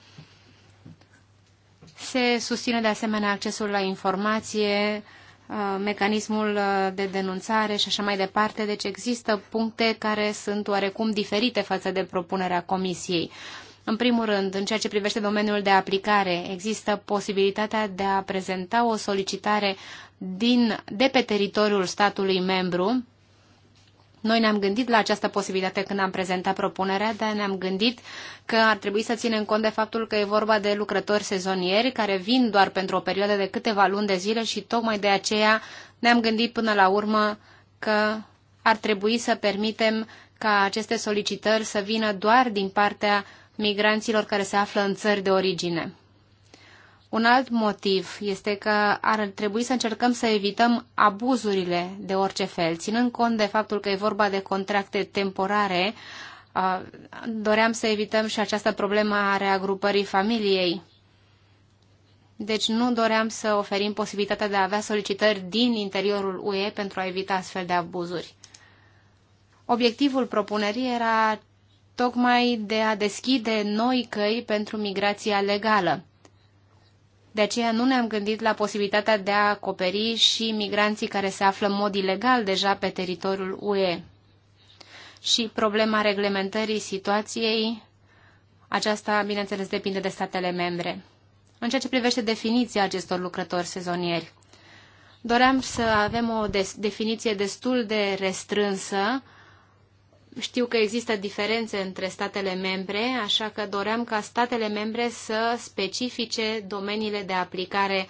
Se susține, de asemenea, accesul la informație, Uh, mecanismul uh, de denunțare și așa mai departe. Deci există puncte care sunt oarecum diferite față de propunerea Comisiei. În primul rând, în ceea ce privește domeniul de aplicare, există posibilitatea de a prezenta o solicitare din, de pe teritoriul statului membru noi ne-am gândit la această posibilitate când am prezentat propunerea, dar ne-am gândit că ar trebui să ținem cont de faptul că e vorba de lucrători sezonieri care vin doar pentru o perioadă de câteva luni de zile și tocmai de aceea ne-am gândit până la urmă că ar trebui să permitem ca aceste solicitări să vină doar din partea migranților care se află în țări de origine. Un alt motiv este că ar trebui să încercăm să evităm abuzurile de orice fel, ținând cont de faptul că e vorba de contracte temporare, uh, doream să evităm și această problemă a reagrupării familiei. Deci nu doream să oferim posibilitatea de a avea solicitări din interiorul UE pentru a evita astfel de abuzuri. Obiectivul propunerii era tocmai de a deschide noi căi pentru migrația legală. De aceea nu ne-am gândit la posibilitatea de a acoperi și migranții care se află în mod ilegal deja pe teritoriul UE. Și problema reglementării situației, aceasta, bineînțeles, depinde de statele membre. În ceea ce privește definiția acestor lucrători sezonieri, doream să avem o definiție destul de restrânsă știu că există diferențe între statele membre, așa că doream ca statele membre să specifice domeniile de aplicare.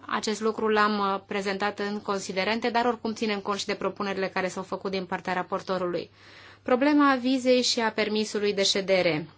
Acest lucru l-am uh, prezentat în considerente, dar oricum ținem cont și de propunerile care s-au făcut din partea raportorului. Problema vizei și a permisului de ședere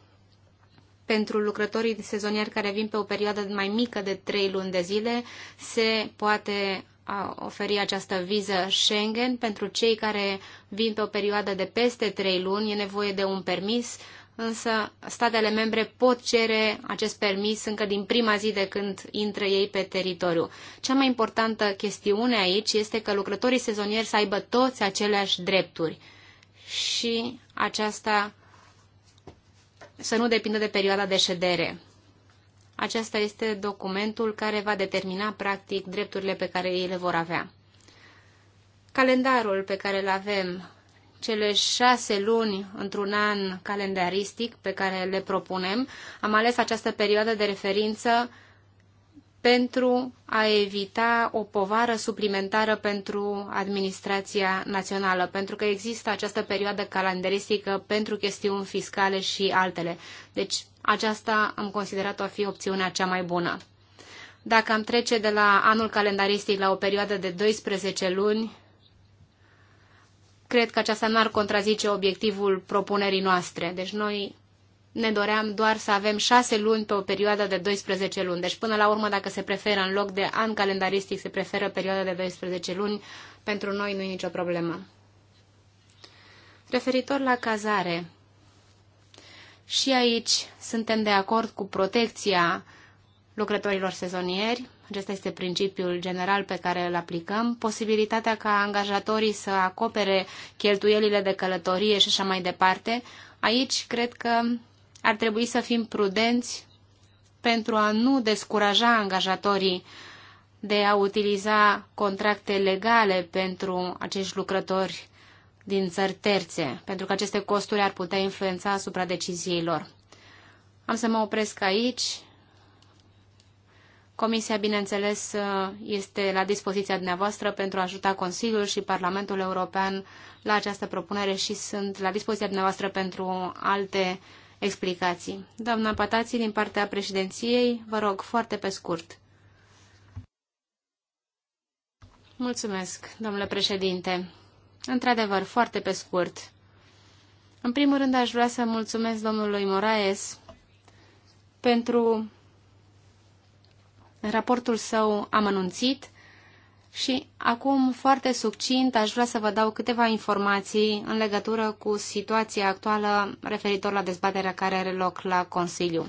pentru lucrătorii sezonieri care vin pe o perioadă mai mică de 3 luni de zile se poate a oferi această viză Schengen pentru cei care vin pe o perioadă de peste trei luni. E nevoie de un permis, însă statele membre pot cere acest permis încă din prima zi de când intră ei pe teritoriu. Cea mai importantă chestiune aici este că lucrătorii sezonieri să aibă toți aceleași drepturi și aceasta să nu depindă de perioada de ședere. Acesta este documentul care va determina practic drepturile pe care ei le vor avea. Calendarul pe care îl avem, cele șase luni într-un an calendaristic pe care le propunem, am ales această perioadă de referință pentru a evita o povară suplimentară pentru administrația națională, pentru că există această perioadă calendaristică pentru chestiuni fiscale și altele. Deci, aceasta am considerat-o a fi opțiunea cea mai bună. Dacă am trece de la anul calendaristic la o perioadă de 12 luni, cred că aceasta n-ar contrazice obiectivul propunerii noastre. Deci noi ne doream doar să avem 6 luni pe o perioadă de 12 luni. Deci până la urmă, dacă se preferă în loc de an calendaristic, se preferă perioada de 12 luni, pentru noi nu e nicio problemă. Referitor la cazare, și aici suntem de acord cu protecția lucrătorilor sezonieri, acesta este principiul general pe care îl aplicăm, posibilitatea ca angajatorii să acopere cheltuielile de călătorie și așa mai departe. Aici cred că ar trebui să fim prudenți pentru a nu descuraja angajatorii de a utiliza contracte legale pentru acești lucrători din țări terțe, pentru că aceste costuri ar putea influența asupra deciziei lor. Am să mă opresc aici. Comisia, bineînțeles, este la dispoziția dumneavoastră pentru a ajuta Consiliul și Parlamentul European la această propunere și sunt la dispoziția dumneavoastră pentru alte explicații. Doamna Patații, din partea președinției, vă rog foarte pe scurt. Mulțumesc, domnule președinte. Într-adevăr, foarte pe scurt. În primul rând aș vrea să mulțumesc domnului Moraes pentru raportul său amănunțit și acum, foarte succint, aș vrea să vă dau câteva informații în legătură cu situația actuală referitor la dezbaterea care are loc la Consiliu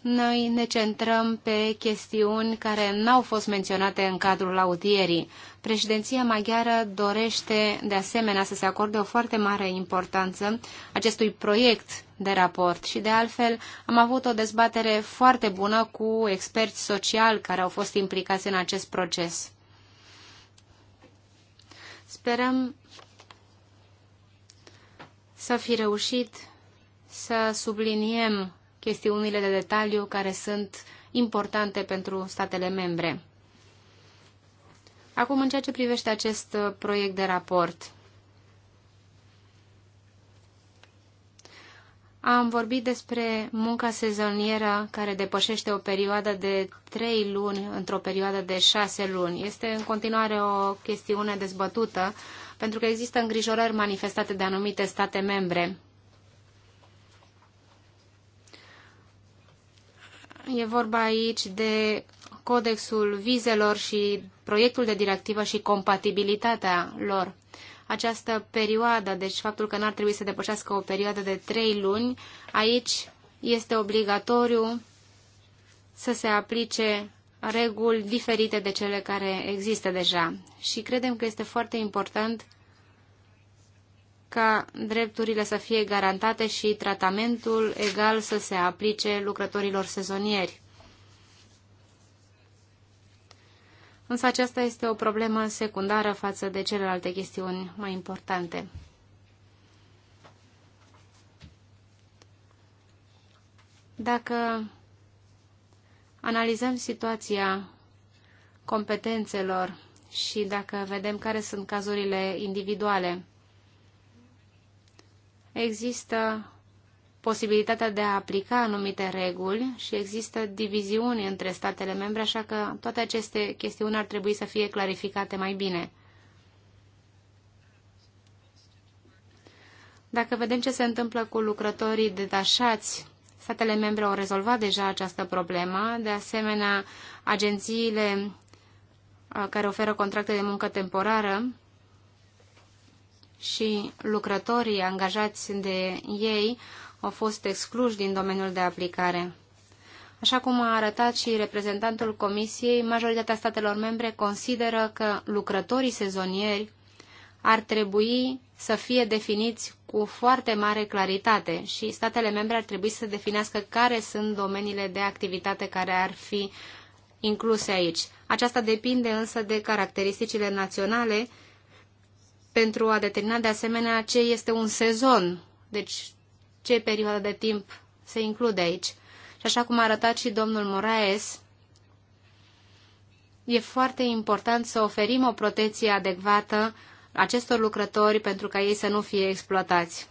noi ne centrăm pe chestiuni care n-au fost menționate în cadrul audierii. Președinția maghiară dorește de asemenea să se acorde o foarte mare importanță acestui proiect de raport și de altfel am avut o dezbatere foarte bună cu experți sociali care au fost implicați în acest proces. Sperăm să fi reușit să subliniem chestiunile de detaliu care sunt importante pentru statele membre. Acum, în ceea ce privește acest uh, proiect de raport, Am vorbit despre munca sezonieră care depășește o perioadă de trei luni într-o perioadă de șase luni. Este în continuare o chestiune dezbătută pentru că există îngrijorări manifestate de anumite state membre. E vorba aici de codexul vizelor și proiectul de directivă și compatibilitatea lor. Această perioadă, deci faptul că n-ar trebui să depășească o perioadă de trei luni, aici este obligatoriu să se aplice reguli diferite de cele care există deja. Și credem că este foarte important ca drepturile să fie garantate și tratamentul egal să se aplice lucrătorilor sezonieri. Însă aceasta este o problemă secundară față de celelalte chestiuni mai importante. Dacă analizăm situația competențelor și dacă vedem care sunt cazurile individuale, există posibilitatea de a aplica anumite reguli și există diviziuni între statele membre, așa că toate aceste chestiuni ar trebui să fie clarificate mai bine. Dacă vedem ce se întâmplă cu lucrătorii detașați, statele membre au rezolvat deja această problemă. De asemenea, agențiile uh, care oferă contracte de muncă temporară și lucrătorii angajați de ei au fost excluși din domeniul de aplicare. Așa cum a arătat și reprezentantul Comisiei, majoritatea statelor membre consideră că lucrătorii sezonieri ar trebui să fie definiți cu foarte mare claritate și statele membre ar trebui să definească care sunt domeniile de activitate care ar fi incluse aici. Aceasta depinde însă de caracteristicile naționale pentru a determina de asemenea ce este un sezon, deci ce perioadă de timp se include aici. Și așa cum a arătat și domnul Moraes, e foarte important să oferim o protecție adecvată acestor lucrători pentru ca ei să nu fie exploatați.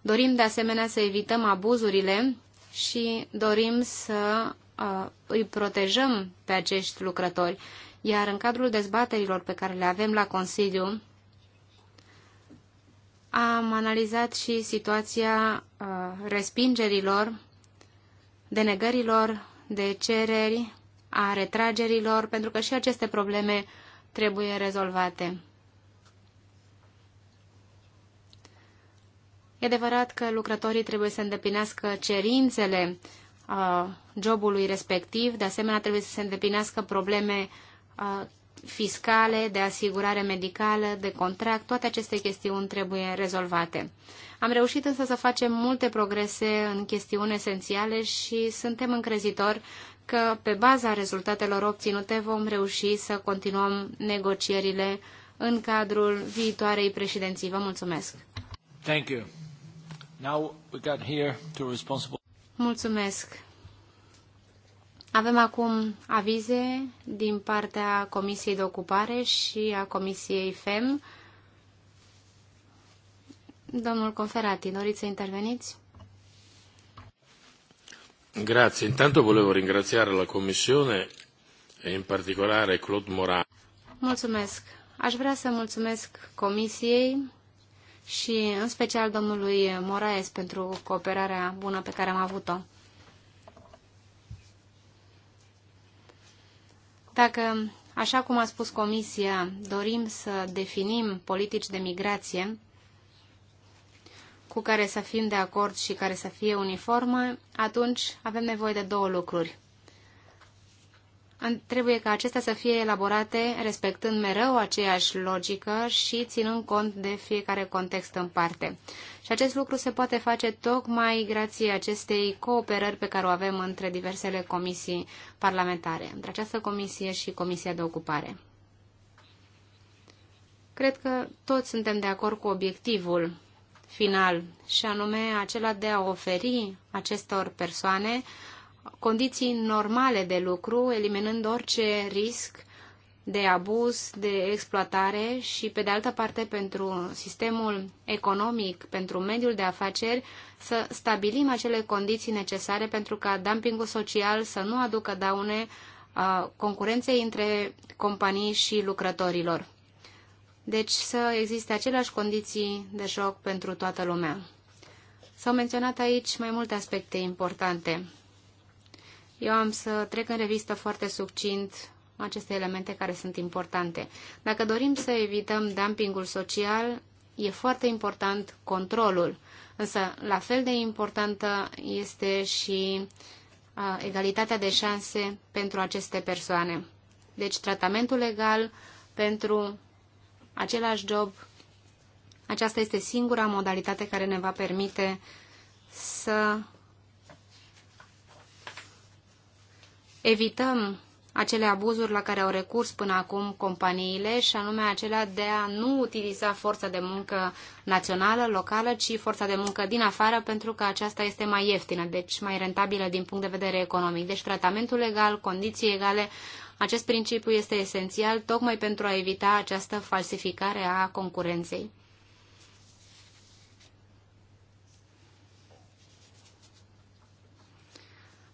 Dorim de asemenea să evităm abuzurile și dorim să uh, îi protejăm pe acești lucrători. Iar în cadrul dezbaterilor pe care le avem la Consiliu, am analizat și situația uh, respingerilor, denegărilor de cereri, a retragerilor, pentru că și aceste probleme trebuie rezolvate. E adevărat că lucrătorii trebuie să îndeplinească cerințele uh, jobului respectiv, de asemenea trebuie să se îndeplinească probleme uh, fiscale, de asigurare medicală, de contract, toate aceste chestiuni trebuie rezolvate. Am reușit însă să facem multe progrese în chestiuni esențiale și suntem încrezitori că pe baza rezultatelor obținute vom reuși să continuăm negocierile în cadrul viitoarei președinții. Vă mulțumesc! Thank you. Now we got here to responsible... Mulțumesc! Avem acum avize din partea Comisiei de Ocupare și a Comisiei FEM. Domnul Conferati, doriți să interveniți? Grazie. Intanto volevo ringraziare la Commissione e in particolare Claude Moran. Mulțumesc. Aș vrea să mulțumesc Comisiei și în special domnului Moraes pentru cooperarea bună pe care am avut-o. Dacă, așa cum a spus Comisia, dorim să definim politici de migrație cu care să fim de acord și care să fie uniformă, atunci avem nevoie de două lucruri trebuie ca acestea să fie elaborate respectând mereu aceeași logică și ținând cont de fiecare context în parte. Și acest lucru se poate face tocmai grație acestei cooperări pe care o avem între diversele comisii parlamentare, între această comisie și Comisia de Ocupare. Cred că toți suntem de acord cu obiectivul final, și anume acela de a oferi acestor persoane condiții normale de lucru, eliminând orice risc de abuz, de exploatare și, pe de altă parte, pentru sistemul economic, pentru mediul de afaceri, să stabilim acele condiții necesare pentru ca dumpingul social să nu aducă daune a uh, concurenței între companii și lucrătorilor. Deci să existe aceleași condiții de joc pentru toată lumea. S-au menționat aici mai multe aspecte importante. Eu am să trec în revistă foarte succint aceste elemente care sunt importante. Dacă dorim să evităm dumpingul social, e foarte important controlul, însă la fel de importantă este și uh, egalitatea de șanse pentru aceste persoane. Deci tratamentul legal pentru același job, aceasta este singura modalitate care ne va permite să evităm acele abuzuri la care au recurs până acum companiile și anume acelea de a nu utiliza forța de muncă națională, locală, ci forța de muncă din afară pentru că aceasta este mai ieftină, deci mai rentabilă din punct de vedere economic. Deci tratamentul legal, condiții egale, acest principiu este esențial tocmai pentru a evita această falsificare a concurenței.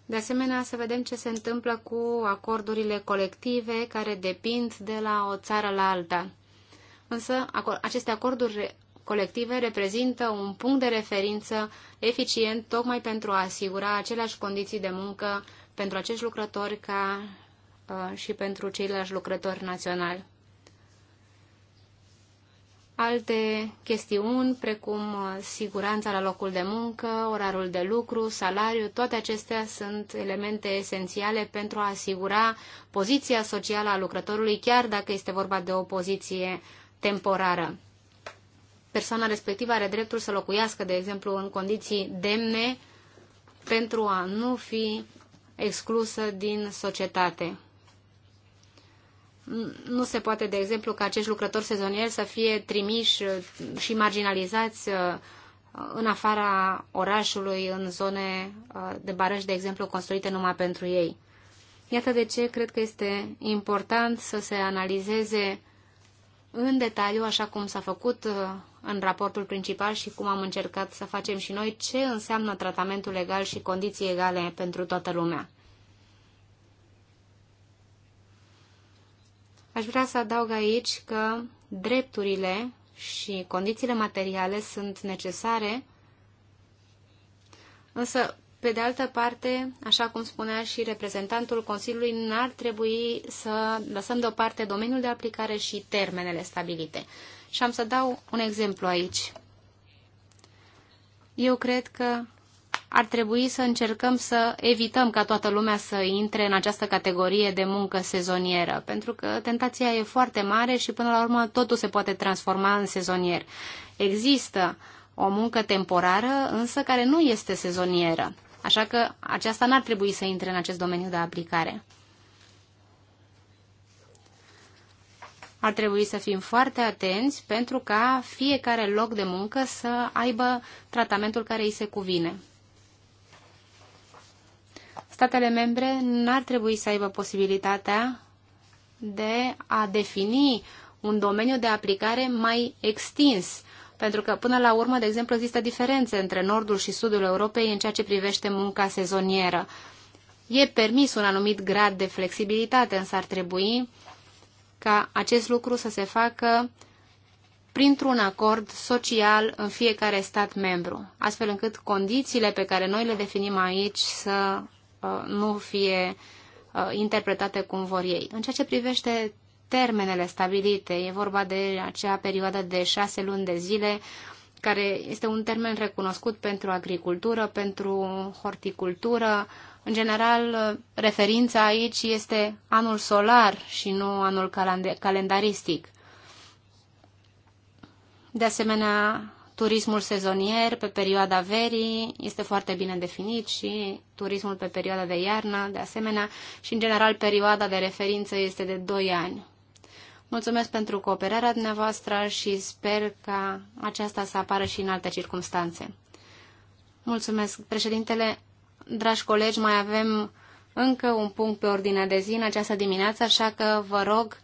De asemenea, să vedem ce se întâmplă cu acordurile colective care depind de la o țară la alta. Însă, aceste acorduri colective reprezintă un punct de referință eficient tocmai pentru a asigura aceleași condiții de muncă pentru acești lucrători ca uh, și pentru ceilalți lucrători naționali alte chestiuni, precum uh, siguranța la locul de muncă, orarul de lucru, salariu, toate acestea sunt elemente esențiale pentru a asigura poziția socială a lucrătorului, chiar dacă este vorba de o poziție temporară. Persoana respectivă are dreptul să locuiască, de exemplu, în condiții demne pentru a nu fi exclusă din societate. Nu se poate, de exemplu, ca acești lucrători sezonieri să fie trimiși uh, și marginalizați uh, uh, în afara orașului, în zone de barăși, de exemplu, construite numai pentru ei. Iată de ce cred că este important să se analizeze în detaliu, așa cum s-a făcut în raportul principal și cum am încercat să facem și noi, ce înseamnă tratamentul legal și condiții egale pentru toată lumea. Aș vrea să adaug aici că drepturile și condițiile materiale sunt necesare, însă, pe de altă parte, așa cum spunea și reprezentantul Consiliului, n-ar trebui să lăsăm deoparte domeniul de aplicare și termenele stabilite. Și am să dau un exemplu aici. Eu cred că ar trebui să încercăm să evităm ca toată lumea să intre în această categorie de muncă sezonieră, pentru că tentația e foarte mare și până la urmă totul se poate transforma în sezonier. Există o muncă temporară, însă care nu este sezonieră, așa că aceasta n-ar trebui să intre în acest domeniu de aplicare. Ar trebui să fim foarte atenți pentru ca fiecare loc de muncă să aibă tratamentul care îi se cuvine statele membre n-ar trebui să aibă posibilitatea de a defini un domeniu de aplicare mai extins, pentru că până la urmă, de exemplu, există diferențe între nordul și sudul Europei în ceea ce privește munca sezonieră. E permis un anumit grad de flexibilitate, însă ar trebui ca acest lucru să se facă printr-un acord social în fiecare stat membru, astfel încât condițiile pe care noi le definim aici să Uh, nu fie uh, interpretate cum vor ei. În ceea ce privește termenele stabilite, e vorba de acea perioadă de șase luni de zile, care este un termen recunoscut pentru agricultură, pentru horticultură. În general, referința aici este anul solar și nu anul calendaristic. De asemenea, turismul sezonier pe perioada verii este foarte bine definit și turismul pe perioada de iarnă, de asemenea, și în general perioada de referință este de 2 ani. Mulțumesc pentru cooperarea dumneavoastră și sper ca aceasta să apară și în alte circunstanțe. Mulțumesc, președintele. Dragi colegi, mai avem încă un punct pe ordinea de zi în această dimineață, așa că vă rog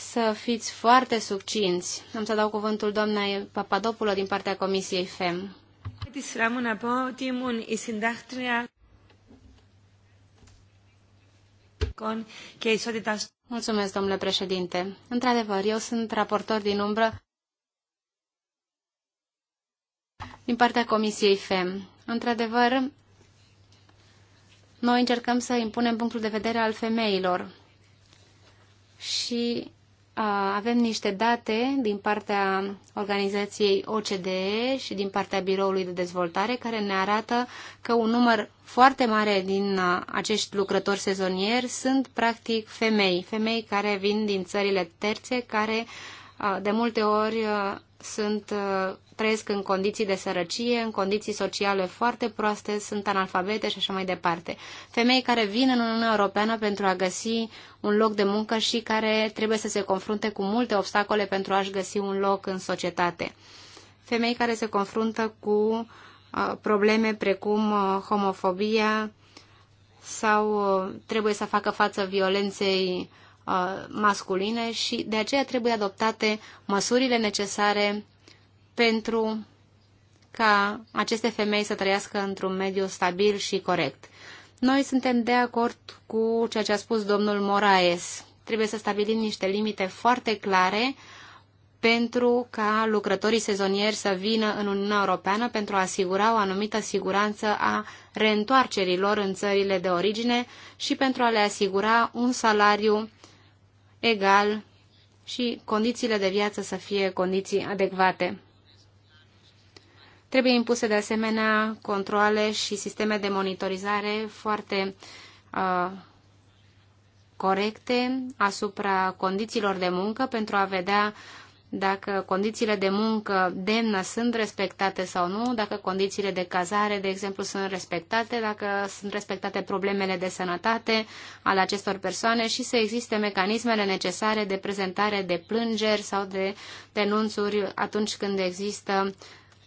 să fiți foarte succinți. Am să dau cuvântul doamnei Papadopulo din partea Comisiei FEM. Mulțumesc, domnule președinte. Într-adevăr, eu sunt raportor din umbră din partea Comisiei FEM. Într-adevăr, noi încercăm să impunem punctul de vedere al femeilor și avem niște date din partea organizației OCDE și din partea Biroului de Dezvoltare care ne arată că un număr foarte mare din acești lucrători sezonieri sunt practic femei, femei care vin din țările terțe, care de multe ori sunt trăiesc în condiții de sărăcie, în condiții sociale foarte proaste, sunt analfabete și așa mai departe. Femei care vin în Uniunea Europeană pentru a găsi un loc de muncă și care trebuie să se confrunte cu multe obstacole pentru a-și găsi un loc în societate. Femei care se confruntă cu uh, probleme precum uh, homofobia sau uh, trebuie să facă față violenței masculine și de aceea trebuie adoptate măsurile necesare pentru ca aceste femei să trăiască într-un mediu stabil și corect. Noi suntem de acord cu ceea ce a spus domnul Moraes. Trebuie să stabilim niște limite foarte clare pentru ca lucrătorii sezonieri să vină în Uniunea Europeană pentru a asigura o anumită siguranță a reîntoarcerilor în țările de origine și pentru a le asigura un salariu egal și condițiile de viață să fie condiții adecvate. Trebuie impuse de asemenea controle și sisteme de monitorizare foarte uh, corecte asupra condițiilor de muncă pentru a vedea dacă condițiile de muncă demnă sunt respectate sau nu, dacă condițiile de cazare, de exemplu, sunt respectate, dacă sunt respectate problemele de sănătate ale acestor persoane și să existe mecanismele necesare de prezentare de plângeri sau de denunțuri atunci când există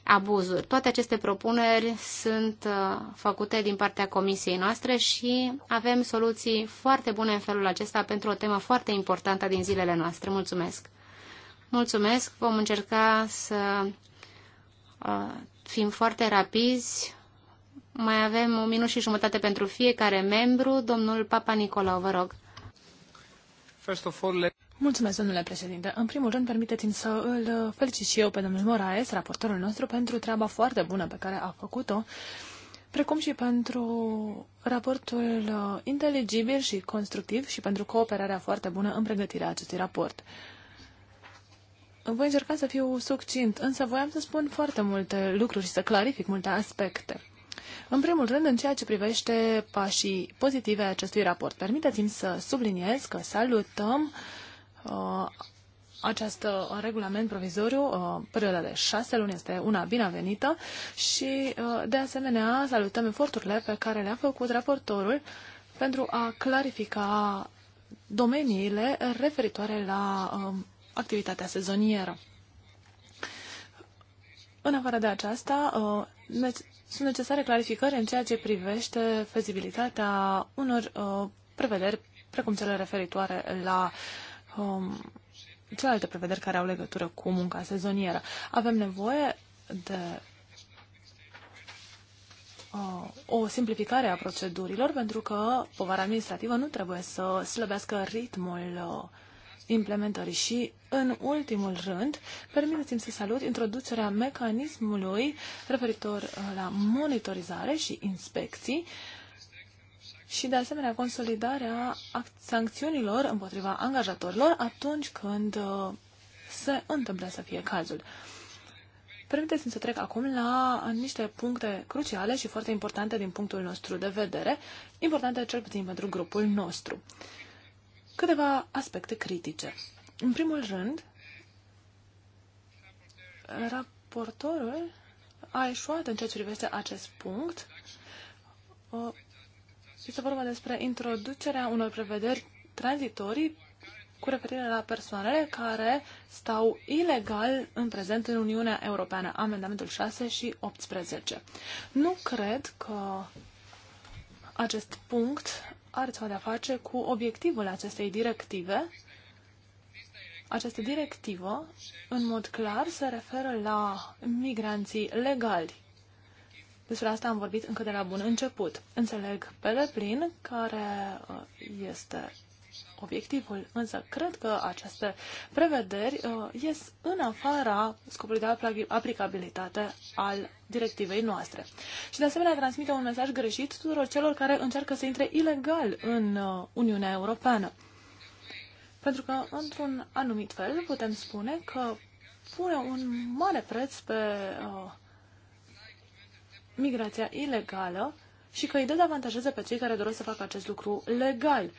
abuzuri. Toate aceste propuneri sunt uh, făcute din partea comisiei noastre și avem soluții foarte bune în felul acesta pentru o temă foarte importantă din zilele noastre. Mulțumesc! Mulțumesc! Vom încerca să uh, fim foarte rapizi. Mai avem o minut și jumătate pentru fiecare membru. Domnul Papa Nicolau, vă rog. First of all, Mulțumesc, domnule președinte. În primul rând, permiteți-mi să îl uh, felicit și eu pe domnul Moraes, raportorul nostru, pentru treaba foarte bună pe care a făcut-o, precum și pentru raportul uh, inteligibil și constructiv și pentru cooperarea foarte bună în pregătirea acestui raport. Voi încerca să fiu succint, însă voiam să spun foarte multe lucruri și să clarific multe aspecte. În primul rând, în ceea ce privește pașii pozitive a acestui raport, permiteți-mi să subliniez că salutăm uh, Uh, acest uh, regulament provizoriu, uh, perioada de șase luni este una binevenită și, de asemenea, salutăm eforturile pe care le-a făcut raportorul pentru a clarifica domeniile referitoare la um, activitatea sezonieră. În afară de aceasta, sunt necesare clarificări în ceea ce privește fezibilitatea unor prevederi precum cele referitoare la uh, um, celelalte prevederi care au legătură cu munca sezonieră. Avem nevoie de uh, o simplificare a procedurilor pentru că povara administrativă nu trebuie să slăbească ritmul uh, implementării și, în ultimul rând, permiteți-mi să salut introducerea mecanismului referitor uh, la monitorizare și inspecții uh, și, de asemenea, consolidarea sancțiunilor împotriva angajatorilor atunci când uh, se întâmplă să fie cazul. Permiteți-mi să trec acum la niște puncte cruciale și foarte importante din punctul nostru de vedere, importante cel puțin pentru grupul nostru. Câteva aspecte critice. În primul rând, raportorul a eșuat în ceea ce privește acest punct uh, este vorba despre introducerea unor prevederi tranzitorii cu referire la persoanele care stau ilegal în prezent în Uniunea Europeană, amendamentul 6 și 18. Nu cred că acest punct are ceva de-a face cu obiectivul acestei directive. Această directivă, în mod clar, se referă la migranții legali despre asta am vorbit încă de la bun început. Înțeleg pe deplin care uh, este obiectivul, însă cred că aceste prevederi uh, ies în afara scopului de aplicabilitate al directivei noastre. Și de asemenea transmite un mesaj greșit tuturor celor care încearcă să intre ilegal în uh, Uniunea Europeană. Pentru că, într-un anumit fel, putem spune că pune un mare preț pe uh, migrația ilegală și că îi dezavantajeze pe cei care doresc să facă acest lucru legal.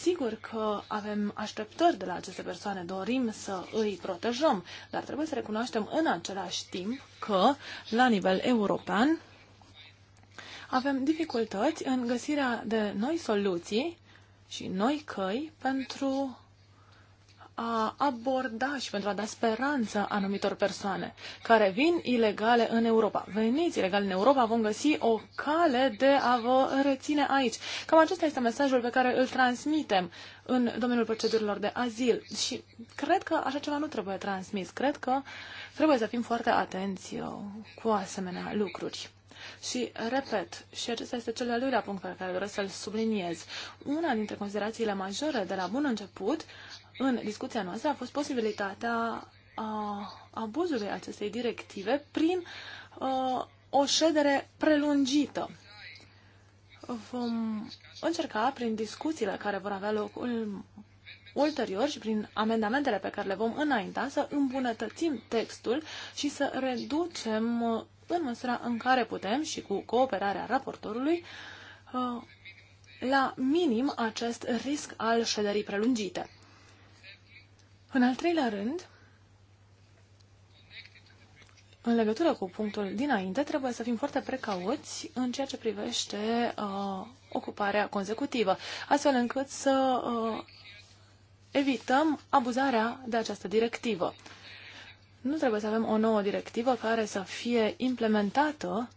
Sigur că avem așteptări de la aceste persoane, dorim să îi protejăm, dar trebuie să recunoaștem în același timp că, la nivel european, avem dificultăți în găsirea de noi soluții și noi căi pentru a aborda și pentru a da speranță anumitor persoane care vin ilegale în Europa. Veniți ilegal în Europa, vom găsi o cale de a vă reține aici. Cam acesta este mesajul pe care îl transmitem în domeniul procedurilor de azil și cred că așa ceva nu trebuie transmis. Cred că trebuie să fim foarte atenți uh, cu asemenea lucruri. Și, repet, și acesta este cel de-al doilea punct pe care doresc să-l subliniez, una dintre considerațiile majore de la bun început în discuția noastră a fost posibilitatea a abuzului acestei directive prin uh, o ședere prelungită. Vom încerca prin discuțiile care vor avea loc ulterior și prin amendamentele pe care le vom înainta să îmbunătățim textul și să reducem uh, în măsura în care putem și cu cooperarea raportorului uh, la minim acest risc al șederii prelungite. În al treilea rând, în legătură cu punctul dinainte, trebuie să fim foarte precauți în ceea ce privește uh, ocuparea consecutivă, astfel încât să uh, evităm abuzarea de această directivă. Nu trebuie să avem o nouă directivă care să fie implementată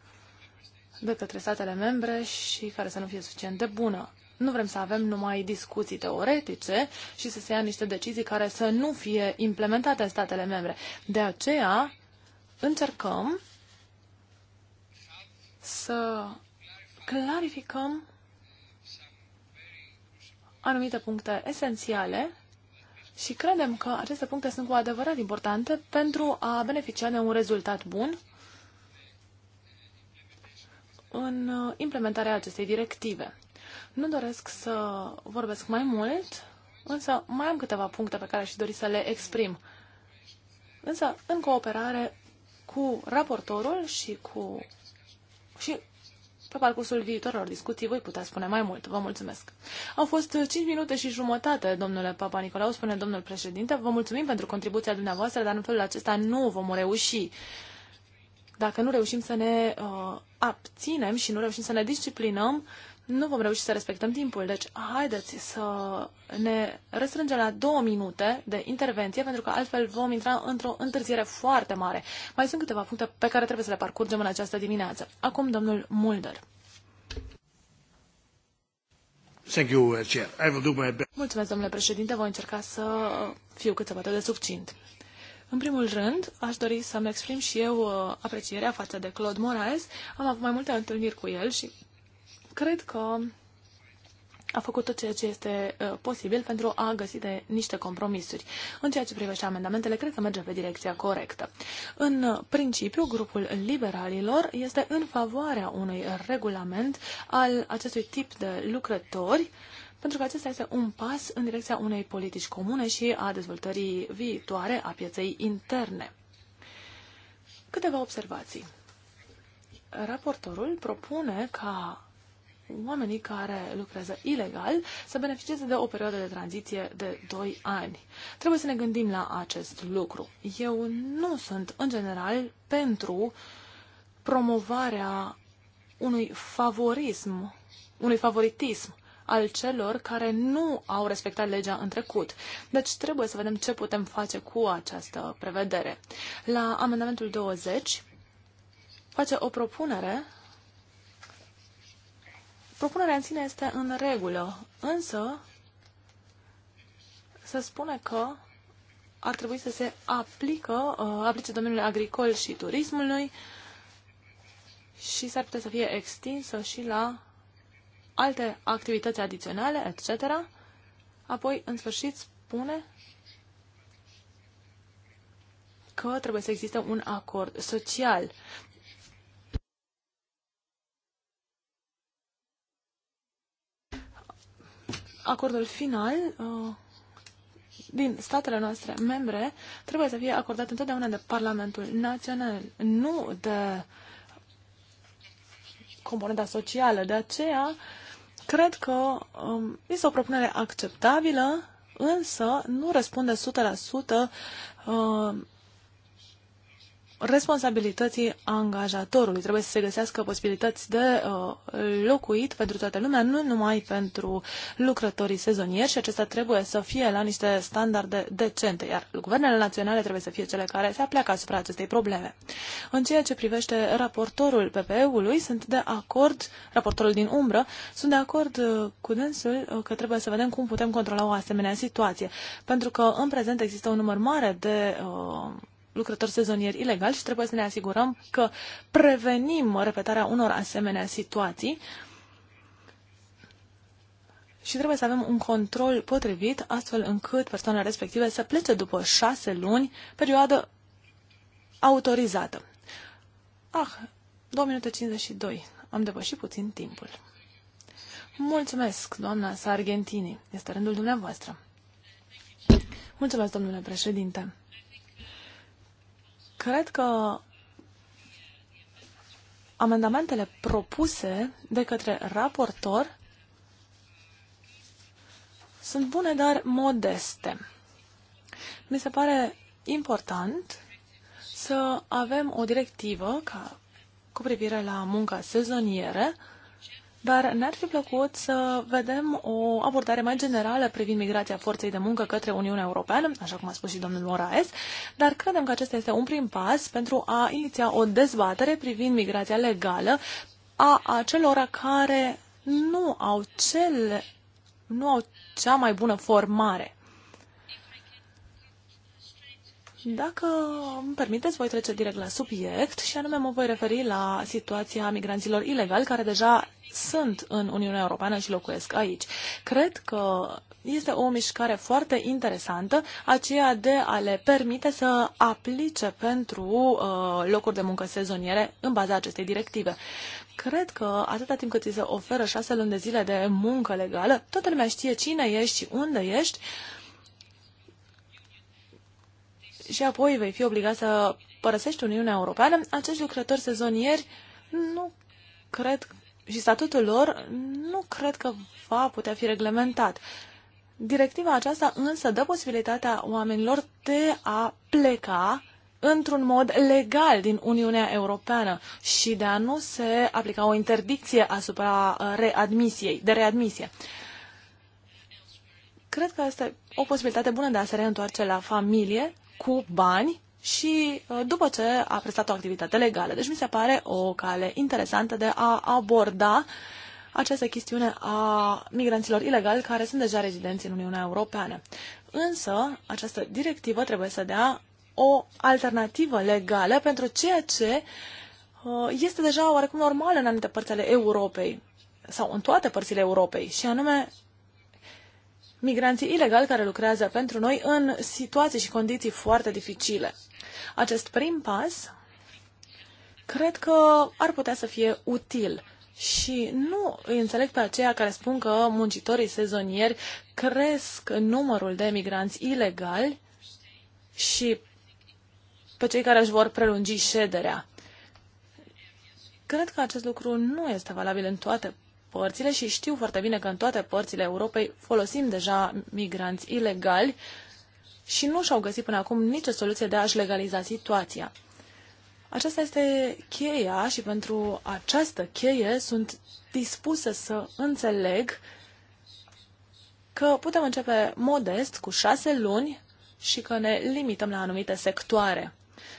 de către statele membre și care să nu fie suficient de bună. Nu vrem să avem numai discuții teoretice și să se ia niște decizii care să nu fie implementate în statele membre. De aceea încercăm să clarificăm anumite puncte esențiale și credem că aceste puncte sunt cu adevărat importante pentru a beneficia de un rezultat bun în implementarea acestei directive. Nu doresc să vorbesc mai mult, însă mai am câteva puncte pe care aș dori să le exprim. Însă, în cooperare cu raportorul și cu și pe parcursul viitorilor discuții voi putea spune mai mult. Vă mulțumesc. Au fost 5 minute și jumătate, domnule Papa Nicolau, spune domnul președinte. Vă mulțumim pentru contribuția dumneavoastră, dar în felul acesta nu vom reuși. Dacă nu reușim să ne uh, abținem și nu reușim să ne disciplinăm, uh, nu vom reuși să respectăm timpul. Deci, haideți să ne restrângem la două minute de intervenție, pentru că altfel vom intra într-o întârziere foarte mare. Mai sunt câteva puncte pe care trebuie să le parcurgem în această dimineață. Acum, domnul Mulder. Thank you, uh, Chair. I will do my best. Mulțumesc, domnule președinte. Voi încerca să fiu cât se poate de subțint. În primul rând, aș dori să-mi exprim și eu uh, aprecierea față de Claude Moraes. Am avut mai multe întâlniri cu el și cred că a făcut tot ceea ce este uh, posibil pentru a găsi de niște compromisuri. În ceea ce privește amendamentele, cred că merge pe direcția corectă. În principiu, grupul liberalilor este în favoarea unui regulament al acestui tip de lucrători, pentru că acesta este un pas în direcția unei politici comune și a dezvoltării viitoare a pieței interne. Câteva observații. Raportorul propune ca oamenii care lucrează ilegal să beneficieze de o perioadă de tranziție de 2 ani. Trebuie să ne gândim la acest lucru. Eu nu sunt, în general, pentru promovarea unui favorism, unui favoritism al celor care nu au respectat legea în trecut. Deci trebuie să vedem ce putem face cu această prevedere. La amendamentul 20 face o propunere Propunerea în sine este în regulă, însă se spune că ar trebui să se aplică, uh, aplice domeniul agricol și turismului și s-ar putea să fie extinsă și la alte activități adiționale, etc. Apoi, în sfârșit, spune că trebuie să existe un acord social. acordul final uh, din statele noastre membre trebuie să fie acordat întotdeauna de Parlamentul Național, nu de componenta socială. De aceea, cred că um, este o propunere acceptabilă, însă nu răspunde 100% responsabilității angajatorului. Trebuie să se găsească posibilități de uh, locuit pentru toată lumea, nu numai pentru lucrătorii sezonieri și acesta trebuie să fie la niște standarde decente, iar guvernele naționale trebuie să fie cele care se apleacă asupra acestei probleme. În ceea ce privește raportorul PPE-ului, sunt de acord, raportorul din umbră, sunt de acord uh, cu dânsul uh, că trebuie să vedem cum putem controla o asemenea situație, pentru că în prezent există un număr mare de uh, lucrători sezonieri ilegali și trebuie să ne asigurăm că prevenim repetarea unor asemenea situații și trebuie să avem un control potrivit astfel încât persoanele respective să plece după șase luni, perioadă autorizată. Ah, 2 minute 52. Am depășit puțin timpul. Mulțumesc, doamna Sargentini. Este rândul dumneavoastră. Mulțumesc, domnule președinte. Cred că amendamentele propuse de către raportor sunt bune, dar modeste. Mi se pare important să avem o directivă ca, cu privire la munca sezoniere dar ne-ar fi plăcut să vedem o abordare mai generală privind migrația forței de muncă către Uniunea Europeană, așa cum a spus și domnul Moraes, dar credem că acesta este un prim pas pentru a iniția o dezbatere privind migrația legală a acelora care nu au cele nu au cea mai bună formare. Dacă îmi permiteți, voi trece direct la subiect și anume mă voi referi la situația migranților ilegali care deja sunt în Uniunea Europeană și locuiesc aici. Cred că este o mișcare foarte interesantă, aceea de a le permite să aplice pentru uh, locuri de muncă sezoniere în baza acestei directive. Cred că atâta timp cât ți se oferă șase luni de zile de muncă legală, toată lumea știe cine ești și unde ești, uh, și apoi vei fi obligat să părăsești Uniunea Europeană, acești lucrători sezonieri nu cred și statutul lor nu cred că va putea fi reglementat. Directiva aceasta însă dă posibilitatea oamenilor de a pleca într-un mod legal din Uniunea Europeană și de a nu se aplica o interdicție asupra uh, readmisiei, de readmisie. Cred că este o posibilitate bună de a se reîntoarce la familie cu bani și uh, după ce a prestat o activitate legală. Deci mi se pare o cale interesantă de a aborda această chestiune a migranților ilegali care sunt deja rezidenți în Uniunea Europeană. Însă, această directivă trebuie să dea o alternativă legală pentru ceea ce uh, este deja oarecum normal în anumite părți ale Europei sau în toate părțile Europei, și anume migranții ilegali care lucrează pentru noi în situații și condiții foarte dificile. Acest prim pas cred că ar putea să fie util. Și nu îi înțeleg pe aceia care spun că muncitorii sezonieri cresc numărul de migranți ilegali și pe cei care își vor prelungi șederea. Cred că acest lucru nu este valabil în toate părțile și știu foarte bine că în toate părțile Europei folosim deja migranți ilegali și nu și-au găsit până acum nicio soluție de a-și legaliza situația. Aceasta este cheia și pentru această cheie sunt dispusă să înțeleg că putem începe modest cu șase luni și că ne limităm la anumite sectoare.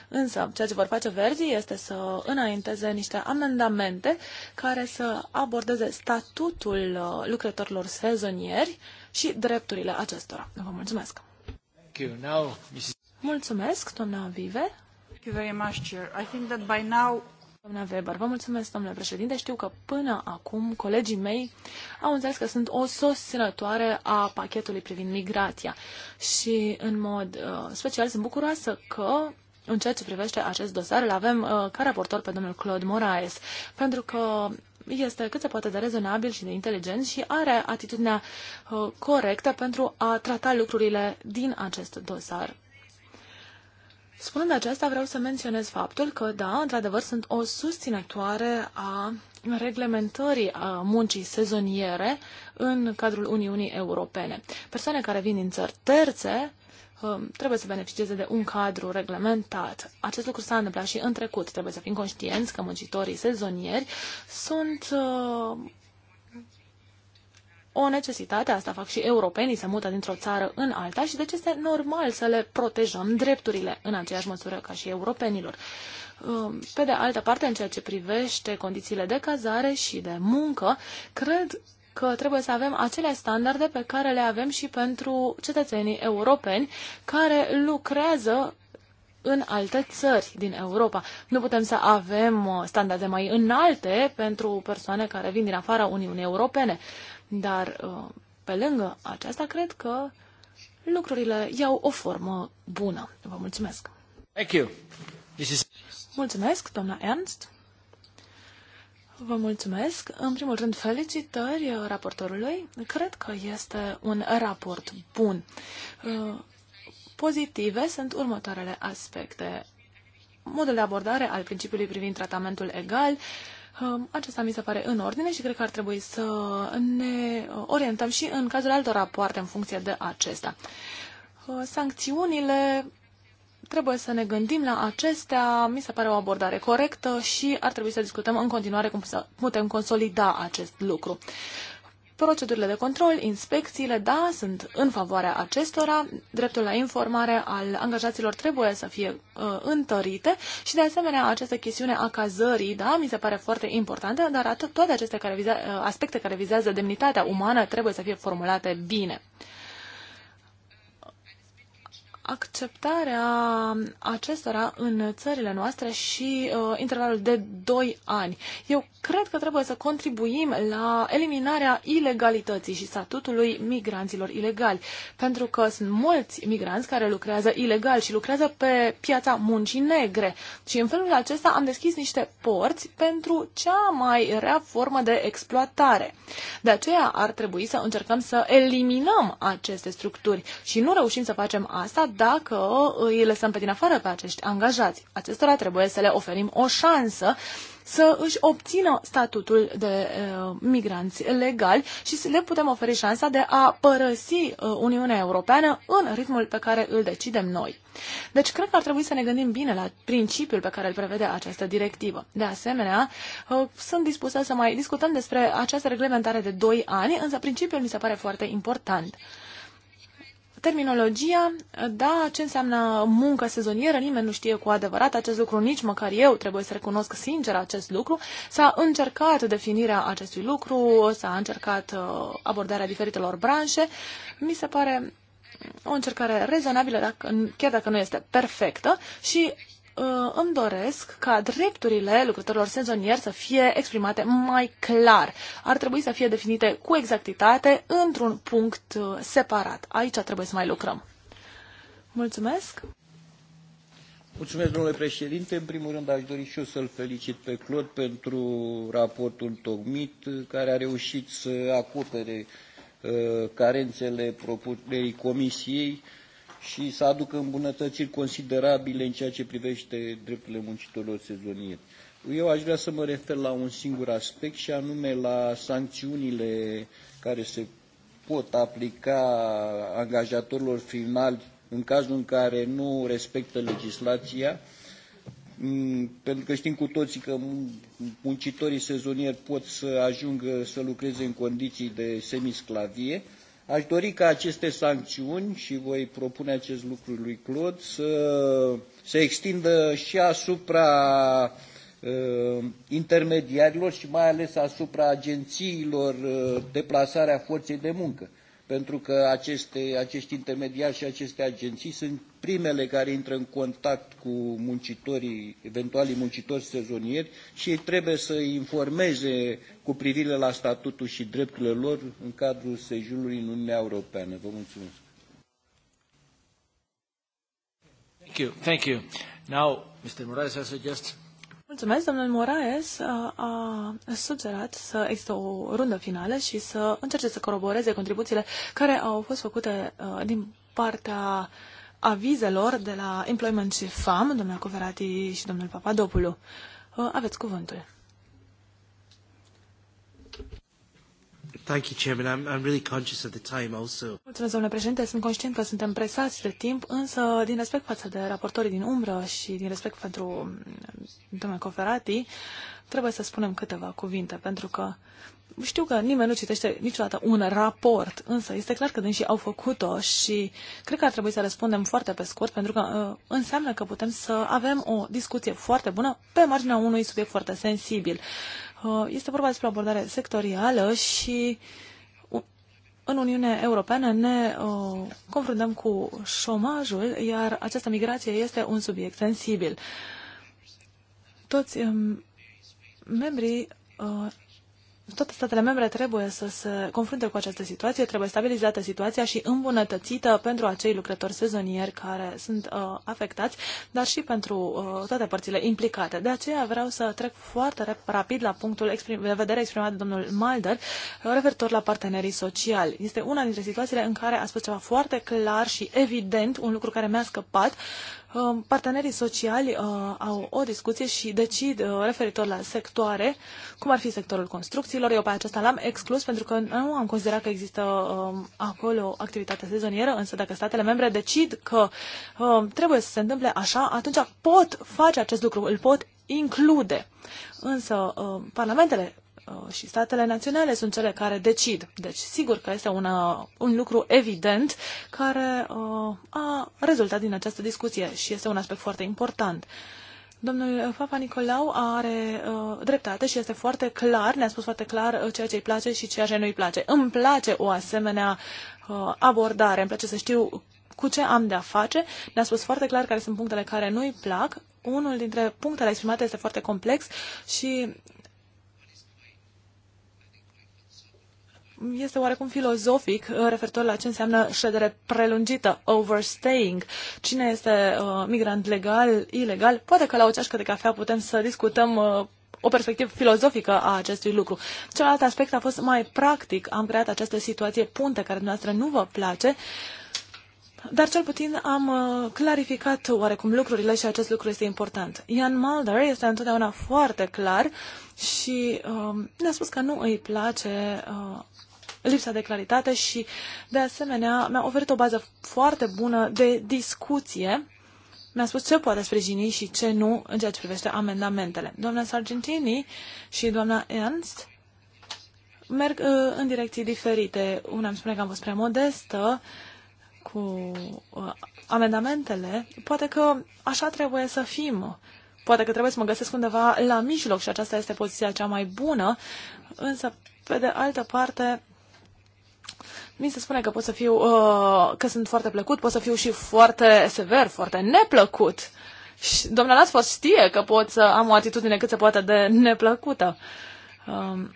Însă, ceea ce vor face verzii este să înainteze niște amendamente care să abordeze statutul uh, lucrătorilor sezonieri și drepturile acestora. Vă mulțumesc! Mulțumesc, doamna Vive. Thank you very much, I think that by now Doamna Weber, vă mulțumesc, domnule președinte. Știu că până acum colegii mei au înțeles că sunt o susținătoare a pachetului privind migrația și, în mod uh, special, sunt bucuroasă că în ceea ce privește acest dosar, îl avem uh, ca raportor pe domnul Claude Moraes, pentru că este cât se poate de rezonabil și de inteligent și are atitudinea uh, corectă pentru a trata lucrurile din acest dosar. Spunând aceasta, vreau să menționez faptul că, da, într-adevăr, sunt o susținătoare a reglementării a muncii sezoniere în cadrul Uniunii Europene. Persoane care vin din țări terțe că trebuie să beneficieze de un cadru reglementat. Acest lucru s-a întâmplat și în trecut. Trebuie să fim conștienți că muncitorii sezonieri sunt uh, o necesitate, asta fac și europenii, să mută dintr-o țară în alta și deci este normal să le protejăm drepturile în aceeași măsură ca și europenilor. Uh, pe de altă parte, în ceea ce privește condițiile de cazare și de muncă, cred că trebuie să avem acele standarde pe care le avem și pentru cetățenii europeni care lucrează în alte țări din Europa. Nu putem să avem uh, standarde mai înalte pentru persoane care vin din afara Uniunii Europene. Dar, uh, pe lângă aceasta, cred că lucrurile iau o formă bună. Vă mulțumesc! Thank you. This is... Mulțumesc, doamna Ernst. Vă mulțumesc. În primul rând, felicitări raportorului. Cred că este un raport bun. Uh, pozitive sunt următoarele aspecte. Modul de abordare al principiului privind tratamentul egal, uh, acesta mi se pare în ordine și cred că ar trebui să ne orientăm și în cazul altor rapoarte în funcție de acesta. Uh, sancțiunile trebuie să ne gândim la acestea. Mi se pare o abordare corectă și ar trebui să discutăm în continuare cum să putem consolida acest lucru. Procedurile de control, inspecțiile, da, sunt în favoarea acestora. Dreptul la informare al angajaților trebuie să fie uh, întărite și, de asemenea, această chestiune a cazării, da, mi se pare foarte importantă, dar toate aceste care vizea, uh, aspecte care vizează demnitatea umană trebuie să fie formulate bine acceptarea acestora în țările noastre și uh, intervalul de 2 ani. Eu cred că trebuie să contribuim la eliminarea ilegalității și statutului migranților ilegali, pentru că sunt mulți migranți care lucrează ilegal și lucrează pe piața muncii negre. Și în felul acesta am deschis niște porți pentru cea mai rea formă de exploatare. De aceea ar trebui să încercăm să eliminăm aceste structuri și nu reușim să facem asta dacă îi lăsăm pe din afară pe acești angajați. Acestora trebuie să le oferim o șansă să își obțină statutul de uh, migranți legali și să le putem oferi șansa de a părăsi Uniunea Europeană în ritmul pe care îl decidem noi. Deci cred că ar trebui să ne gândim bine la principiul pe care îl prevede această directivă. De asemenea, uh, sunt dispusă să mai discutăm despre această reglementare de 2 ani, însă principiul mi se pare foarte important terminologia, da, ce înseamnă muncă sezonieră, nimeni nu știe cu adevărat acest lucru, nici măcar eu trebuie să recunosc sincer acest lucru. S-a încercat definirea acestui lucru, s-a încercat uh, abordarea diferitelor branșe. Mi se pare o încercare rezonabilă, dacă, chiar dacă nu este perfectă, și Uh, îmi doresc ca drepturile lucrătorilor sezonieri să fie exprimate mai clar. Ar trebui să fie definite cu exactitate într-un punct uh, separat. Aici trebuie să mai lucrăm. Mulțumesc! Mulțumesc, domnule președinte. În primul rând, aș dori și eu să-l felicit pe Claude pentru raportul tocmit, care a reușit să acopere uh, carențele propunerii Comisiei uh, și să aducă îmbunătățiri considerabile în ceea ce privește drepturile muncitorilor sezonieri. Eu aș vrea să mă refer la un singur aspect și anume la sancțiunile care se pot aplica angajatorilor finali în cazul în care nu respectă legislația, mm, pentru că știm cu toții că muncitorii sezonieri pot să ajungă să lucreze în condiții de semisclavie, Aș dori ca aceste sancțiuni, și voi propune acest lucru lui Claude, să se extindă și asupra uh, intermediarilor și mai ales asupra agențiilor uh, de plasare a forței de muncă pentru că aceste, acești intermediari și aceste agenții sunt primele care intră în contact cu muncitorii, eventualii muncitori sezonieri și ei trebuie să informeze cu privire la statutul și drepturile lor în cadrul sejurului în Uniunea Europeană. Vă mulțumesc. Thank you. Thank you. Now, Mr. Moraes, I suggest Mulțumesc, domnul Moraes uh, a sugerat să există o rundă finală și să încerce să coroboreze contribuțiile care au fost făcute uh, din partea avizelor de la Employment și FAM, domnul Coverati și domnul Papadopoulou. Uh, aveți cuvântul. Thank you, Chairman. I'm, I'm really conscious of the time also. Mulțumesc, domnule președinte. Sunt conștient că suntem presați de timp, însă din respect față de raportorii din umbră și din respect pentru mm, domnul Coferati, trebuie să spunem câteva cuvinte, pentru că știu că nimeni nu citește niciodată un raport, însă este clar că deși au făcut-o și cred că ar trebui să răspundem foarte pe scurt, pentru că uh, înseamnă că putem să avem o discuție foarte bună pe marginea unui subiect foarte sensibil. Uh, este vorba despre abordare sectorială și uh, în Uniunea Europeană ne uh, confruntăm cu șomajul, iar această migrație este un subiect sensibil. Toți um, membrii uh, toate statele membre trebuie să se confrunte cu această situație, trebuie stabilizată situația și îmbunătățită pentru acei lucrători sezonieri care sunt uh, afectați, dar și pentru uh, toate părțile implicate. De aceea vreau să trec foarte rapid la punctul exprim- de vedere exprimat de domnul Malder, uh, referitor la partenerii sociali. Este una dintre situațiile în care a spus ceva foarte clar și evident, un lucru care mi-a scăpat, uh, Um, partenerii sociali uh, au o discuție și decid uh, referitor la sectoare, cum ar fi sectorul construcțiilor. Eu pe acesta l-am exclus pentru că nu am considerat că există um, acolo activitatea sezonieră, însă dacă statele membre decid că um, trebuie să se întâmple așa, atunci pot face acest lucru, îl pot include. Însă parlamentele Uh, și statele naționale sunt cele care decid. Deci, sigur că este una, un lucru evident care uh, a rezultat din această discuție și este un aspect foarte important. Domnul Papa Nicolau are uh, dreptate și este foarte clar, ne-a spus foarte clar uh, ceea ce îi place și ceea ce nu îi place. Îmi place o asemenea uh, abordare, îmi place să știu cu ce am de-a face. Ne-a spus foarte clar care sunt punctele care nu îi plac. Unul dintre punctele exprimate este foarte complex și este oarecum filozofic uh, referitor la ce înseamnă ședere prelungită, overstaying. Cine este uh, migrant legal, ilegal? Poate că la o ceașcă de cafea putem să discutăm uh, o perspectivă filozofică a acestui lucru. Celălalt aspect a fost mai practic. Am creat această situație punte care dumneavoastră nu vă place. Dar cel puțin am uh, clarificat oarecum lucrurile și acest lucru este important. Ian Mulder este întotdeauna foarte clar și uh, ne-a spus că nu îi place uh, lipsa de claritate și, de asemenea, mi-a oferit o bază foarte bună de discuție mi-a spus ce poate sprijini și ce nu în ceea ce privește amendamentele. Doamna Sargentini și doamna Ernst merg uh, în direcții diferite. Una îmi spune că am fost prea modestă cu uh, amendamentele. Poate că așa trebuie să fim. Poate că trebuie să mă găsesc undeva la mijloc și aceasta este poziția cea mai bună. Însă, pe de altă parte, mi se spune că pot să fiu, uh, că sunt foarte plăcut, pot să fiu și foarte sever, foarte neplăcut. Și doamna Lasfor știe că pot să am o atitudine cât se poate de neplăcută. Um,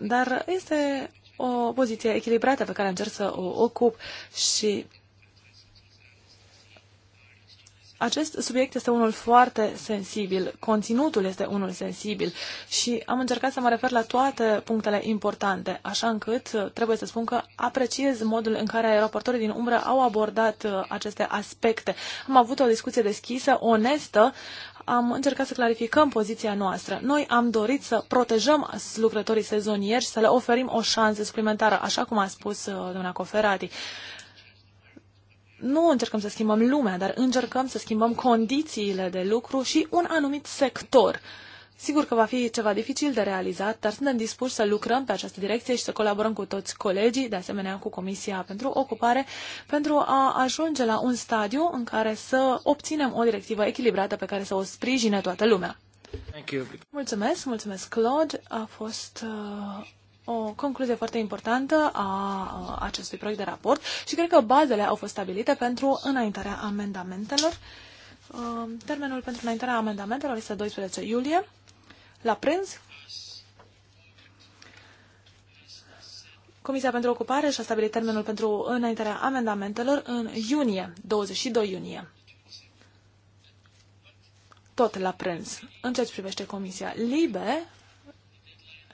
dar este o poziție echilibrată pe care încerc să o ocup și acest subiect este unul foarte sensibil, conținutul este unul sensibil și am încercat să mă refer la toate punctele importante, așa încât uh, trebuie să spun că apreciez modul în care raportorii din umbră au abordat uh, aceste aspecte. Am avut o discuție deschisă, onestă, am încercat să clarificăm poziția noastră. Noi am dorit să protejăm lucrătorii sezonieri și să le oferim o șansă suplimentară, așa cum a spus uh, doamna Coferati nu încercăm să schimbăm lumea, dar încercăm să schimbăm condițiile de lucru și un anumit sector. Sigur că va fi ceva dificil de realizat, dar suntem dispuși să lucrăm pe această direcție și să colaborăm cu toți colegii, de asemenea cu Comisia pentru Ocupare, pentru a ajunge la un stadiu în care să obținem o directivă echilibrată pe care să o sprijine toată lumea. Mulțumesc, mulțumesc Claude. A fost uh, o concluzie foarte importantă a acestui proiect de raport și cred că bazele au fost stabilite pentru înaintarea amendamentelor. Um, termenul pentru înaintarea amendamentelor este 12 iulie, la prânz. Comisia pentru Ocupare și-a stabilit termenul pentru înaintarea amendamentelor în iunie, 22 iunie tot la prânz. În ceea ce privește Comisia Libe,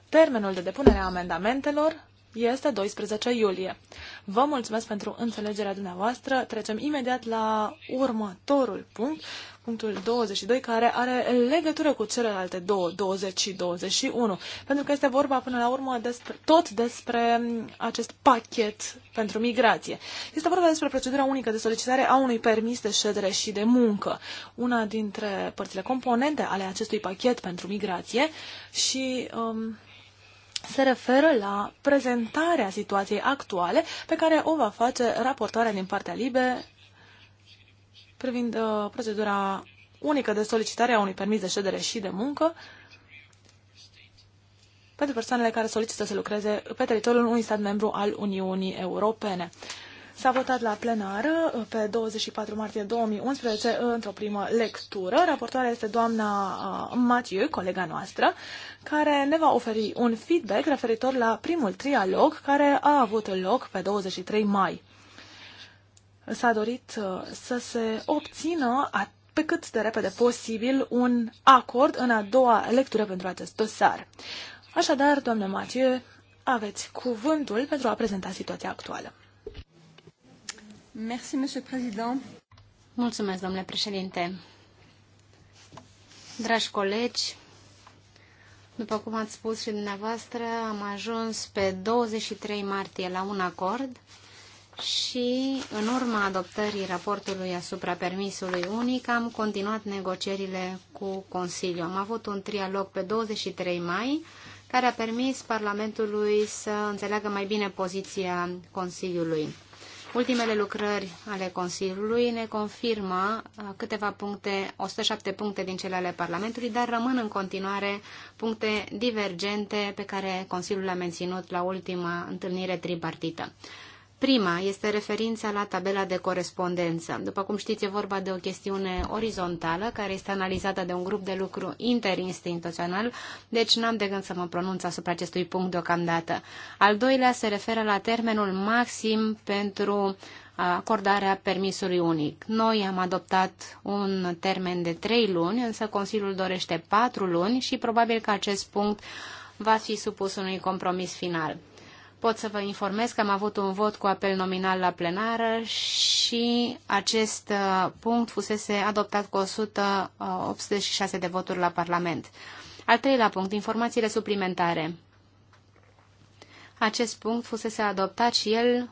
Termenul de depunere a amendamentelor este 12 iulie. Vă mulțumesc pentru înțelegerea dumneavoastră. Trecem imediat la următorul punct, punctul 22, care are legătură cu celelalte două, 20 și 21, pentru că este vorba până la urmă despre, tot despre acest pachet pentru migrație. Este vorba despre procedura unică de solicitare a unui permis de ședere și de muncă, una dintre părțile componente ale acestui pachet pentru migrație și... Um, se referă la prezentarea situației actuale pe care o va face raportarea din partea LIBE privind uh, procedura unică de solicitare a unui permis de ședere și de muncă pentru persoanele care solicită să lucreze pe teritoriul unui stat membru al Uniunii Europene. S-a votat la plenară uh, pe 24 martie 2011 uh, într-o primă lectură. Raportoarea este doamna uh, Mathieu, colega noastră, care ne va oferi un feedback referitor la primul trialog care a avut loc pe 23 mai. S-a dorit să se obțină pe cât de repede posibil un acord în a doua lectură pentru acest dosar. Așadar, doamne Mathieu, aveți cuvântul pentru a prezenta situația actuală. Mulțumesc, domnule președinte. Dragi colegi, după cum ați spus și dumneavoastră, am ajuns pe 23 martie la un acord și, în urma adoptării raportului asupra permisului unic, am continuat negocierile cu Consiliul. Am avut un trialog pe 23 mai, care a permis Parlamentului să înțeleagă mai bine poziția Consiliului. Ultimele lucrări ale Consiliului ne confirmă uh, câteva puncte, 107 puncte din cele ale Parlamentului, dar rămân în continuare puncte divergente pe care Consiliul le-a menținut la ultima întâlnire tripartită. Prima este referința la tabela de corespondență. După cum știți, e vorba de o chestiune orizontală care este analizată de un grup de lucru interinstituțional, deci n-am de gând să mă pronunț asupra acestui punct deocamdată. Al doilea se referă la termenul maxim pentru acordarea permisului unic. Noi am adoptat un termen de trei luni, însă Consiliul dorește patru luni și probabil că acest punct va fi supus unui compromis final pot să vă informez că am avut un vot cu apel nominal la plenară și acest uh, punct fusese adoptat cu 186 de voturi la Parlament. Al treilea punct, informațiile suplimentare. Acest punct fusese adoptat și el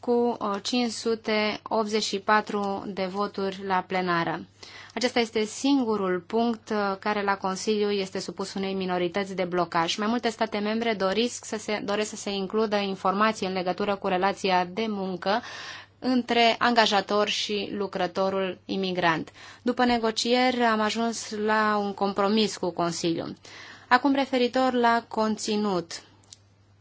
cu 584 uh, de voturi la plenară. Acesta este singurul punct uh, care la Consiliu este supus unei minorități de blocaj. Mai multe state membre doresc să se, doresc să se includă informații în legătură cu relația de muncă între angajator și lucrătorul imigrant. După negocieri am ajuns la un compromis cu Consiliul. Acum referitor la conținut.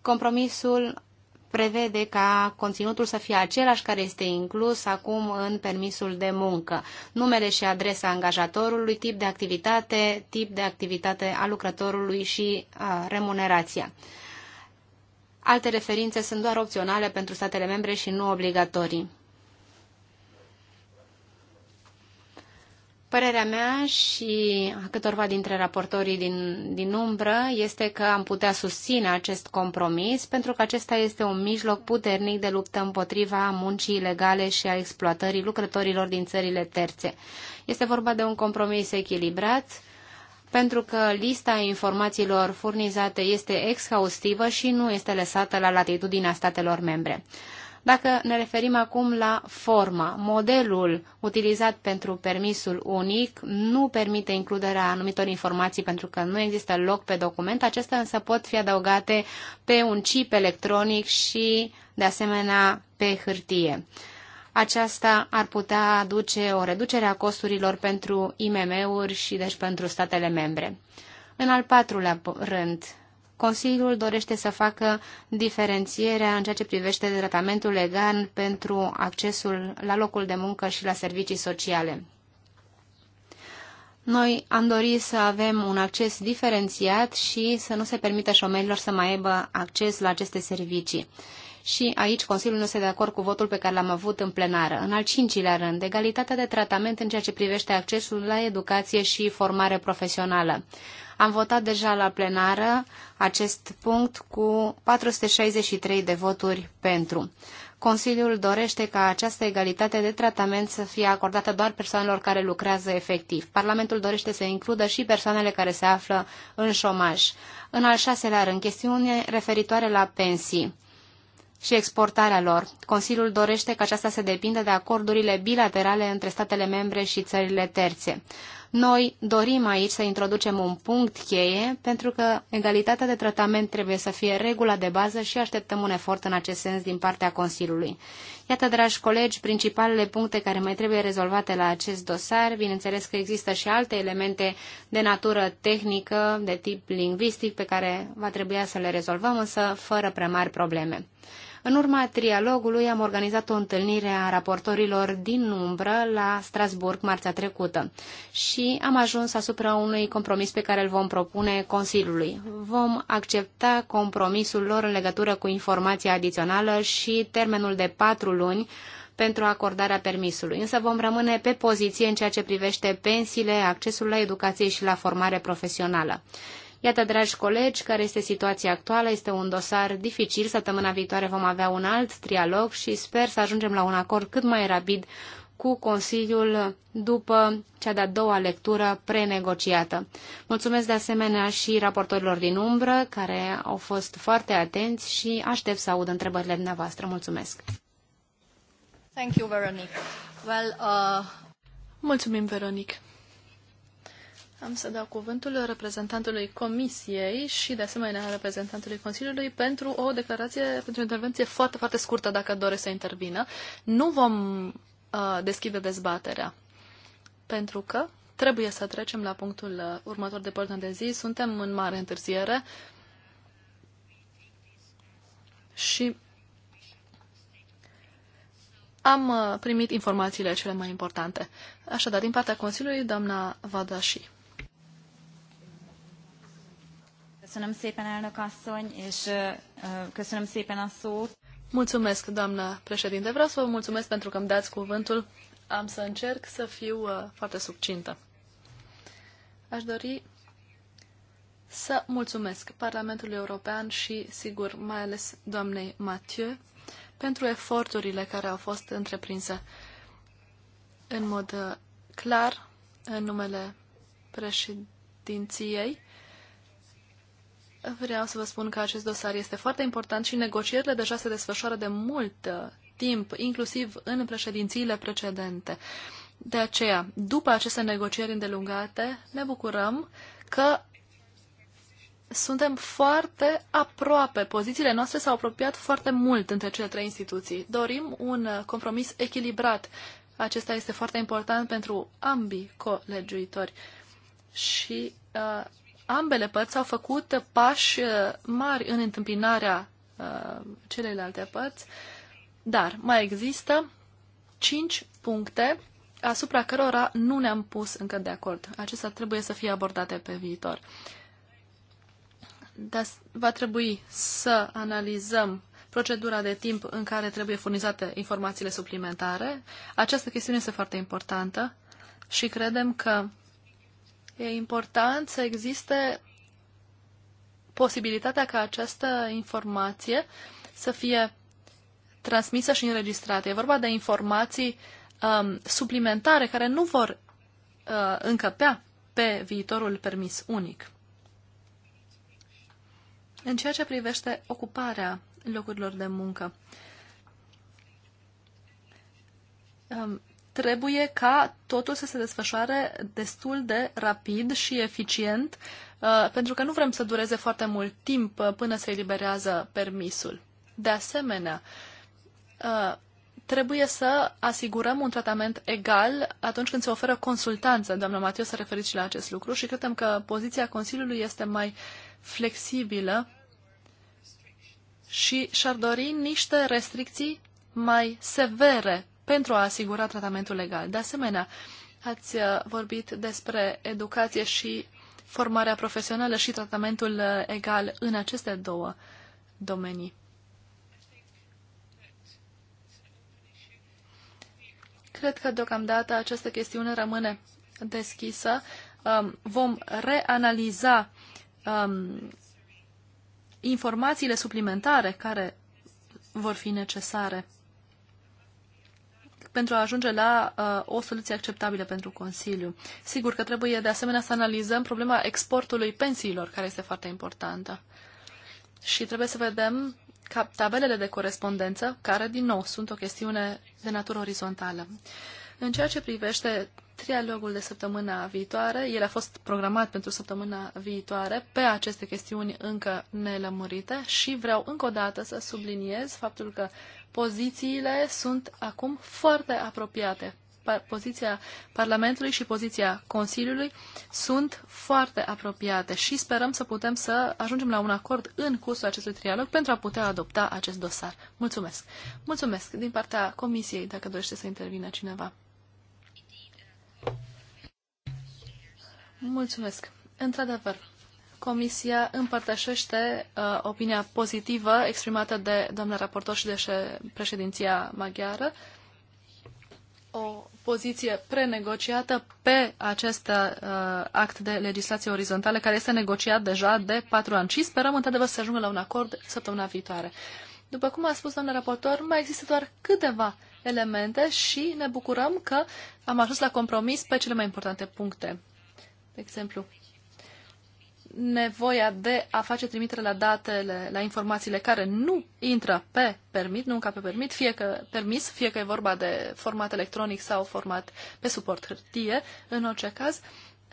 Compromisul prevede ca conținutul să fie același care este inclus acum în permisul de muncă. Numele și adresa angajatorului, tip de activitate, tip de activitate a lucrătorului și a, remunerația. Alte referințe sunt doar opționale pentru statele membre și nu obligatorii. Părerea mea și a câtorva dintre raportorii din, din umbră este că am putea susține acest compromis pentru că acesta este un mijloc puternic de luptă împotriva muncii ilegale și a exploatării lucrătorilor din țările terțe. Este vorba de un compromis echilibrat pentru că lista informațiilor furnizate este exhaustivă și nu este lăsată la latitudinea statelor membre. Dacă ne referim acum la forma, modelul utilizat pentru permisul unic nu permite includerea anumitor informații pentru că nu există loc pe document, acestea însă pot fi adăugate pe un chip electronic și, de asemenea, pe hârtie. Aceasta ar putea aduce o reducere a costurilor pentru IMM-uri și deci pentru statele membre. În al patrulea rând, Consiliul dorește să facă diferențierea în ceea ce privește tratamentul legal pentru accesul la locul de muncă și la servicii sociale. Noi am dorit să avem un acces diferențiat și să nu se permită șomerilor să mai aibă acces la aceste servicii. Și aici Consiliul nu se de acord cu votul pe care l-am avut în plenară. În al cincilea rând, egalitatea de tratament în ceea ce privește accesul la educație și formare profesională. Am votat deja la plenară acest punct cu 463 de voturi pentru. Consiliul dorește ca această egalitate de tratament să fie acordată doar persoanelor care lucrează efectiv. Parlamentul dorește să includă și persoanele care se află în șomaj. În al șaselea rând, chestiune referitoare la pensii și exportarea lor. Consiliul dorește ca aceasta să depindă de acordurile bilaterale între statele membre și țările terțe. Noi dorim aici să introducem un punct cheie, pentru că egalitatea de tratament trebuie să fie regula de bază și așteptăm un efort în acest sens din partea Consiliului. Iată, dragi colegi, principalele puncte care mai trebuie rezolvate la acest dosar. Bineînțeles că există și alte elemente de natură tehnică, de tip lingvistic, pe care va trebui să le rezolvăm, însă fără prea mari probleme. În urma trialogului am organizat o întâlnire a raportorilor din umbră la Strasburg marțea trecută și am ajuns asupra unui compromis pe care îl vom propune Consiliului. Vom accepta compromisul lor în legătură cu informația adițională și termenul de patru luni pentru acordarea permisului, însă vom rămâne pe poziție în ceea ce privește pensiile, accesul la educație și la formare profesională. Iată, dragi colegi, care este situația actuală. Este un dosar dificil. Săptămâna viitoare vom avea un alt trialog și sper să ajungem la un acord cât mai rapid cu Consiliul după cea de-a doua lectură prenegociată. Mulțumesc de asemenea și raportorilor din umbră care au fost foarte atenți și aștept să aud întrebările dumneavoastră. Mulțumesc! Thank you, Veronique. Well, uh... Mulțumim, Veronic. Am să dau cuvântul reprezentantului Comisiei și, de asemenea, reprezentantului Consiliului pentru o declarație, pentru o intervenție foarte, foarte scurtă, dacă doresc să intervină. Nu vom uh, deschide dezbaterea, pentru că trebuie să trecem la punctul uh, următor de pe de zi. Suntem în mare întârziere și am uh, primit informațiile cele mai importante. Așadar, din partea Consiliului, doamna Vadașii. Köszönöm szépen, elnök asszony, és köszönöm szépen a szót. Mulțumesc, doamnă președinte. Vreau să vă mulțumesc pentru că îmi dați cuvântul. Am să încerc să fiu uh, foarte succintă. Aș dori să mulțumesc Parlamentului European și, sigur, mai ales doamnei Mathieu pentru eforturile care au fost întreprinse în mod uh, clar în numele președinției. Vreau să vă spun că acest dosar este foarte important și negocierile deja se desfășoară de mult uh, timp, inclusiv în președințiile precedente. De aceea, după aceste negocieri îndelungate, ne bucurăm că suntem foarte aproape. Pozițiile noastre s-au apropiat foarte mult între cele trei instituții. Dorim un compromis echilibrat. Acesta este foarte important pentru ambii colegiuitori. Și uh, ambele părți au făcut pași uh, mari în întâmpinarea uh, celelalte părți, dar mai există cinci puncte asupra cărora nu ne-am pus încă de acord. Acestea trebuie să fie abordate pe viitor. Dar va trebui să analizăm procedura de timp în care trebuie furnizate informațiile suplimentare. Această chestiune este foarte importantă și credem că E important să existe posibilitatea ca această informație să fie transmisă și înregistrată. E vorba de informații um, suplimentare care nu vor uh, încăpea pe viitorul permis unic. În ceea ce privește ocuparea locurilor de muncă, um, trebuie ca totul să se desfășoare destul de rapid și eficient, uh, pentru că nu vrem să dureze foarte mult timp uh, până se eliberează permisul. De asemenea, uh, trebuie să asigurăm un tratament egal atunci când se oferă consultanță. Doamna Matiu s-a referit și la acest lucru și credem că poziția Consiliului este mai flexibilă și și-ar dori niște restricții mai severe pentru a asigura tratamentul legal. De asemenea, ați uh, vorbit despre educație și formarea profesională și tratamentul uh, egal în aceste două domenii. Cred că deocamdată această chestiune rămâne deschisă. Um, vom reanaliza um, informațiile suplimentare care vor fi necesare pentru a ajunge la uh, o soluție acceptabilă pentru Consiliu. Sigur că trebuie de asemenea să analizăm problema exportului pensiilor, care este foarte importantă. Și trebuie să vedem ca tabelele de corespondență, care, din nou, sunt o chestiune de natură orizontală. În ceea ce privește trialogul de săptămâna viitoare, el a fost programat pentru săptămâna viitoare pe aceste chestiuni încă nelămurite și vreau încă o dată să subliniez faptul că pozițiile sunt acum foarte apropiate. Poziția Parlamentului și poziția Consiliului sunt foarte apropiate și sperăm să putem să ajungem la un acord în cursul acestui trialog pentru a putea adopta acest dosar. Mulțumesc! Mulțumesc din partea Comisiei, dacă dorește să intervină cineva. Mulțumesc! Într-adevăr, Comisia împărtășește uh, opinia pozitivă exprimată de doamna raportor și de președinția maghiară. O poziție prenegociată pe acest uh, act de legislație orizontală care este negociat deja de patru ani și sperăm într-adevăr să ajungă la un acord săptămâna viitoare. După cum a spus doamna raportor, mai există doar câteva elemente și ne bucurăm că am ajuns la compromis pe cele mai importante puncte. De exemplu, nevoia de a face trimitere la datele, la informațiile care nu intră pe permit, nu încă pe permit, fie că permis, fie că e vorba de format electronic sau format pe suport hârtie, în orice caz,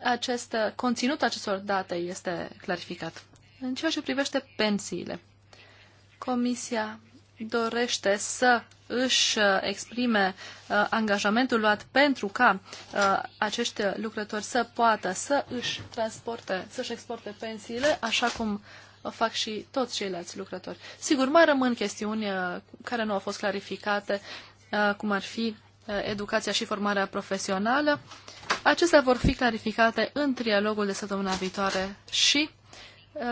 acest conținut acestor date este clarificat. În ceea ce privește pensiile, Comisia dorește să își uh, exprime uh, angajamentul luat pentru ca uh, acești lucrători să poată să își transporte, să-și exporte pensiile, așa cum fac și toți ceilalți lucrători. Sigur, mai rămân chestiuni care nu au fost clarificate, cum ar fi educația și formarea profesională. Acestea vor fi clarificate în trialogul de săptămâna viitoare și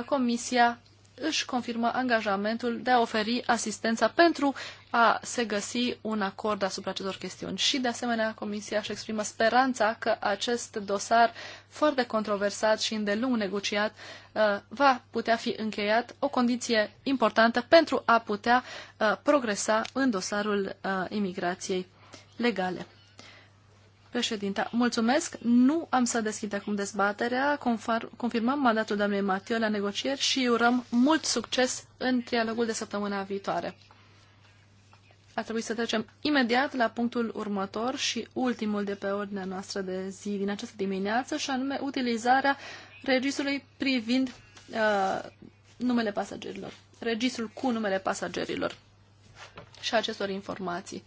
Comisia își confirmă angajamentul de a oferi asistența pentru a se găsi un acord asupra acestor chestiuni. Și, de asemenea, Comisia își exprimă speranța că acest dosar foarte controversat și îndelung negociat uh, va putea fi încheiat, o condiție importantă pentru a putea uh, progresa în dosarul uh, imigrației legale. Președinta, mulțumesc. Nu am să deschid acum dezbaterea. Confirmăm mandatul doamnei Matiu la negocieri și urăm mult succes în trialogul de săptămâna viitoare ar trebui să trecem imediat la punctul următor și ultimul de pe ordinea noastră de zi din această dimineață, și anume utilizarea registrului privind uh, numele pasagerilor, registrul cu numele pasagerilor și acestor informații.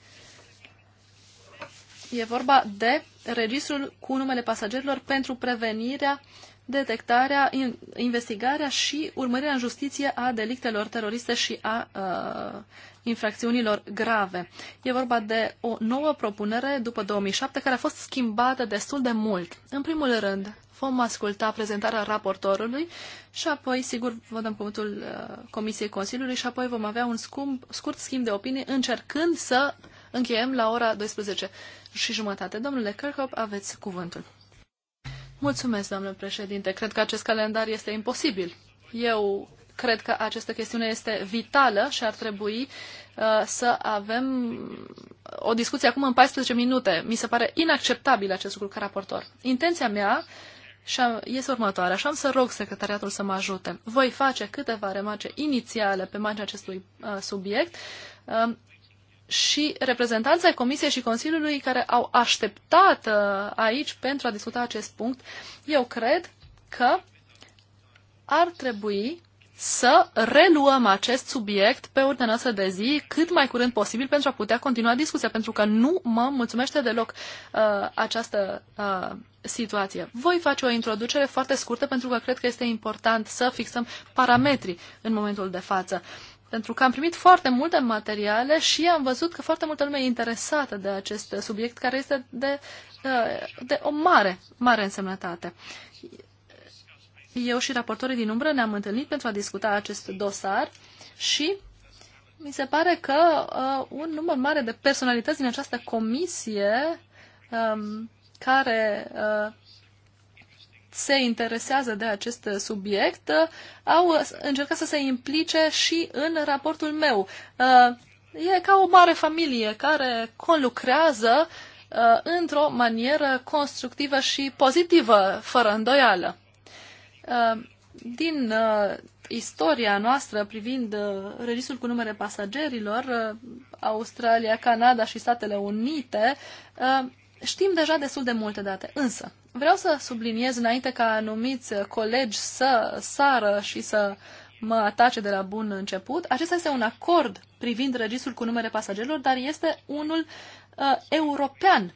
E vorba de registrul cu numele pasagerilor pentru prevenirea, detectarea, investigarea și urmărirea în justiție a delictelor teroriste și a uh, infracțiunilor grave. E vorba de o nouă propunere după 2007 care a fost schimbată destul de mult. În primul rând, vom asculta prezentarea raportorului și apoi, sigur, vă dăm cuvântul uh, Comisiei Consiliului și apoi vom avea un scump, scurt schimb de opinie încercând să încheiem la ora 12 și jumătate. Domnule Kirchhoff, aveți cuvântul. Mulțumesc, domnule președinte. Cred că acest calendar este imposibil. Eu cred că această chestiune este vitală și ar trebui uh, să avem o discuție acum în 14 minute. Mi se pare inacceptabil acest lucru ca raportor. Intenția mea și am, este următoarea. Așa am să rog secretariatul să mă ajute. Voi face câteva remarce inițiale pe marginea acestui uh, subiect uh, și reprezentanții Comisiei și Consiliului care au așteptat aici pentru a discuta acest punct, eu cred că ar trebui să reluăm acest subiect pe ordinea noastră de zi cât mai curând posibil pentru a putea continua discuția, pentru că nu mă mulțumește deloc uh, această uh, situație. Voi face o introducere foarte scurtă pentru că cred că este important să fixăm parametrii în momentul de față. Pentru că am primit foarte multe materiale și am văzut că foarte multă lume e interesată de acest subiect care este de, uh, de o mare, mare însemnătate eu și raportorii din umbră ne-am întâlnit pentru a discuta acest dosar și mi se pare că uh, un număr mare de personalități din această comisie um, care uh, se interesează de acest subiect uh, au încercat să se implice și în raportul meu. Uh, e ca o mare familie care conlucrează uh, într-o manieră constructivă și pozitivă, fără îndoială. Uh, din uh, istoria noastră privind uh, registrul cu numere pasagerilor, Australia, Canada și Statele Unite, știm deja destul de multe date. Însă, vreau să subliniez înainte ca anumiți colegi să sară și să mă atace de la bun început. Acesta este un acord privind registrul cu numere pasagerilor, dar este unul uh, european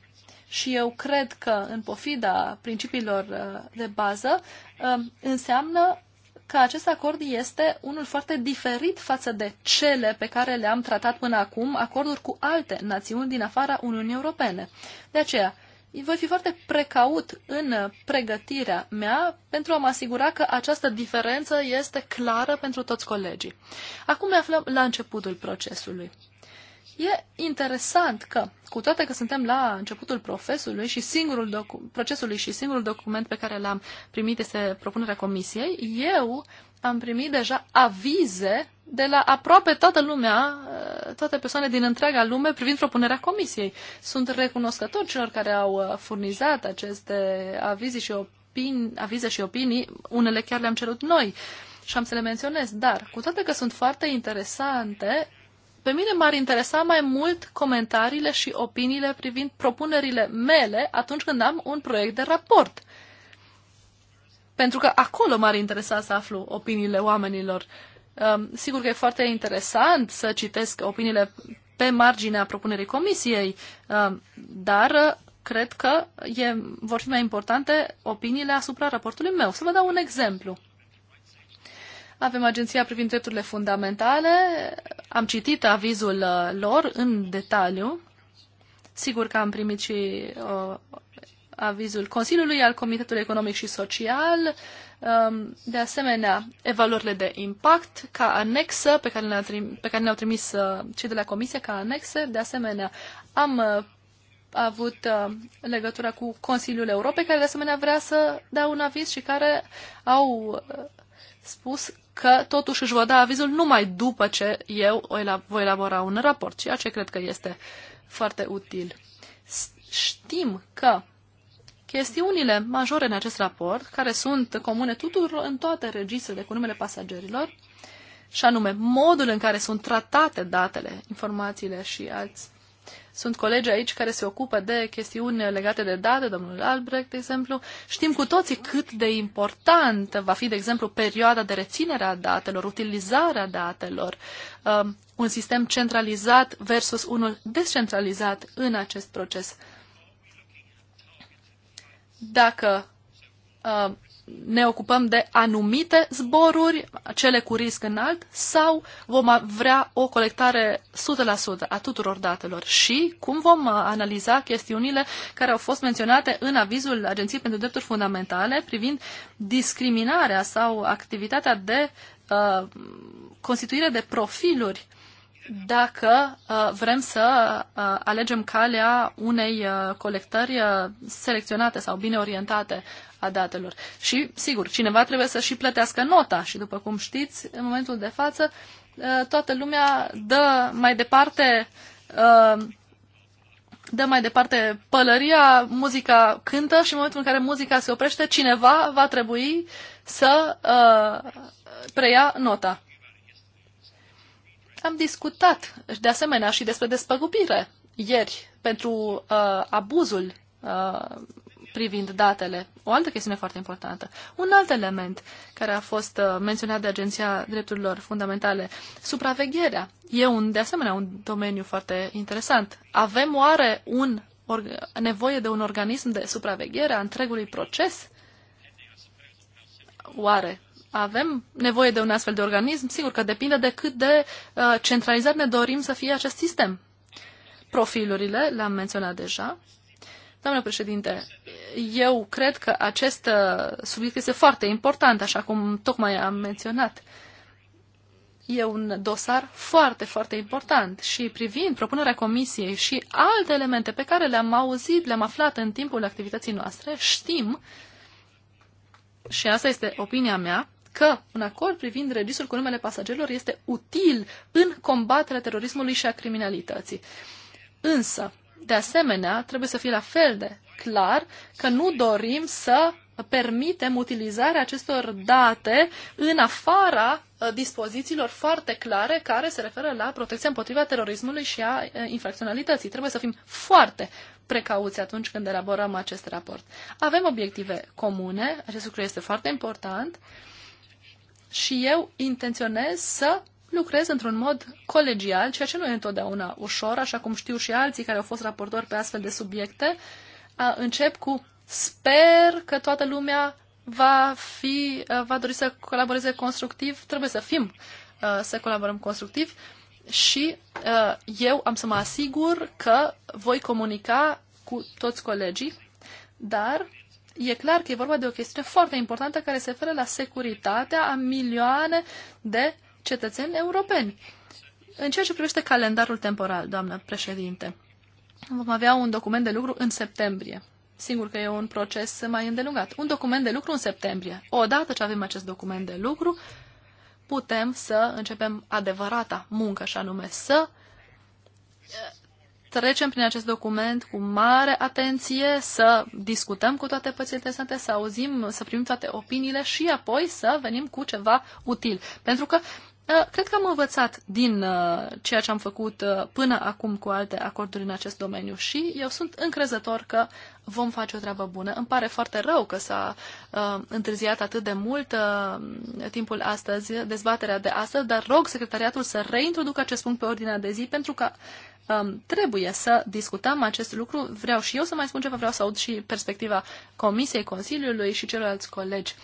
și eu cred că, în pofida principiilor uh, de bază, um, înseamnă că acest acord este unul foarte diferit față de cele pe care le-am tratat până acum, acorduri cu alte națiuni din afara Uniunii Europene. De aceea, voi fi foarte precaut în pregătirea mea pentru a mă asigura că această diferență este clară pentru toți colegii. Acum ne aflăm la începutul procesului. E interesant că, cu toate că suntem la începutul procesului și singurul, docu- procesului și singurul document pe care l-am primit este propunerea comisiei, eu am primit deja avize de la aproape toată lumea, eh, toate persoanele din întreaga lume privind propunerea comisiei. Sunt recunoscători celor care au eh, furnizat aceste avize și opinii, avize și opinii, unele chiar le-am cerut noi și am să le menționez, dar cu toate că sunt foarte interesante, pe mine m-ar interesa mai mult comentariile și opiniile privind propunerile mele atunci când am un proiect de raport. Pentru că acolo m-ar interesa să aflu opiniile oamenilor. Um, sigur că e foarte interesant să citesc opiniile pe marginea propunerii comisiei, um, dar uh, cred că e, vor fi mai importante opiniile asupra raportului meu. Să vă dau un exemplu. Avem Agenția privind drepturile fundamentale. Am citit avizul uh, lor în detaliu. Sigur că am primit și uh, avizul Consiliului, al Comitetului Economic și Social, um, de asemenea evaluările de impact ca anexă pe care, ne-au trimis, pe care ne-au trimis uh, cei de la Comisie ca anexe. De asemenea, am uh, avut legătura cu Consiliul Europei, care de asemenea vrea să dea un aviz și care au spus că totuși își va da avizul numai după ce eu voi elabora un raport, ceea ce cred că este foarte util. Știm că chestiunile majore în acest raport, care sunt comune tuturor în toate registrele cu numele pasagerilor, și anume modul în care sunt tratate datele, informațiile și alți sunt colegi aici care se ocupă de chestiuni legate de date, domnul Albrecht, de exemplu. Știm cu toții cât de important va fi, de exemplu, perioada de reținere a datelor, utilizarea datelor, um, un sistem centralizat versus unul descentralizat în acest proces. Dacă um, ne ocupăm de anumite zboruri, cele cu risc înalt, sau vom vrea o colectare 100% a tuturor datelor și cum vom uh, analiza chestiunile care au fost menționate în avizul Agenției pentru Drepturi Fundamentale privind discriminarea sau activitatea de uh, constituire de profiluri dacă uh, vrem să uh, alegem calea unei uh, colectări selecționate sau bine orientate a datelor. Și, sigur, cineva trebuie să și plătească nota și, după cum știți, în momentul de față, toată lumea dă mai departe dă mai departe pălăria, muzica cântă și în momentul în care muzica se oprește, cineva va trebui să uh, preia nota. Am discutat de asemenea și despre despăgubire ieri pentru uh, abuzul uh, privind datele. O altă chestiune foarte importantă. Un alt element care a fost uh, menționat de Agenția Drepturilor Fundamentale, supravegherea. E un, de asemenea un domeniu foarte interesant. Avem oare un, or, nevoie de un organism de supraveghere a întregului proces? Oare avem nevoie de un astfel de organism? Sigur că depinde de cât de uh, centralizat ne dorim să fie acest sistem. Profilurile, le-am menționat deja. Doamne președinte, eu cred că acest uh, subiect este foarte important, așa cum tocmai am menționat. E un dosar foarte, foarte important și privind propunerea comisiei și alte elemente pe care le-am auzit, le-am aflat în timpul activității noastre, știm și asta este opinia mea, că un acord privind registrul cu numele pasagerilor este util în combaterea terorismului și a criminalității. Însă, de asemenea, trebuie să fie la fel de clar că nu dorim să permitem utilizarea acestor date în afara ă, dispozițiilor foarte clare care se referă la protecția împotriva terorismului și a infracționalității. Trebuie să fim foarte precauți atunci când elaborăm acest raport. Avem obiective comune, acest lucru este foarte important și eu intenționez să lucrez într-un mod colegial, ceea ce nu e întotdeauna ușor, așa cum știu și alții care au fost raportori pe astfel de subiecte. Încep cu sper că toată lumea va, fi, va dori să colaboreze constructiv, trebuie să fim, să colaborăm constructiv și eu am să mă asigur că voi comunica cu toți colegii, dar e clar că e vorba de o chestiune foarte importantă care se referă la securitatea a milioane de cetățeni europeni. În ceea ce privește calendarul temporal, doamnă președinte, vom avea un document de lucru în septembrie. Singur că e un proces mai îndelungat. Un document de lucru în septembrie. Odată ce avem acest document de lucru, putem să începem adevărata muncă, și anume să trecem prin acest document cu mare atenție, să discutăm cu toate părțile interesante, să auzim, să primim toate opiniile și apoi să venim cu ceva util. Pentru că Uh, cred că am învățat din uh, ceea ce am făcut uh, până acum cu alte acorduri în acest domeniu și eu sunt încrezător că vom face o treabă bună. Îmi pare foarte rău că s-a întârziat atât de mult timpul astăzi, dezbaterea de astăzi, dar rog secretariatul să reintroducă acest punct pe ordinea de zi pentru că um, trebuie să discutăm acest lucru. Vreau și eu să mai spun ceva, vreau să aud și perspectiva Comisiei, Consiliului și celorlalți colegi.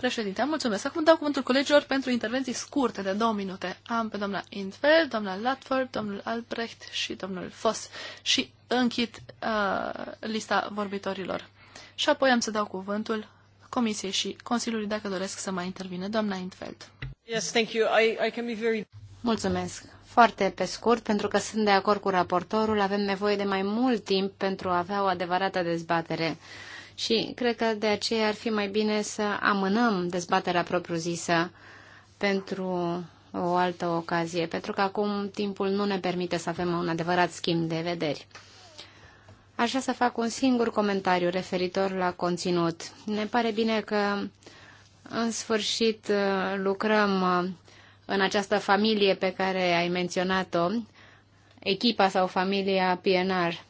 Președinte, mulțumesc. Acum dau cuvântul colegilor pentru intervenții scurte de două minute. Am pe doamna Intfeld, doamna Latford, domnul Albrecht și domnul Foss. Și închid uh, lista vorbitorilor. Și apoi am să dau cuvântul Comisiei și Consiliului dacă doresc să mai intervine. Doamna Intfeld. Yes, thank you. I, I can be very... Mulțumesc. Foarte pe scurt, pentru că sunt de acord cu raportorul, avem nevoie de mai mult timp pentru a avea o adevărată dezbatere. Și cred că de aceea ar fi mai bine să amânăm dezbaterea propriu-zisă pentru o altă ocazie, pentru că acum timpul nu ne permite să avem un adevărat schimb de vederi. Aș vrea să fac un singur comentariu referitor la conținut. Ne pare bine că în sfârșit lucrăm uh, în această familie pe care ai menționat-o, echipa sau familia PNR.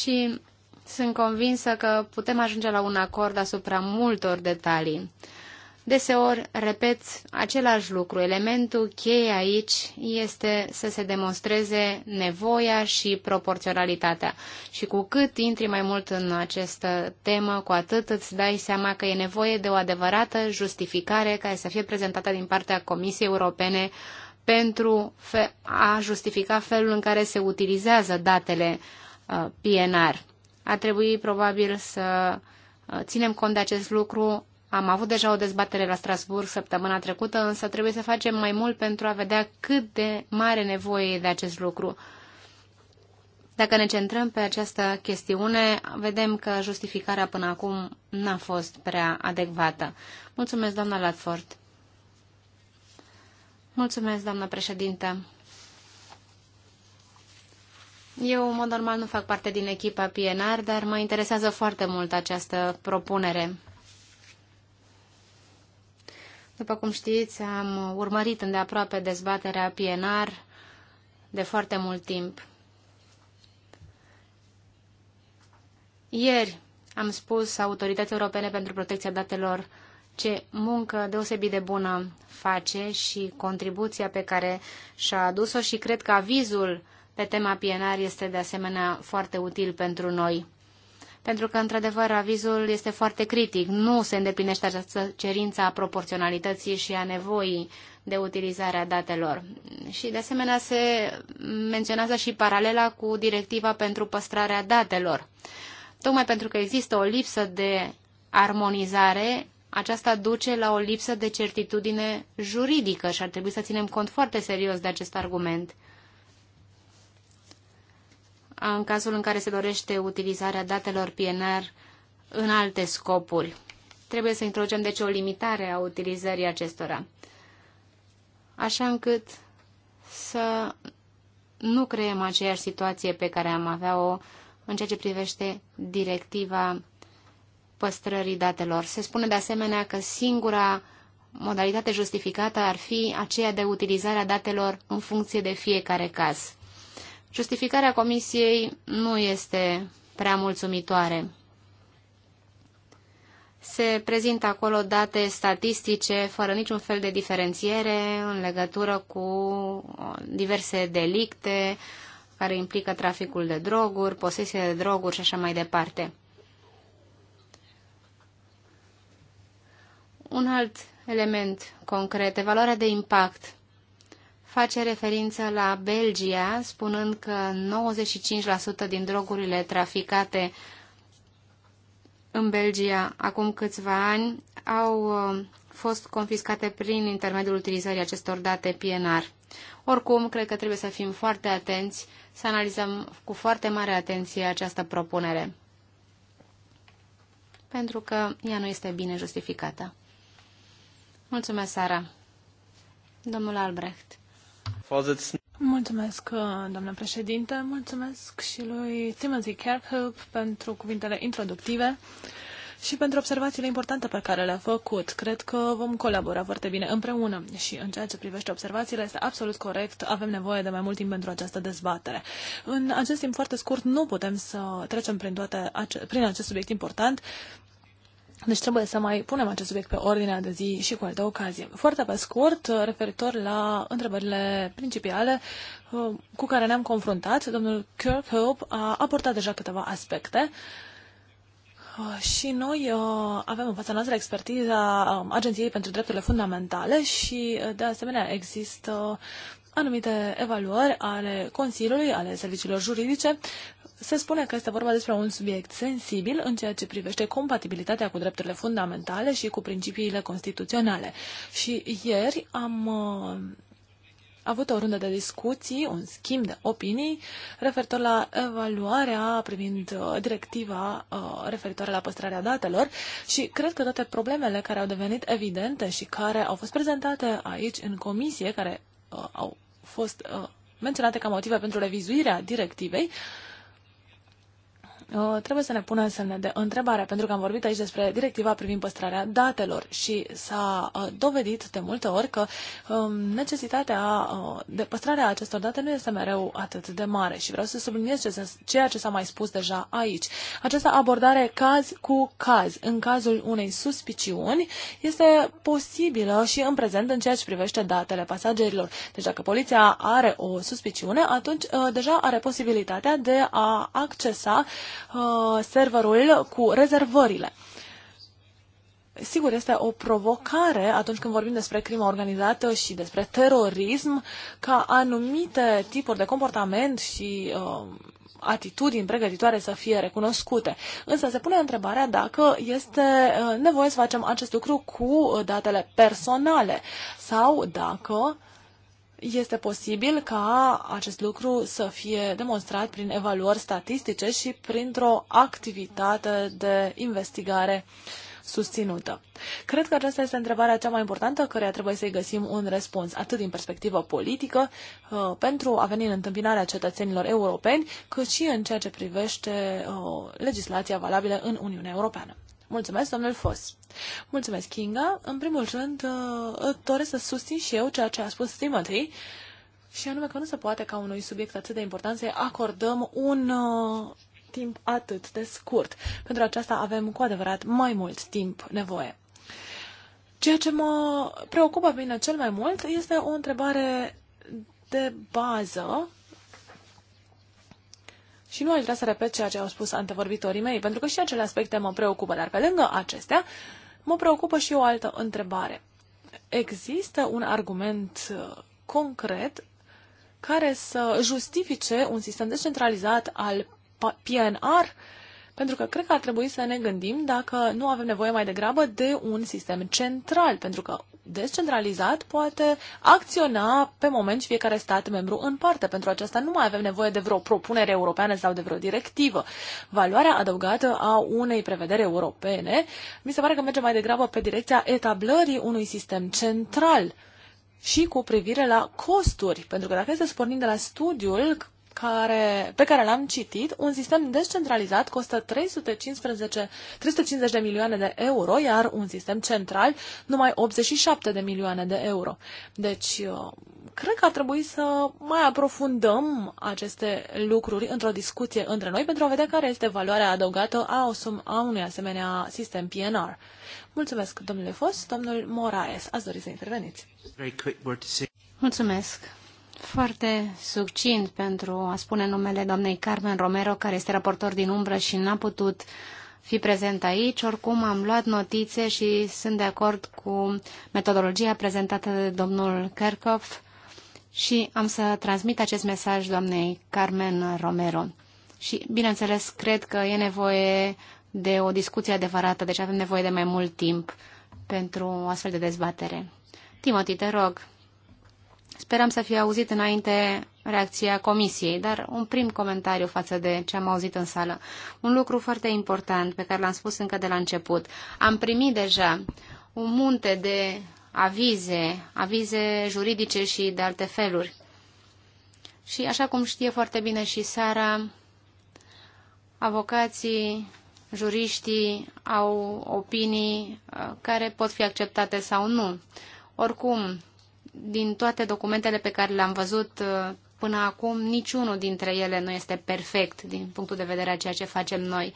Și sunt convinsă că putem ajunge la un acord asupra multor detalii. Deseori, repet același lucru. Elementul cheie aici este să se demonstreze nevoia și proporționalitatea. Și cu cât intri mai mult în această temă, cu atât îți dai seama că e nevoie de o adevărată justificare care să fie prezentată din partea Comisiei Europene pentru a justifica felul în care se utilizează datele uh, PNR. Ar trebui probabil să uh, ținem cont de acest lucru. Am avut deja o dezbatere la Strasburg săptămâna trecută, însă trebuie să facem mai mult pentru a vedea cât de mare nevoie de acest lucru. Dacă ne centrăm pe această chestiune, vedem că justificarea până acum n-a fost prea adecvată. Mulțumesc, doamna Latford. Mulțumesc, doamnă președintă. Eu, în mod normal, nu fac parte din echipa PNR, dar mă interesează foarte mult această propunere. După cum știți, am urmărit îndeaproape dezbaterea PNR de foarte mult timp. Ieri am spus Autorității Europene pentru Protecția Datelor ce muncă deosebit de bună face și contribuția pe care și-a adus-o și cred că avizul pe tema PNR este de asemenea foarte util pentru noi. Pentru că, într-adevăr, avizul este foarte critic. Nu se îndeplinește această cerință a proporționalității și a nevoii de utilizarea datelor. Și, de asemenea, se menționează și paralela cu directiva pentru păstrarea datelor. Tocmai pentru că există o lipsă de armonizare, aceasta duce la o lipsă de certitudine juridică și ar trebui să ținem cont foarte serios de acest argument în cazul în care se dorește utilizarea datelor PNR în alte scopuri. Trebuie să introducem deci o limitare a utilizării acestora, așa încât să nu creăm aceeași situație pe care am avea-o în ceea ce privește directiva păstrării datelor. Se spune de asemenea că singura modalitate justificată ar fi aceea de utilizarea datelor în funcție de fiecare caz. Justificarea comisiei nu este prea mulțumitoare. Se prezintă acolo date statistice fără niciun fel de diferențiere în legătură cu diverse delicte care implică traficul de droguri, posesia de droguri și așa mai departe. Un alt element concret, evaluarea de impact face referință la Belgia, spunând că 95% din drogurile traficate în Belgia acum câțiva ani au uh, fost confiscate prin intermediul utilizării acestor date PNR. Oricum, cred că trebuie să fim foarte atenți, să analizăm cu foarte mare atenție această propunere, pentru că ea nu este bine justificată. Mulțumesc, Sara. Domnul Albrecht. Mulțumesc, uh, doamnă președinte, mulțumesc și lui Timothy Kirkhope pentru cuvintele introductive și pentru observațiile importante pe care le-a făcut. Cred că vom colabora foarte bine împreună și în ceea ce privește observațiile este absolut corect. Avem nevoie de mai mult timp pentru această dezbatere. În acest timp foarte scurt nu putem să trecem prin, toate ace- prin acest subiect important, deci trebuie să mai punem acest subiect pe ordinea de zi și cu altă ocazie. Foarte pe scurt, referitor la întrebările principiale uh, cu care ne-am confruntat, domnul Kirkhope a aportat deja câteva aspecte. Uh, și noi uh, avem în fața noastră expertiza um, Agenției pentru Drepturile Fundamentale și, de asemenea, există anumite evaluări ale Consiliului, ale serviciilor juridice, se spune că este vorba despre un subiect sensibil în ceea ce privește compatibilitatea cu drepturile fundamentale și cu principiile constituționale. Și ieri am uh, avut o rundă de discuții, un schimb de opinii referitor la evaluarea privind uh, directiva uh, referitoare la păstrarea datelor și cred că toate problemele care au devenit evidente și care au fost prezentate aici în comisie, care uh, au fost uh, menționate ca motive pentru revizuirea directivei, uh, Uh, trebuie să ne punem semne de întrebare, pentru că am vorbit aici despre directiva privind păstrarea datelor și s-a uh, dovedit de multe ori că um, necesitatea uh, de păstrarea acestor date nu este mereu atât de mare și vreau să subliniez ceea ce s-a mai spus deja aici. Această abordare caz cu caz, în cazul unei suspiciuni, este posibilă și în prezent în ceea ce privește datele pasagerilor. Deci dacă poliția are o suspiciune, atunci deja are posibilitatea de a accesa uh, Uh, serverul cu rezervările. Sigur, este o provocare atunci când vorbim despre crimă organizată și despre terorism, ca anumite tipuri de comportament și uh, atitudini pregătitoare să fie recunoscute. Însă se pune întrebarea dacă este uh, nevoie să facem acest lucru cu uh, datele personale sau dacă este posibil ca acest lucru să fie demonstrat prin evaluări statistice și printr-o activitate de investigare susținută. Cred că aceasta este întrebarea cea mai importantă, căreia trebuie să-i găsim un răspuns, atât din perspectivă politică, uh, pentru a veni în întâmpinarea cetățenilor europeni, cât și în ceea ce privește uh, legislația valabilă în Uniunea Europeană. Mulțumesc, domnul Fos. Mulțumesc, Kinga. În primul rând, uh, doresc să susțin și eu ceea ce a spus Timothy, și anume că nu se poate ca unui subiect atât de important să acordăm un uh, timp atât de scurt. Pentru aceasta avem cu adevărat mai mult timp nevoie. Ceea ce mă preocupă bine cel mai mult este o întrebare de bază și nu aș vrea să repet ceea ce au spus antevorbitorii mei, pentru că și acele aspecte mă preocupă, dar pe lângă acestea mă preocupă și o altă întrebare. Există un argument uh, concret care să justifice un sistem descentralizat al PNR? Pentru că cred că ar trebui să ne gândim dacă nu avem nevoie mai degrabă de un sistem central, pentru că descentralizat poate acționa pe moment fiecare stat membru în parte. Pentru aceasta nu mai avem nevoie de vreo propunere europeană sau de vreo directivă. Valoarea adăugată a unei prevederi europene mi se pare că merge mai degrabă pe direcția etablării unui sistem central și cu privire la costuri, pentru că dacă este să pornim de la studiul care, pe care l-am citit, un sistem descentralizat costă 315, 350 de milioane de euro, iar un sistem central numai 87 de milioane de euro. Deci, uh, cred că ar trebui să mai aprofundăm aceste lucruri într-o discuție între noi pentru a vedea care este valoarea adăugată a, a unui asemenea sistem PNR. Mulțumesc, domnule Fos, domnul Moraes. Ați dori să interveniți. Mulțumesc. Foarte succint pentru a spune numele doamnei Carmen Romero, care este raportor din umbră și n-a putut fi prezent aici. Oricum, am luat notițe și sunt de acord cu metodologia prezentată de domnul Kerkhoff și am să transmit acest mesaj doamnei Carmen Romero. Și, bineînțeles, cred că e nevoie de o discuție adevărată, deci avem nevoie de mai mult timp pentru o astfel de dezbatere. Timothy, te rog. Sperăm să fie auzit înainte reacția comisiei, dar un prim comentariu față de ce am auzit în sală. Un lucru foarte important pe care l-am spus încă de la început. Am primit deja un munte de avize, avize juridice și de alte feluri. Și așa cum știe foarte bine și Sara, avocații, juriștii au opinii uh, care pot fi acceptate sau nu. Oricum, din toate documentele pe care le-am văzut uh, până acum, niciunul dintre ele nu este perfect din punctul de vedere a ceea ce facem noi.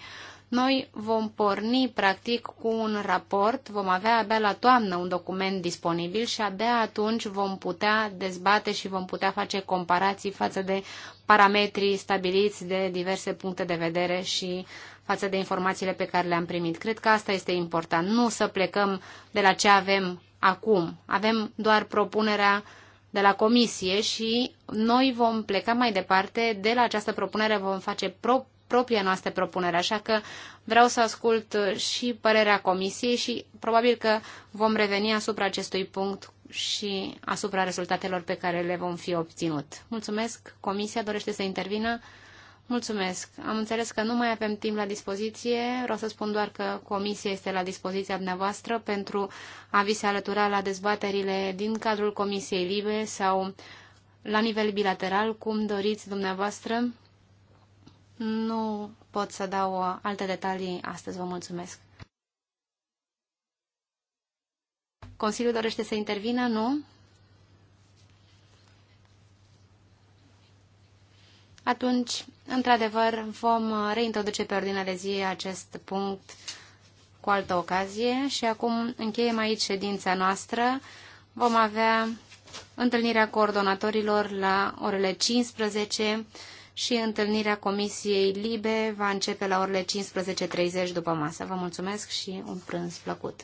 Noi vom porni, practic, cu un raport, vom avea abia la toamnă un document disponibil și abia atunci vom putea dezbate și vom putea face comparații față de parametrii stabiliți de diverse puncte de vedere și față de informațiile pe care le-am primit. Cred că asta este important, nu să plecăm de la ce avem acum. Avem doar propunerea de la comisie și noi vom pleca mai departe. De la această propunere vom face pro- propria noastră propunere, așa că vreau să ascult și părerea comisiei și probabil că vom reveni asupra acestui punct și asupra rezultatelor pe care le vom fi obținut. Mulțumesc. Comisia dorește să intervină. Mulțumesc. Am înțeles că nu mai avem timp la dispoziție. Vreau să spun doar că comisia este la dispoziția dumneavoastră pentru a vi se alătura la dezbaterile din cadrul Comisiei Libe sau la nivel bilateral, cum doriți dumneavoastră. Nu pot să dau alte detalii astăzi. Vă mulțumesc. Consiliul dorește să intervină? Nu? Atunci Într-adevăr, vom uh, reintroduce pe ordinea de zi acest punct cu altă ocazie și acum încheiem aici ședința noastră. Vom avea întâlnirea coordonatorilor la orele 15 și întâlnirea Comisiei Libe va începe la orele 15.30 după masă. Vă mulțumesc și un prânz plăcut!